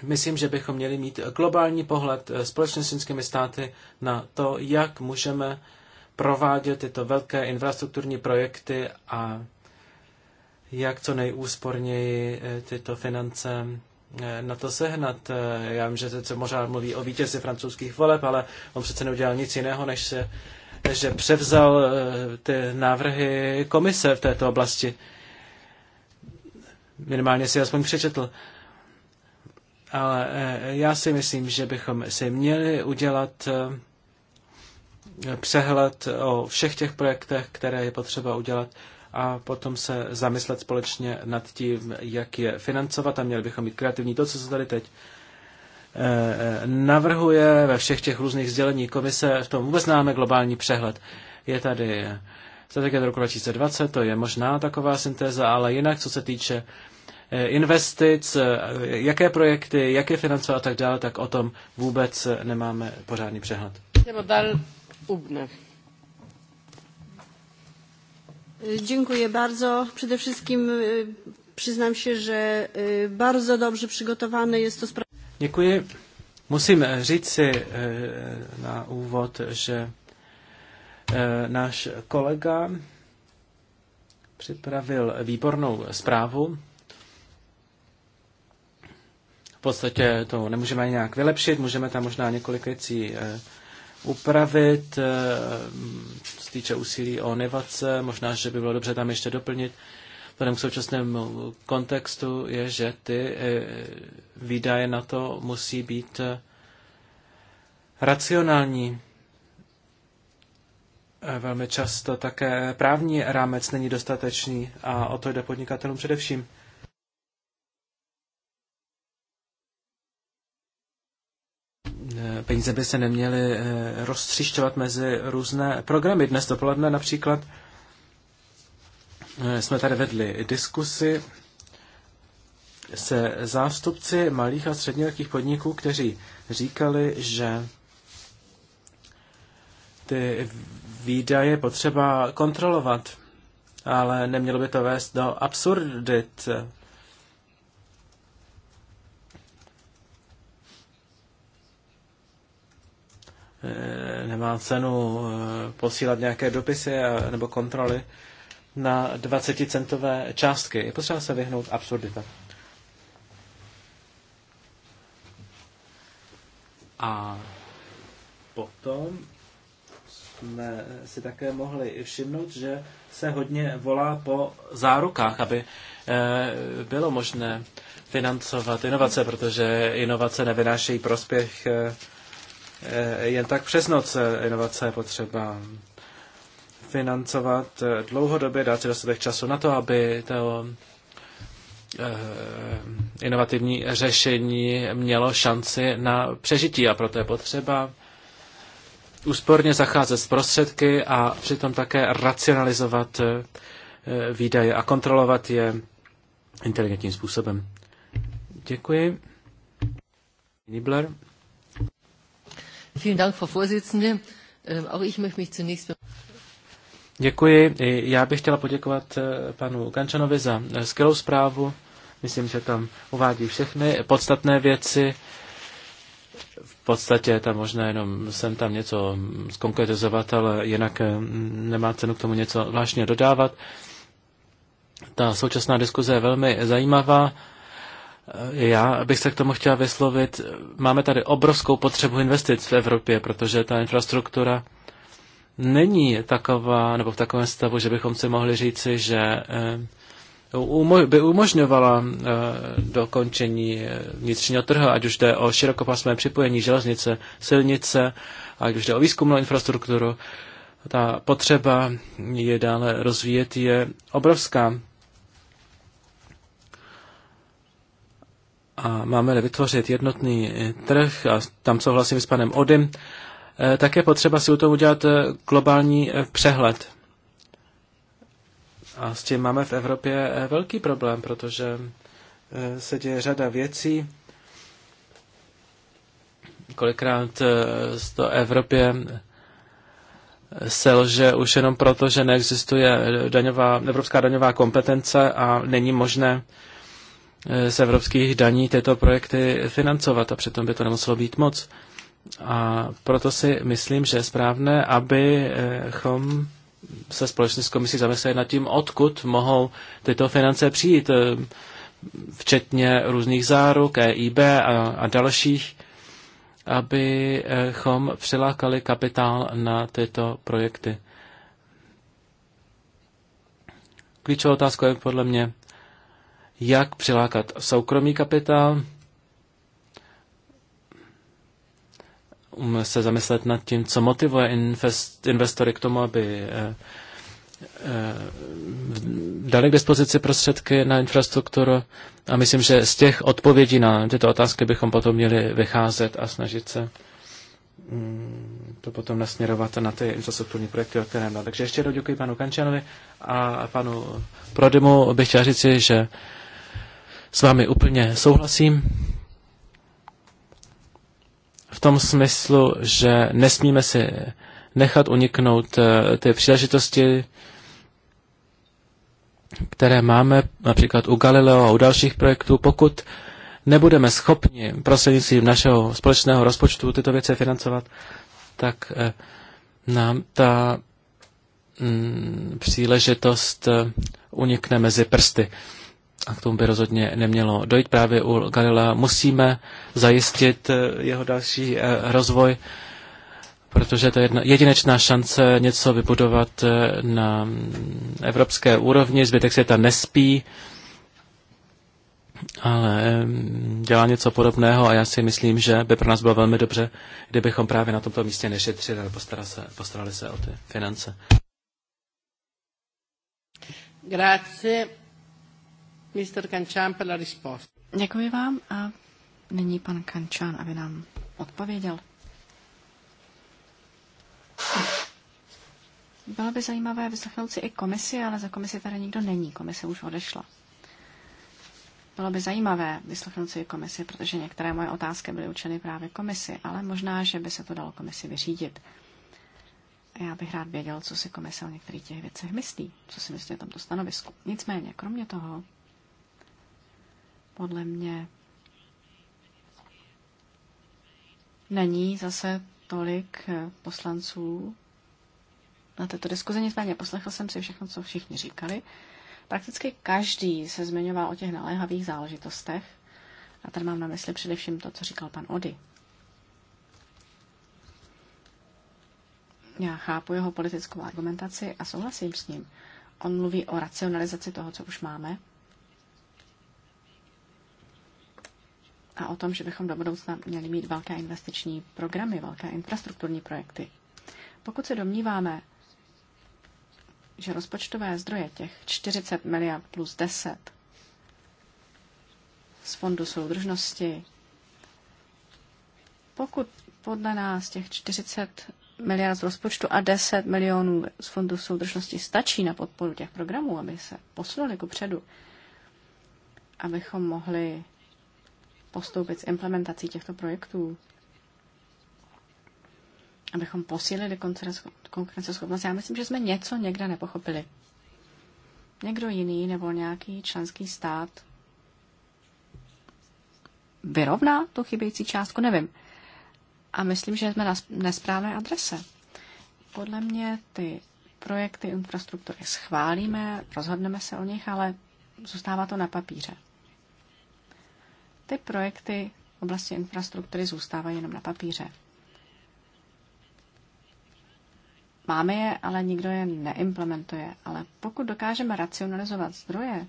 Myslím, že bychom měli mít globální pohled eh, společně s čínskými státy na to, jak můžeme provádět tyto velké infrastrukturní projekty a jak co nejúsporněji eh, tyto finance eh, na to sehnat. Já vím, že se možná mluví o vítězi francouzských voleb, ale on přece neudělal nic jiného, než se, že převzal ty návrhy komise v této oblasti. Minimálně si aspoň přečetl. Uh, ale eh, já si myslím, že bychom si měli udělat eh, přehled o všech těch projektech, které je potřeba udělat a potom se zamyslet společně nad tím, jak je financovat a měli bychom být kreativní. To, co se tady teď eh, navrhuje ve všech těch různých sdělení komise, v tom vůbec máme globální přehled. Je tady strategie do roku 2020, to je možná taková syntéza, ale jinak, co se týče Eh, investic, eh, jaké projekty, jaké finance a tak dále, tak o tom vůbec nemáme pořádný přehled. Dziękuję bardzo. Przede wszystkim e, przyznam się, że e, bardzo dobrze przygotowane jest to sprawozdanie. Děkuji. Musím eh, říci na úvod, že náš kolega připravil výbornou zprávu podstatě to nemůžeme nějak vylepšit, můžeme tam možná několik věcí eh, upravit, eh, se týče úsilí o nevace, možná, že by bylo dobře tam ještě doplnit. V tom současném kontextu je, že ty eh, výdaje na to musí být racionální. Velmi často také právní rámec není dostatečný a o to jde podnikatelům především. Eh, peníze by se neměly eh, rozstřišťovat mezi různé programy. Dnes dopoledne například eh, jsme tady vedli diskusy se zástupci malých a středních podniků, kteří říkali, že ty výdaje potřeba kontrolovat, ale nemělo by to vést do absurdit, Eh, nemá cenu eh, posílat nějaké dopisy eh, nebo kontroly na 20-centové částky. Je potřeba se vyhnout absurdita. A potom jsme si také mohli všimnout, že se hodně volá po zárukách, aby bylo možné financovat inovace, protože inovace nevynášejí prospěch Eh, jen tak přes noc eh, inovace je potřeba financovat eh, dlouhodobě, dát si dostatek času na to, aby to inovativní řešení mělo šanci na přežití a proto je potřeba úsporně zacházet s prostředky a přitom také racionalizovat výdaje a kontrolovat je inteligentním způsobem. Děkuji. Nibler. Äh, Děkuji. Já bych chtěla poděkovat eh, panu Kančanovi za eh, skvělou zprávu. Myslím, že tam uvádí všechny podstatné věci. V podstatě je tam možná jenom jsem tam něco zkonkretizovat, ale jinak eh, nemá cenu k tomu něco vážně dodávat. Ta současná diskuze je velmi zajímavá. Já bych se k tomu chtěla vyslovit. Máme tady obrovskou potřebu investic v Evropě, protože ta infrastruktura není taková, nebo v takovém stavu, že bychom si mohli říci, že eh, by umožňovala eh, dokončení eh, vnitřního trhu, ať už jde o širokopásmé připojení železnice, silnice, ať už jde o výzkumnou infrastrukturu. Ta potřeba je dále rozvíjet je obrovská. a máme-li vytvořit jednotný eh, trh, a tam souhlasím s panem Odym, eh, tak je potřeba si u toho udělat eh, globální přehled. A s tím máme v Evropě velký problém, protože se děje řada věcí. Kolikrát z to Evropě selže už jenom proto, že neexistuje daňová, evropská daňová kompetence a není možné Eh, z evropských daní tyto projekty financovat a přitom by to nemuselo být moc. A proto si myslím, že je správné, abychom se společně s komisí zamysleli nad tím, odkud mohou tyto finance přijít, eh, včetně různých záruk, EIB a, a dalších, abychom přilákali kapitál na tyto projekty. Klíčová otázka je podle mě, jak přilákat soukromý kapitál, se zamyslet nad tím, co motivuje invest, investory k tomu, aby eh, eh, dali k dispozici prostředky na infrastrukturu a myslím, že z těch odpovědí na tyto otázky bychom potom měli vycházet a snažit se mm, to potom nasměrovat na ty infrastrukturní projekty, o které Takže ještě jednou děkuji panu Kančanovi a panu Prodymu bych chtěl říci, že s vámi úplně souhlasím. V tom smyslu, že nesmíme si nechat uniknout eh, ty příležitosti, které máme například u Galileo a u dalších projektů, pokud nebudeme schopni prostřednictvím našeho společného rozpočtu tyto věci financovat, tak eh, nám ta mm, příležitost eh, unikne mezi prsty a k tomu by rozhodně nemělo dojít právě u Galila. Musíme zajistit eh, jeho další eh, rozvoj, protože to je jedna, jedinečná šance něco vybudovat eh, na evropské úrovni. Zbytek světa nespí, ale dělá něco podobného a já si myslím, že by pro nás bylo velmi dobře, kdybychom právě na tomto místě nešetřili, a postarali se, postarali se o ty finance. Grazie. Děkuji vám a nyní pan Kančan, aby nám odpověděl. Bylo by zajímavé vyslechnout si i komisi, ale za komisi tady nikdo není. Komise už odešla. Bylo by zajímavé vyslechnout si i komisi, protože některé moje otázky byly učeny právě komisi, ale možná, že by se to dalo komisi vyřídit. A já bych rád věděl, co si komise o některých těch věcech myslí, co si myslí o tomto stanovisku. Nicméně, kromě toho, podle mě není zase tolik eh, poslanců na této diskuzi, nicméně poslechl jsem si všechno, co všichni říkali. Prakticky každý se zmiňoval o těch naléhavých záležitostech a tady mám na mysli především to, co říkal pan Ody. Já chápu jeho politickou argumentaci a souhlasím s ním. On mluví o racionalizaci toho, co už máme, a o tom, že bychom do budoucna měli mít velké investiční programy, velké infrastrukturní projekty. Pokud se domníváme, že rozpočtové zdroje těch 40 miliard plus 10 z fondu soudržnosti, pokud podle nás těch 40 miliard z rozpočtu a 10 milionů z fondu soudržnosti stačí na podporu těch programů, aby se posunuli ku předu, abychom mohli postoupit s implementací těchto projektů, abychom posílili konkurenceschopnost. Já myslím, že jsme něco někde nepochopili. Někdo jiný nebo nějaký členský stát vyrovná tu chybějící částku, nevím. A myslím, že jsme na nesprávné adrese. Podle mě ty projekty infrastruktury schválíme, rozhodneme se o nich, ale zůstává to na papíře. Ty projekty v oblasti infrastruktury zůstávají jenom na papíře. Máme je, ale nikdo je neimplementuje. Ale pokud dokážeme racionalizovat zdroje,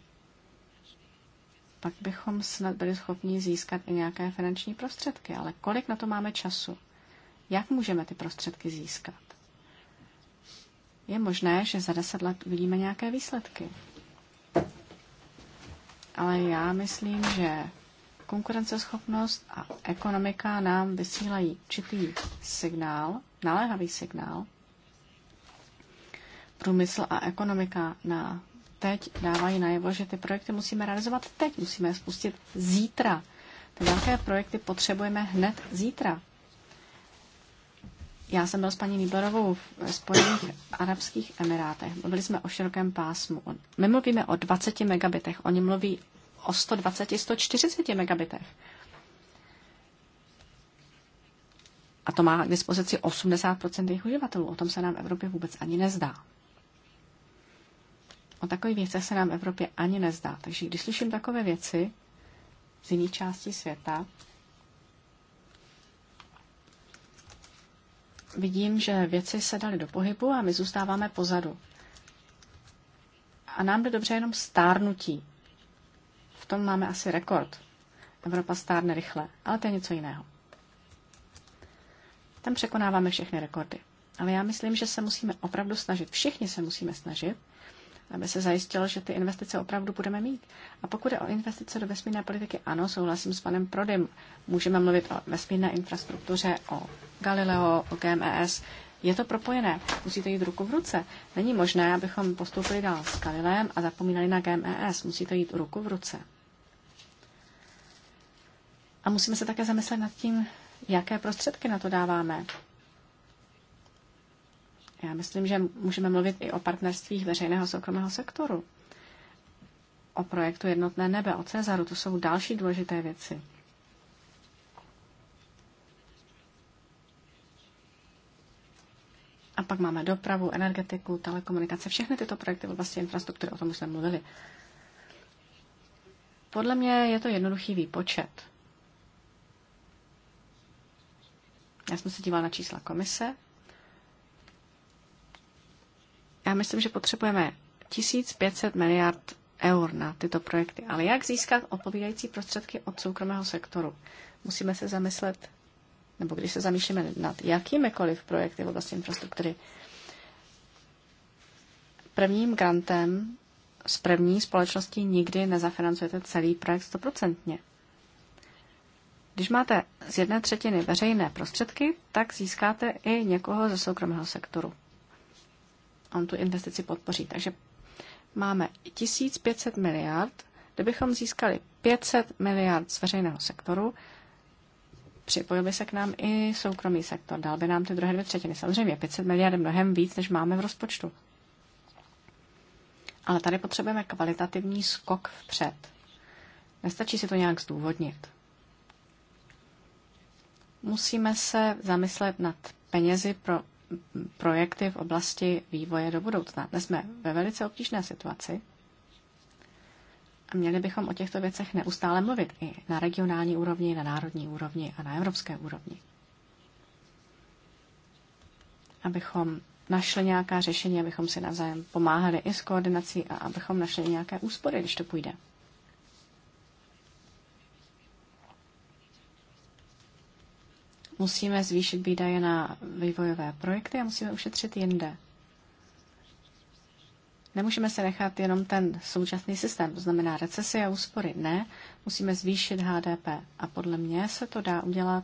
pak bychom snad byli schopni získat i nějaké finanční prostředky. Ale kolik na to máme času? Jak můžeme ty prostředky získat? Je možné, že za deset let uvidíme nějaké výsledky. Ale já myslím, že konkurenceschopnost a ekonomika nám vysílají určitý signál, naléhavý signál. Průmysl a ekonomika na teď dávají najevo, že ty projekty musíme realizovat teď, musíme je spustit zítra. Ty velké projekty potřebujeme hned zítra. Já jsem byl s paní Nýblerovou v Spojených Arabských Emirátech. Mluvili jsme o širokém pásmu. My mluvíme o 20 megabitech, oni mluví o 120, 140 megabitech. A to má k dispozici 80 jejich uživatelů. O tom se nám v Evropě vůbec ani nezdá. O takových věcech se nám v Evropě ani nezdá. Takže když slyším takové věci z jiných částí světa, vidím, že věci se daly do pohybu a my zůstáváme pozadu. A nám jde dobře jenom stárnutí. V tom máme asi rekord. Evropa stárne rychle, ale to je něco jiného. Tam překonáváme všechny rekordy. Ale já myslím, že se musíme opravdu snažit, všichni se musíme snažit, aby se zajistilo, že ty investice opravdu budeme mít. A pokud je o investice do vesmírné politiky, ano, souhlasím s panem Prodym. Můžeme mluvit o vesmírné infrastruktuře, o Galileo, o GMES. Je to propojené, musí to jít ruku v ruce. Není možné, abychom postoupili dál s Kalilem a zapomínali na GMES. Musí to jít ruku v ruce. A musíme se také zamyslet nad tím, jaké prostředky na to dáváme. Já myslím, že můžeme mluvit i o partnerstvích veřejného soukromého sektoru, o projektu Jednotné nebe, o Cezaru. To jsou další důležité věci. pak máme dopravu, energetiku, telekomunikace, všechny tyto projekty v oblasti infrastruktury, o tom už jsme mluvili. Podle mě je to jednoduchý výpočet. Já jsem se díval na čísla komise. Já myslím, že potřebujeme 1500 miliard eur na tyto projekty. Ale jak získat odpovídající prostředky od soukromého sektoru? Musíme se zamyslet nebo když se zamýšlíme nad jakýmikoliv projekty v oblasti infrastruktury, prvním grantem z první společnosti nikdy nezafinancujete celý projekt stoprocentně. Když máte z jedné třetiny veřejné prostředky, tak získáte i někoho ze soukromého sektoru. On tu investici podpoří. Takže máme 1500 miliard. Kdybychom získali 500 miliard z veřejného sektoru, připojil by se k nám i soukromý sektor. Dal by nám ty druhé dvě třetiny. Samozřejmě 500 miliard je mnohem víc, než máme v rozpočtu. Ale tady potřebujeme kvalitativní skok vpřed. Nestačí si to nějak zdůvodnit. Musíme se zamyslet nad penězi pro projekty v oblasti vývoje do budoucna. Dnes jsme ve velice obtížné situaci a měli bychom o těchto věcech neustále mluvit i na regionální úrovni, na národní úrovni a na evropské úrovni. Abychom našli nějaká řešení, abychom si navzájem pomáhali i s koordinací a abychom našli nějaké úspory, když to půjde. Musíme zvýšit výdaje na vývojové projekty a musíme ušetřit jinde. Nemůžeme se nechat jenom ten současný systém, to znamená recesi a úspory. Ne, musíme zvýšit HDP. A podle mě se to dá udělat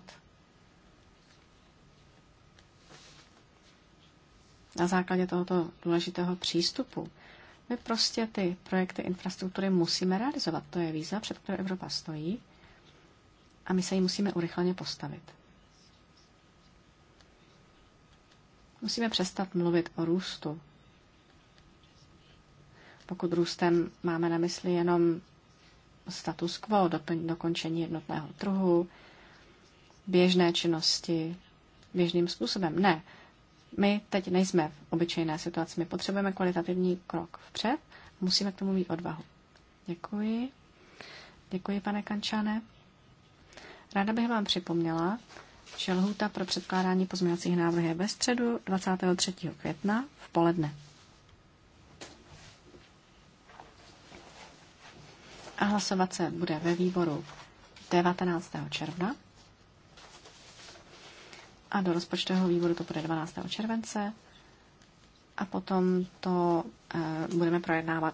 na základě tohoto důležitého přístupu. My prostě ty projekty infrastruktury musíme realizovat. To je víza, před kterou Evropa stojí a my se jí musíme urychleně postavit. Musíme přestat mluvit o růstu, pokud růstem máme na mysli jenom status quo, dokončení jednotného trhu, běžné činnosti běžným způsobem. Ne, my teď nejsme v obyčejné situaci. My potřebujeme kvalitativní krok vpřed musíme k tomu mít odvahu. Děkuji. Děkuji, pane Kančane. Ráda bych vám připomněla, že lhůta pro předkládání pozměňovacích návrhů je ve středu 23. května v poledne. A hlasovat se bude ve výboru 19. června. A do rozpočtového výboru to bude 12. července. A potom to e, budeme projednávat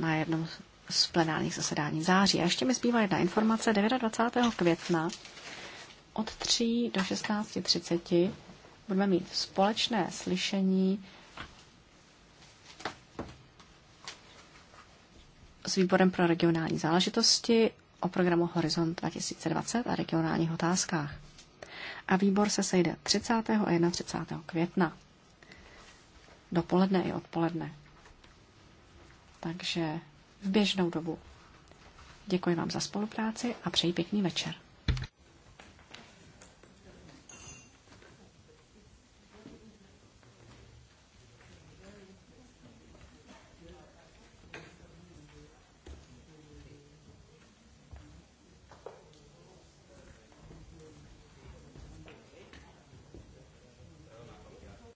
na jednom z plenárních zasedání v září. A ještě mi zbývá jedna informace. 29. května od 3 do 16.30 budeme mít společné slyšení s výborem pro regionální záležitosti o programu Horizont 2020 a regionálních otázkách. A výbor se sejde 30. a 31. května. Dopoledne i odpoledne. Takže v běžnou dobu. Děkuji vám za spolupráci a přeji pěkný večer.